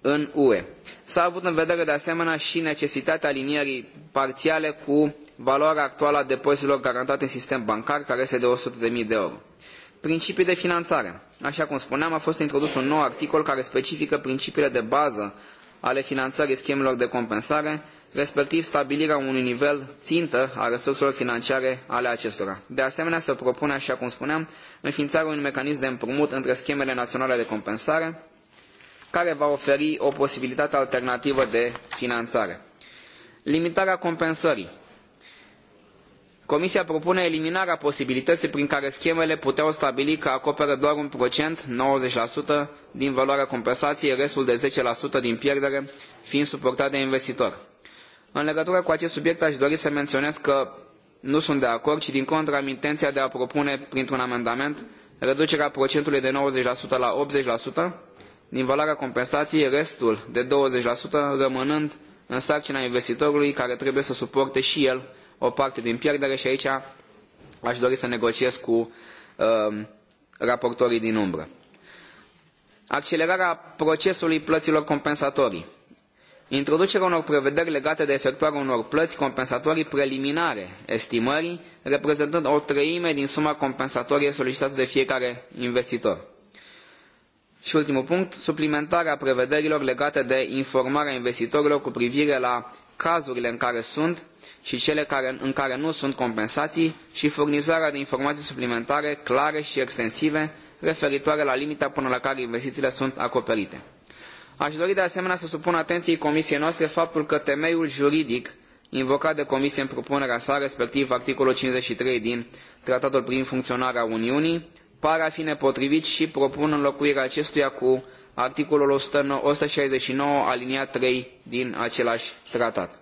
în UE. S-a avut în vedere de asemenea și necesitatea alinierii parțiale cu valoarea actuală a depozitelor garantate în sistem bancar, care este de 100.000 de euro. Principii de finanțare. Așa cum spuneam, a fost introdus un nou articol care specifică principiile de bază ale finanțării schemelor de compensare, respectiv stabilirea unui nivel țintă a resurselor financiare ale acestora. De asemenea, se propune, așa cum spuneam, înființarea unui mecanism de împrumut între schemele naționale de compensare, care va oferi o posibilitate alternativă de finanțare. Limitarea compensării. Comisia propune eliminarea posibilității prin care schemele puteau stabili că acoperă doar un procent, 90% din valoarea compensației, restul de 10% din pierdere fiind suportat de investitor. În legătură cu acest subiect aș dori să menționez că nu sunt de acord, ci din contră am intenția de a propune printr-un amendament reducerea procentului de 90% la 80%, din valoarea compensației, restul de 20% rămânând în sarcina investitorului care trebuie să suporte și el o parte din pierdere și aici aș dori să negociez cu uh, raportorii din umbră. Accelerarea procesului plăților compensatorii. Introducerea unor prevederi legate de efectuarea unor plăți compensatorii preliminare estimării, reprezentând o treime din suma compensatorie solicitată de fiecare investitor. Și ultimul punct, suplimentarea prevederilor legate de informarea investitorilor cu privire la cazurile în care sunt și cele care, în care nu sunt compensații și furnizarea de informații suplimentare clare și extensive referitoare la limita până la care investițiile sunt acoperite. Aș dori de asemenea să supun atenției comisiei noastre faptul că temeiul juridic invocat de comisie în propunerea sa, respectiv articolul 53 din Tratatul privind funcționarea Uniunii, par a fi nepotrivit și propun înlocuirea acestuia cu articolul 169 aliniat 3 din același tratat.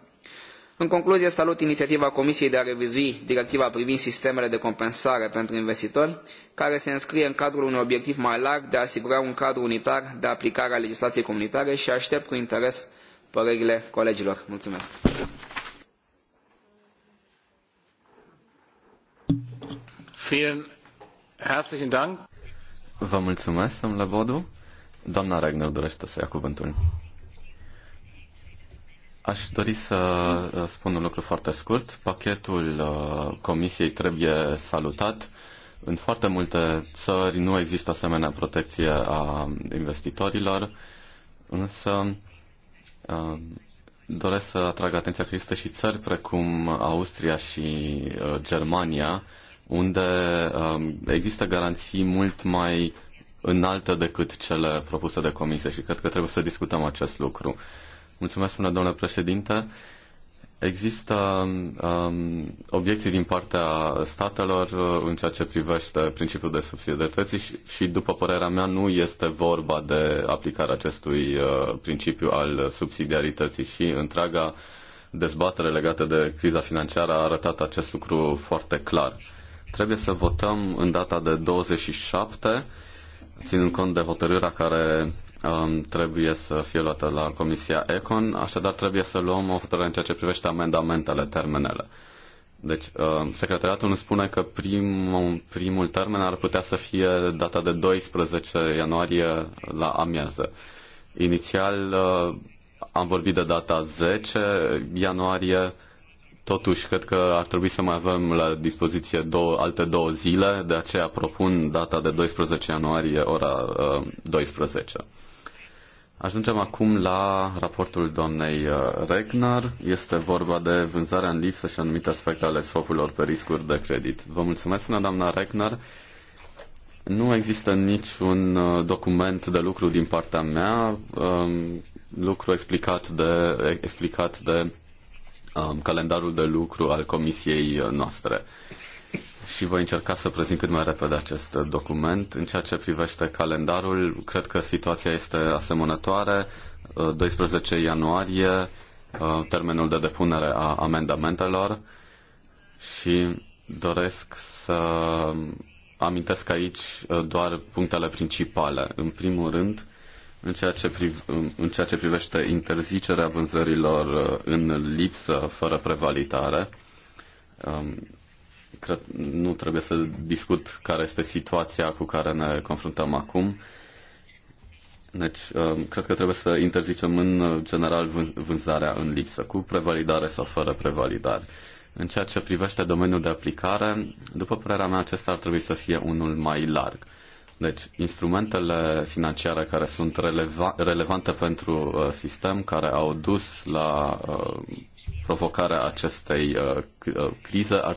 În concluzie, salut inițiativa Comisiei de a revizui directiva privind sistemele de compensare pentru investitori, care se înscrie în cadrul unui obiectiv mai larg de a asigura un cadru unitar de aplicare a legislației comunitare și aștept cu interes părerile colegilor. Mulțumesc! Vielen Herzlichen Dank. Vă mulțumesc, domnule Bodu. Doamna Regner dorește să ia cuvântul. Aș dori să uh, spun un lucru foarte scurt. Pachetul uh, Comisiei trebuie salutat. În foarte multe țări nu există asemenea protecție a investitorilor, însă uh, doresc să atrag atenția că există și țări precum Austria și Germania, unde um, există garanții mult mai înaltă decât cele propuse de comisie și cred că trebuie să discutăm acest lucru. Mulțumesc, până, domnule președinte. Există um, obiecții din partea statelor uh, în ceea ce privește principiul de subsidiarități și, și, după părerea mea, nu este vorba de aplicarea acestui uh, principiu al subsidiarității și întreaga dezbatere legată de criza financiară a arătat acest lucru foarte clar. Uh, Trebuie să votăm în data de 27, ținând cont de hotărârea care um, trebuie să fie luată la Comisia Econ, așadar trebuie să luăm o hotărâre în ceea ce privește amendamentele, termenele. Deci, um, secretariatul ne spune că primul, primul termen ar putea să fie data de 12 ianuarie la amiază. Inițial uh, am vorbit de data 10 ianuarie, Totuși, cred că ar trebui să mai avem la dispoziție două, alte două zile, de aceea propun data de 12 ianuarie, ora uh, 12. Ajungem acum la raportul doamnei uh, Regnar. Este vorba de vânzarea în lipsă și anumite aspecte ale sfopurilor pe riscuri de credit. Vă mulțumesc, până doamna Regnar. Nu există niciun uh, document de lucru din partea mea, um, lucru explicat de, explicat de Um, calendarul de lucru al comisiei noastre. Și voi încerca să prezint cât mai repede acest document. În ceea ce privește calendarul, cred că situația este asemănătoare. 12 uh, ianuarie, uh, termenul de depunere a amendamentelor și doresc să amintesc aici uh, doar punctele principale. În primul rând, în ceea, ce priv- în ceea ce privește interzicerea vânzărilor uh, în lipsă, fără prevalitare, um, cred, nu trebuie să discut care este situația cu care ne confruntăm acum. Deci, um, cred că trebuie să interzicem în general vânzarea în lipsă, cu prevalidare sau fără prevalidare. În ceea ce privește domeniul de aplicare, după părerea mea, acesta ar trebui să fie unul mai larg. Deci, instrumentele financiare care sunt releva- relevante pentru uh, sistem, care au dus la uh, provocarea acestei uh, uh crize, ar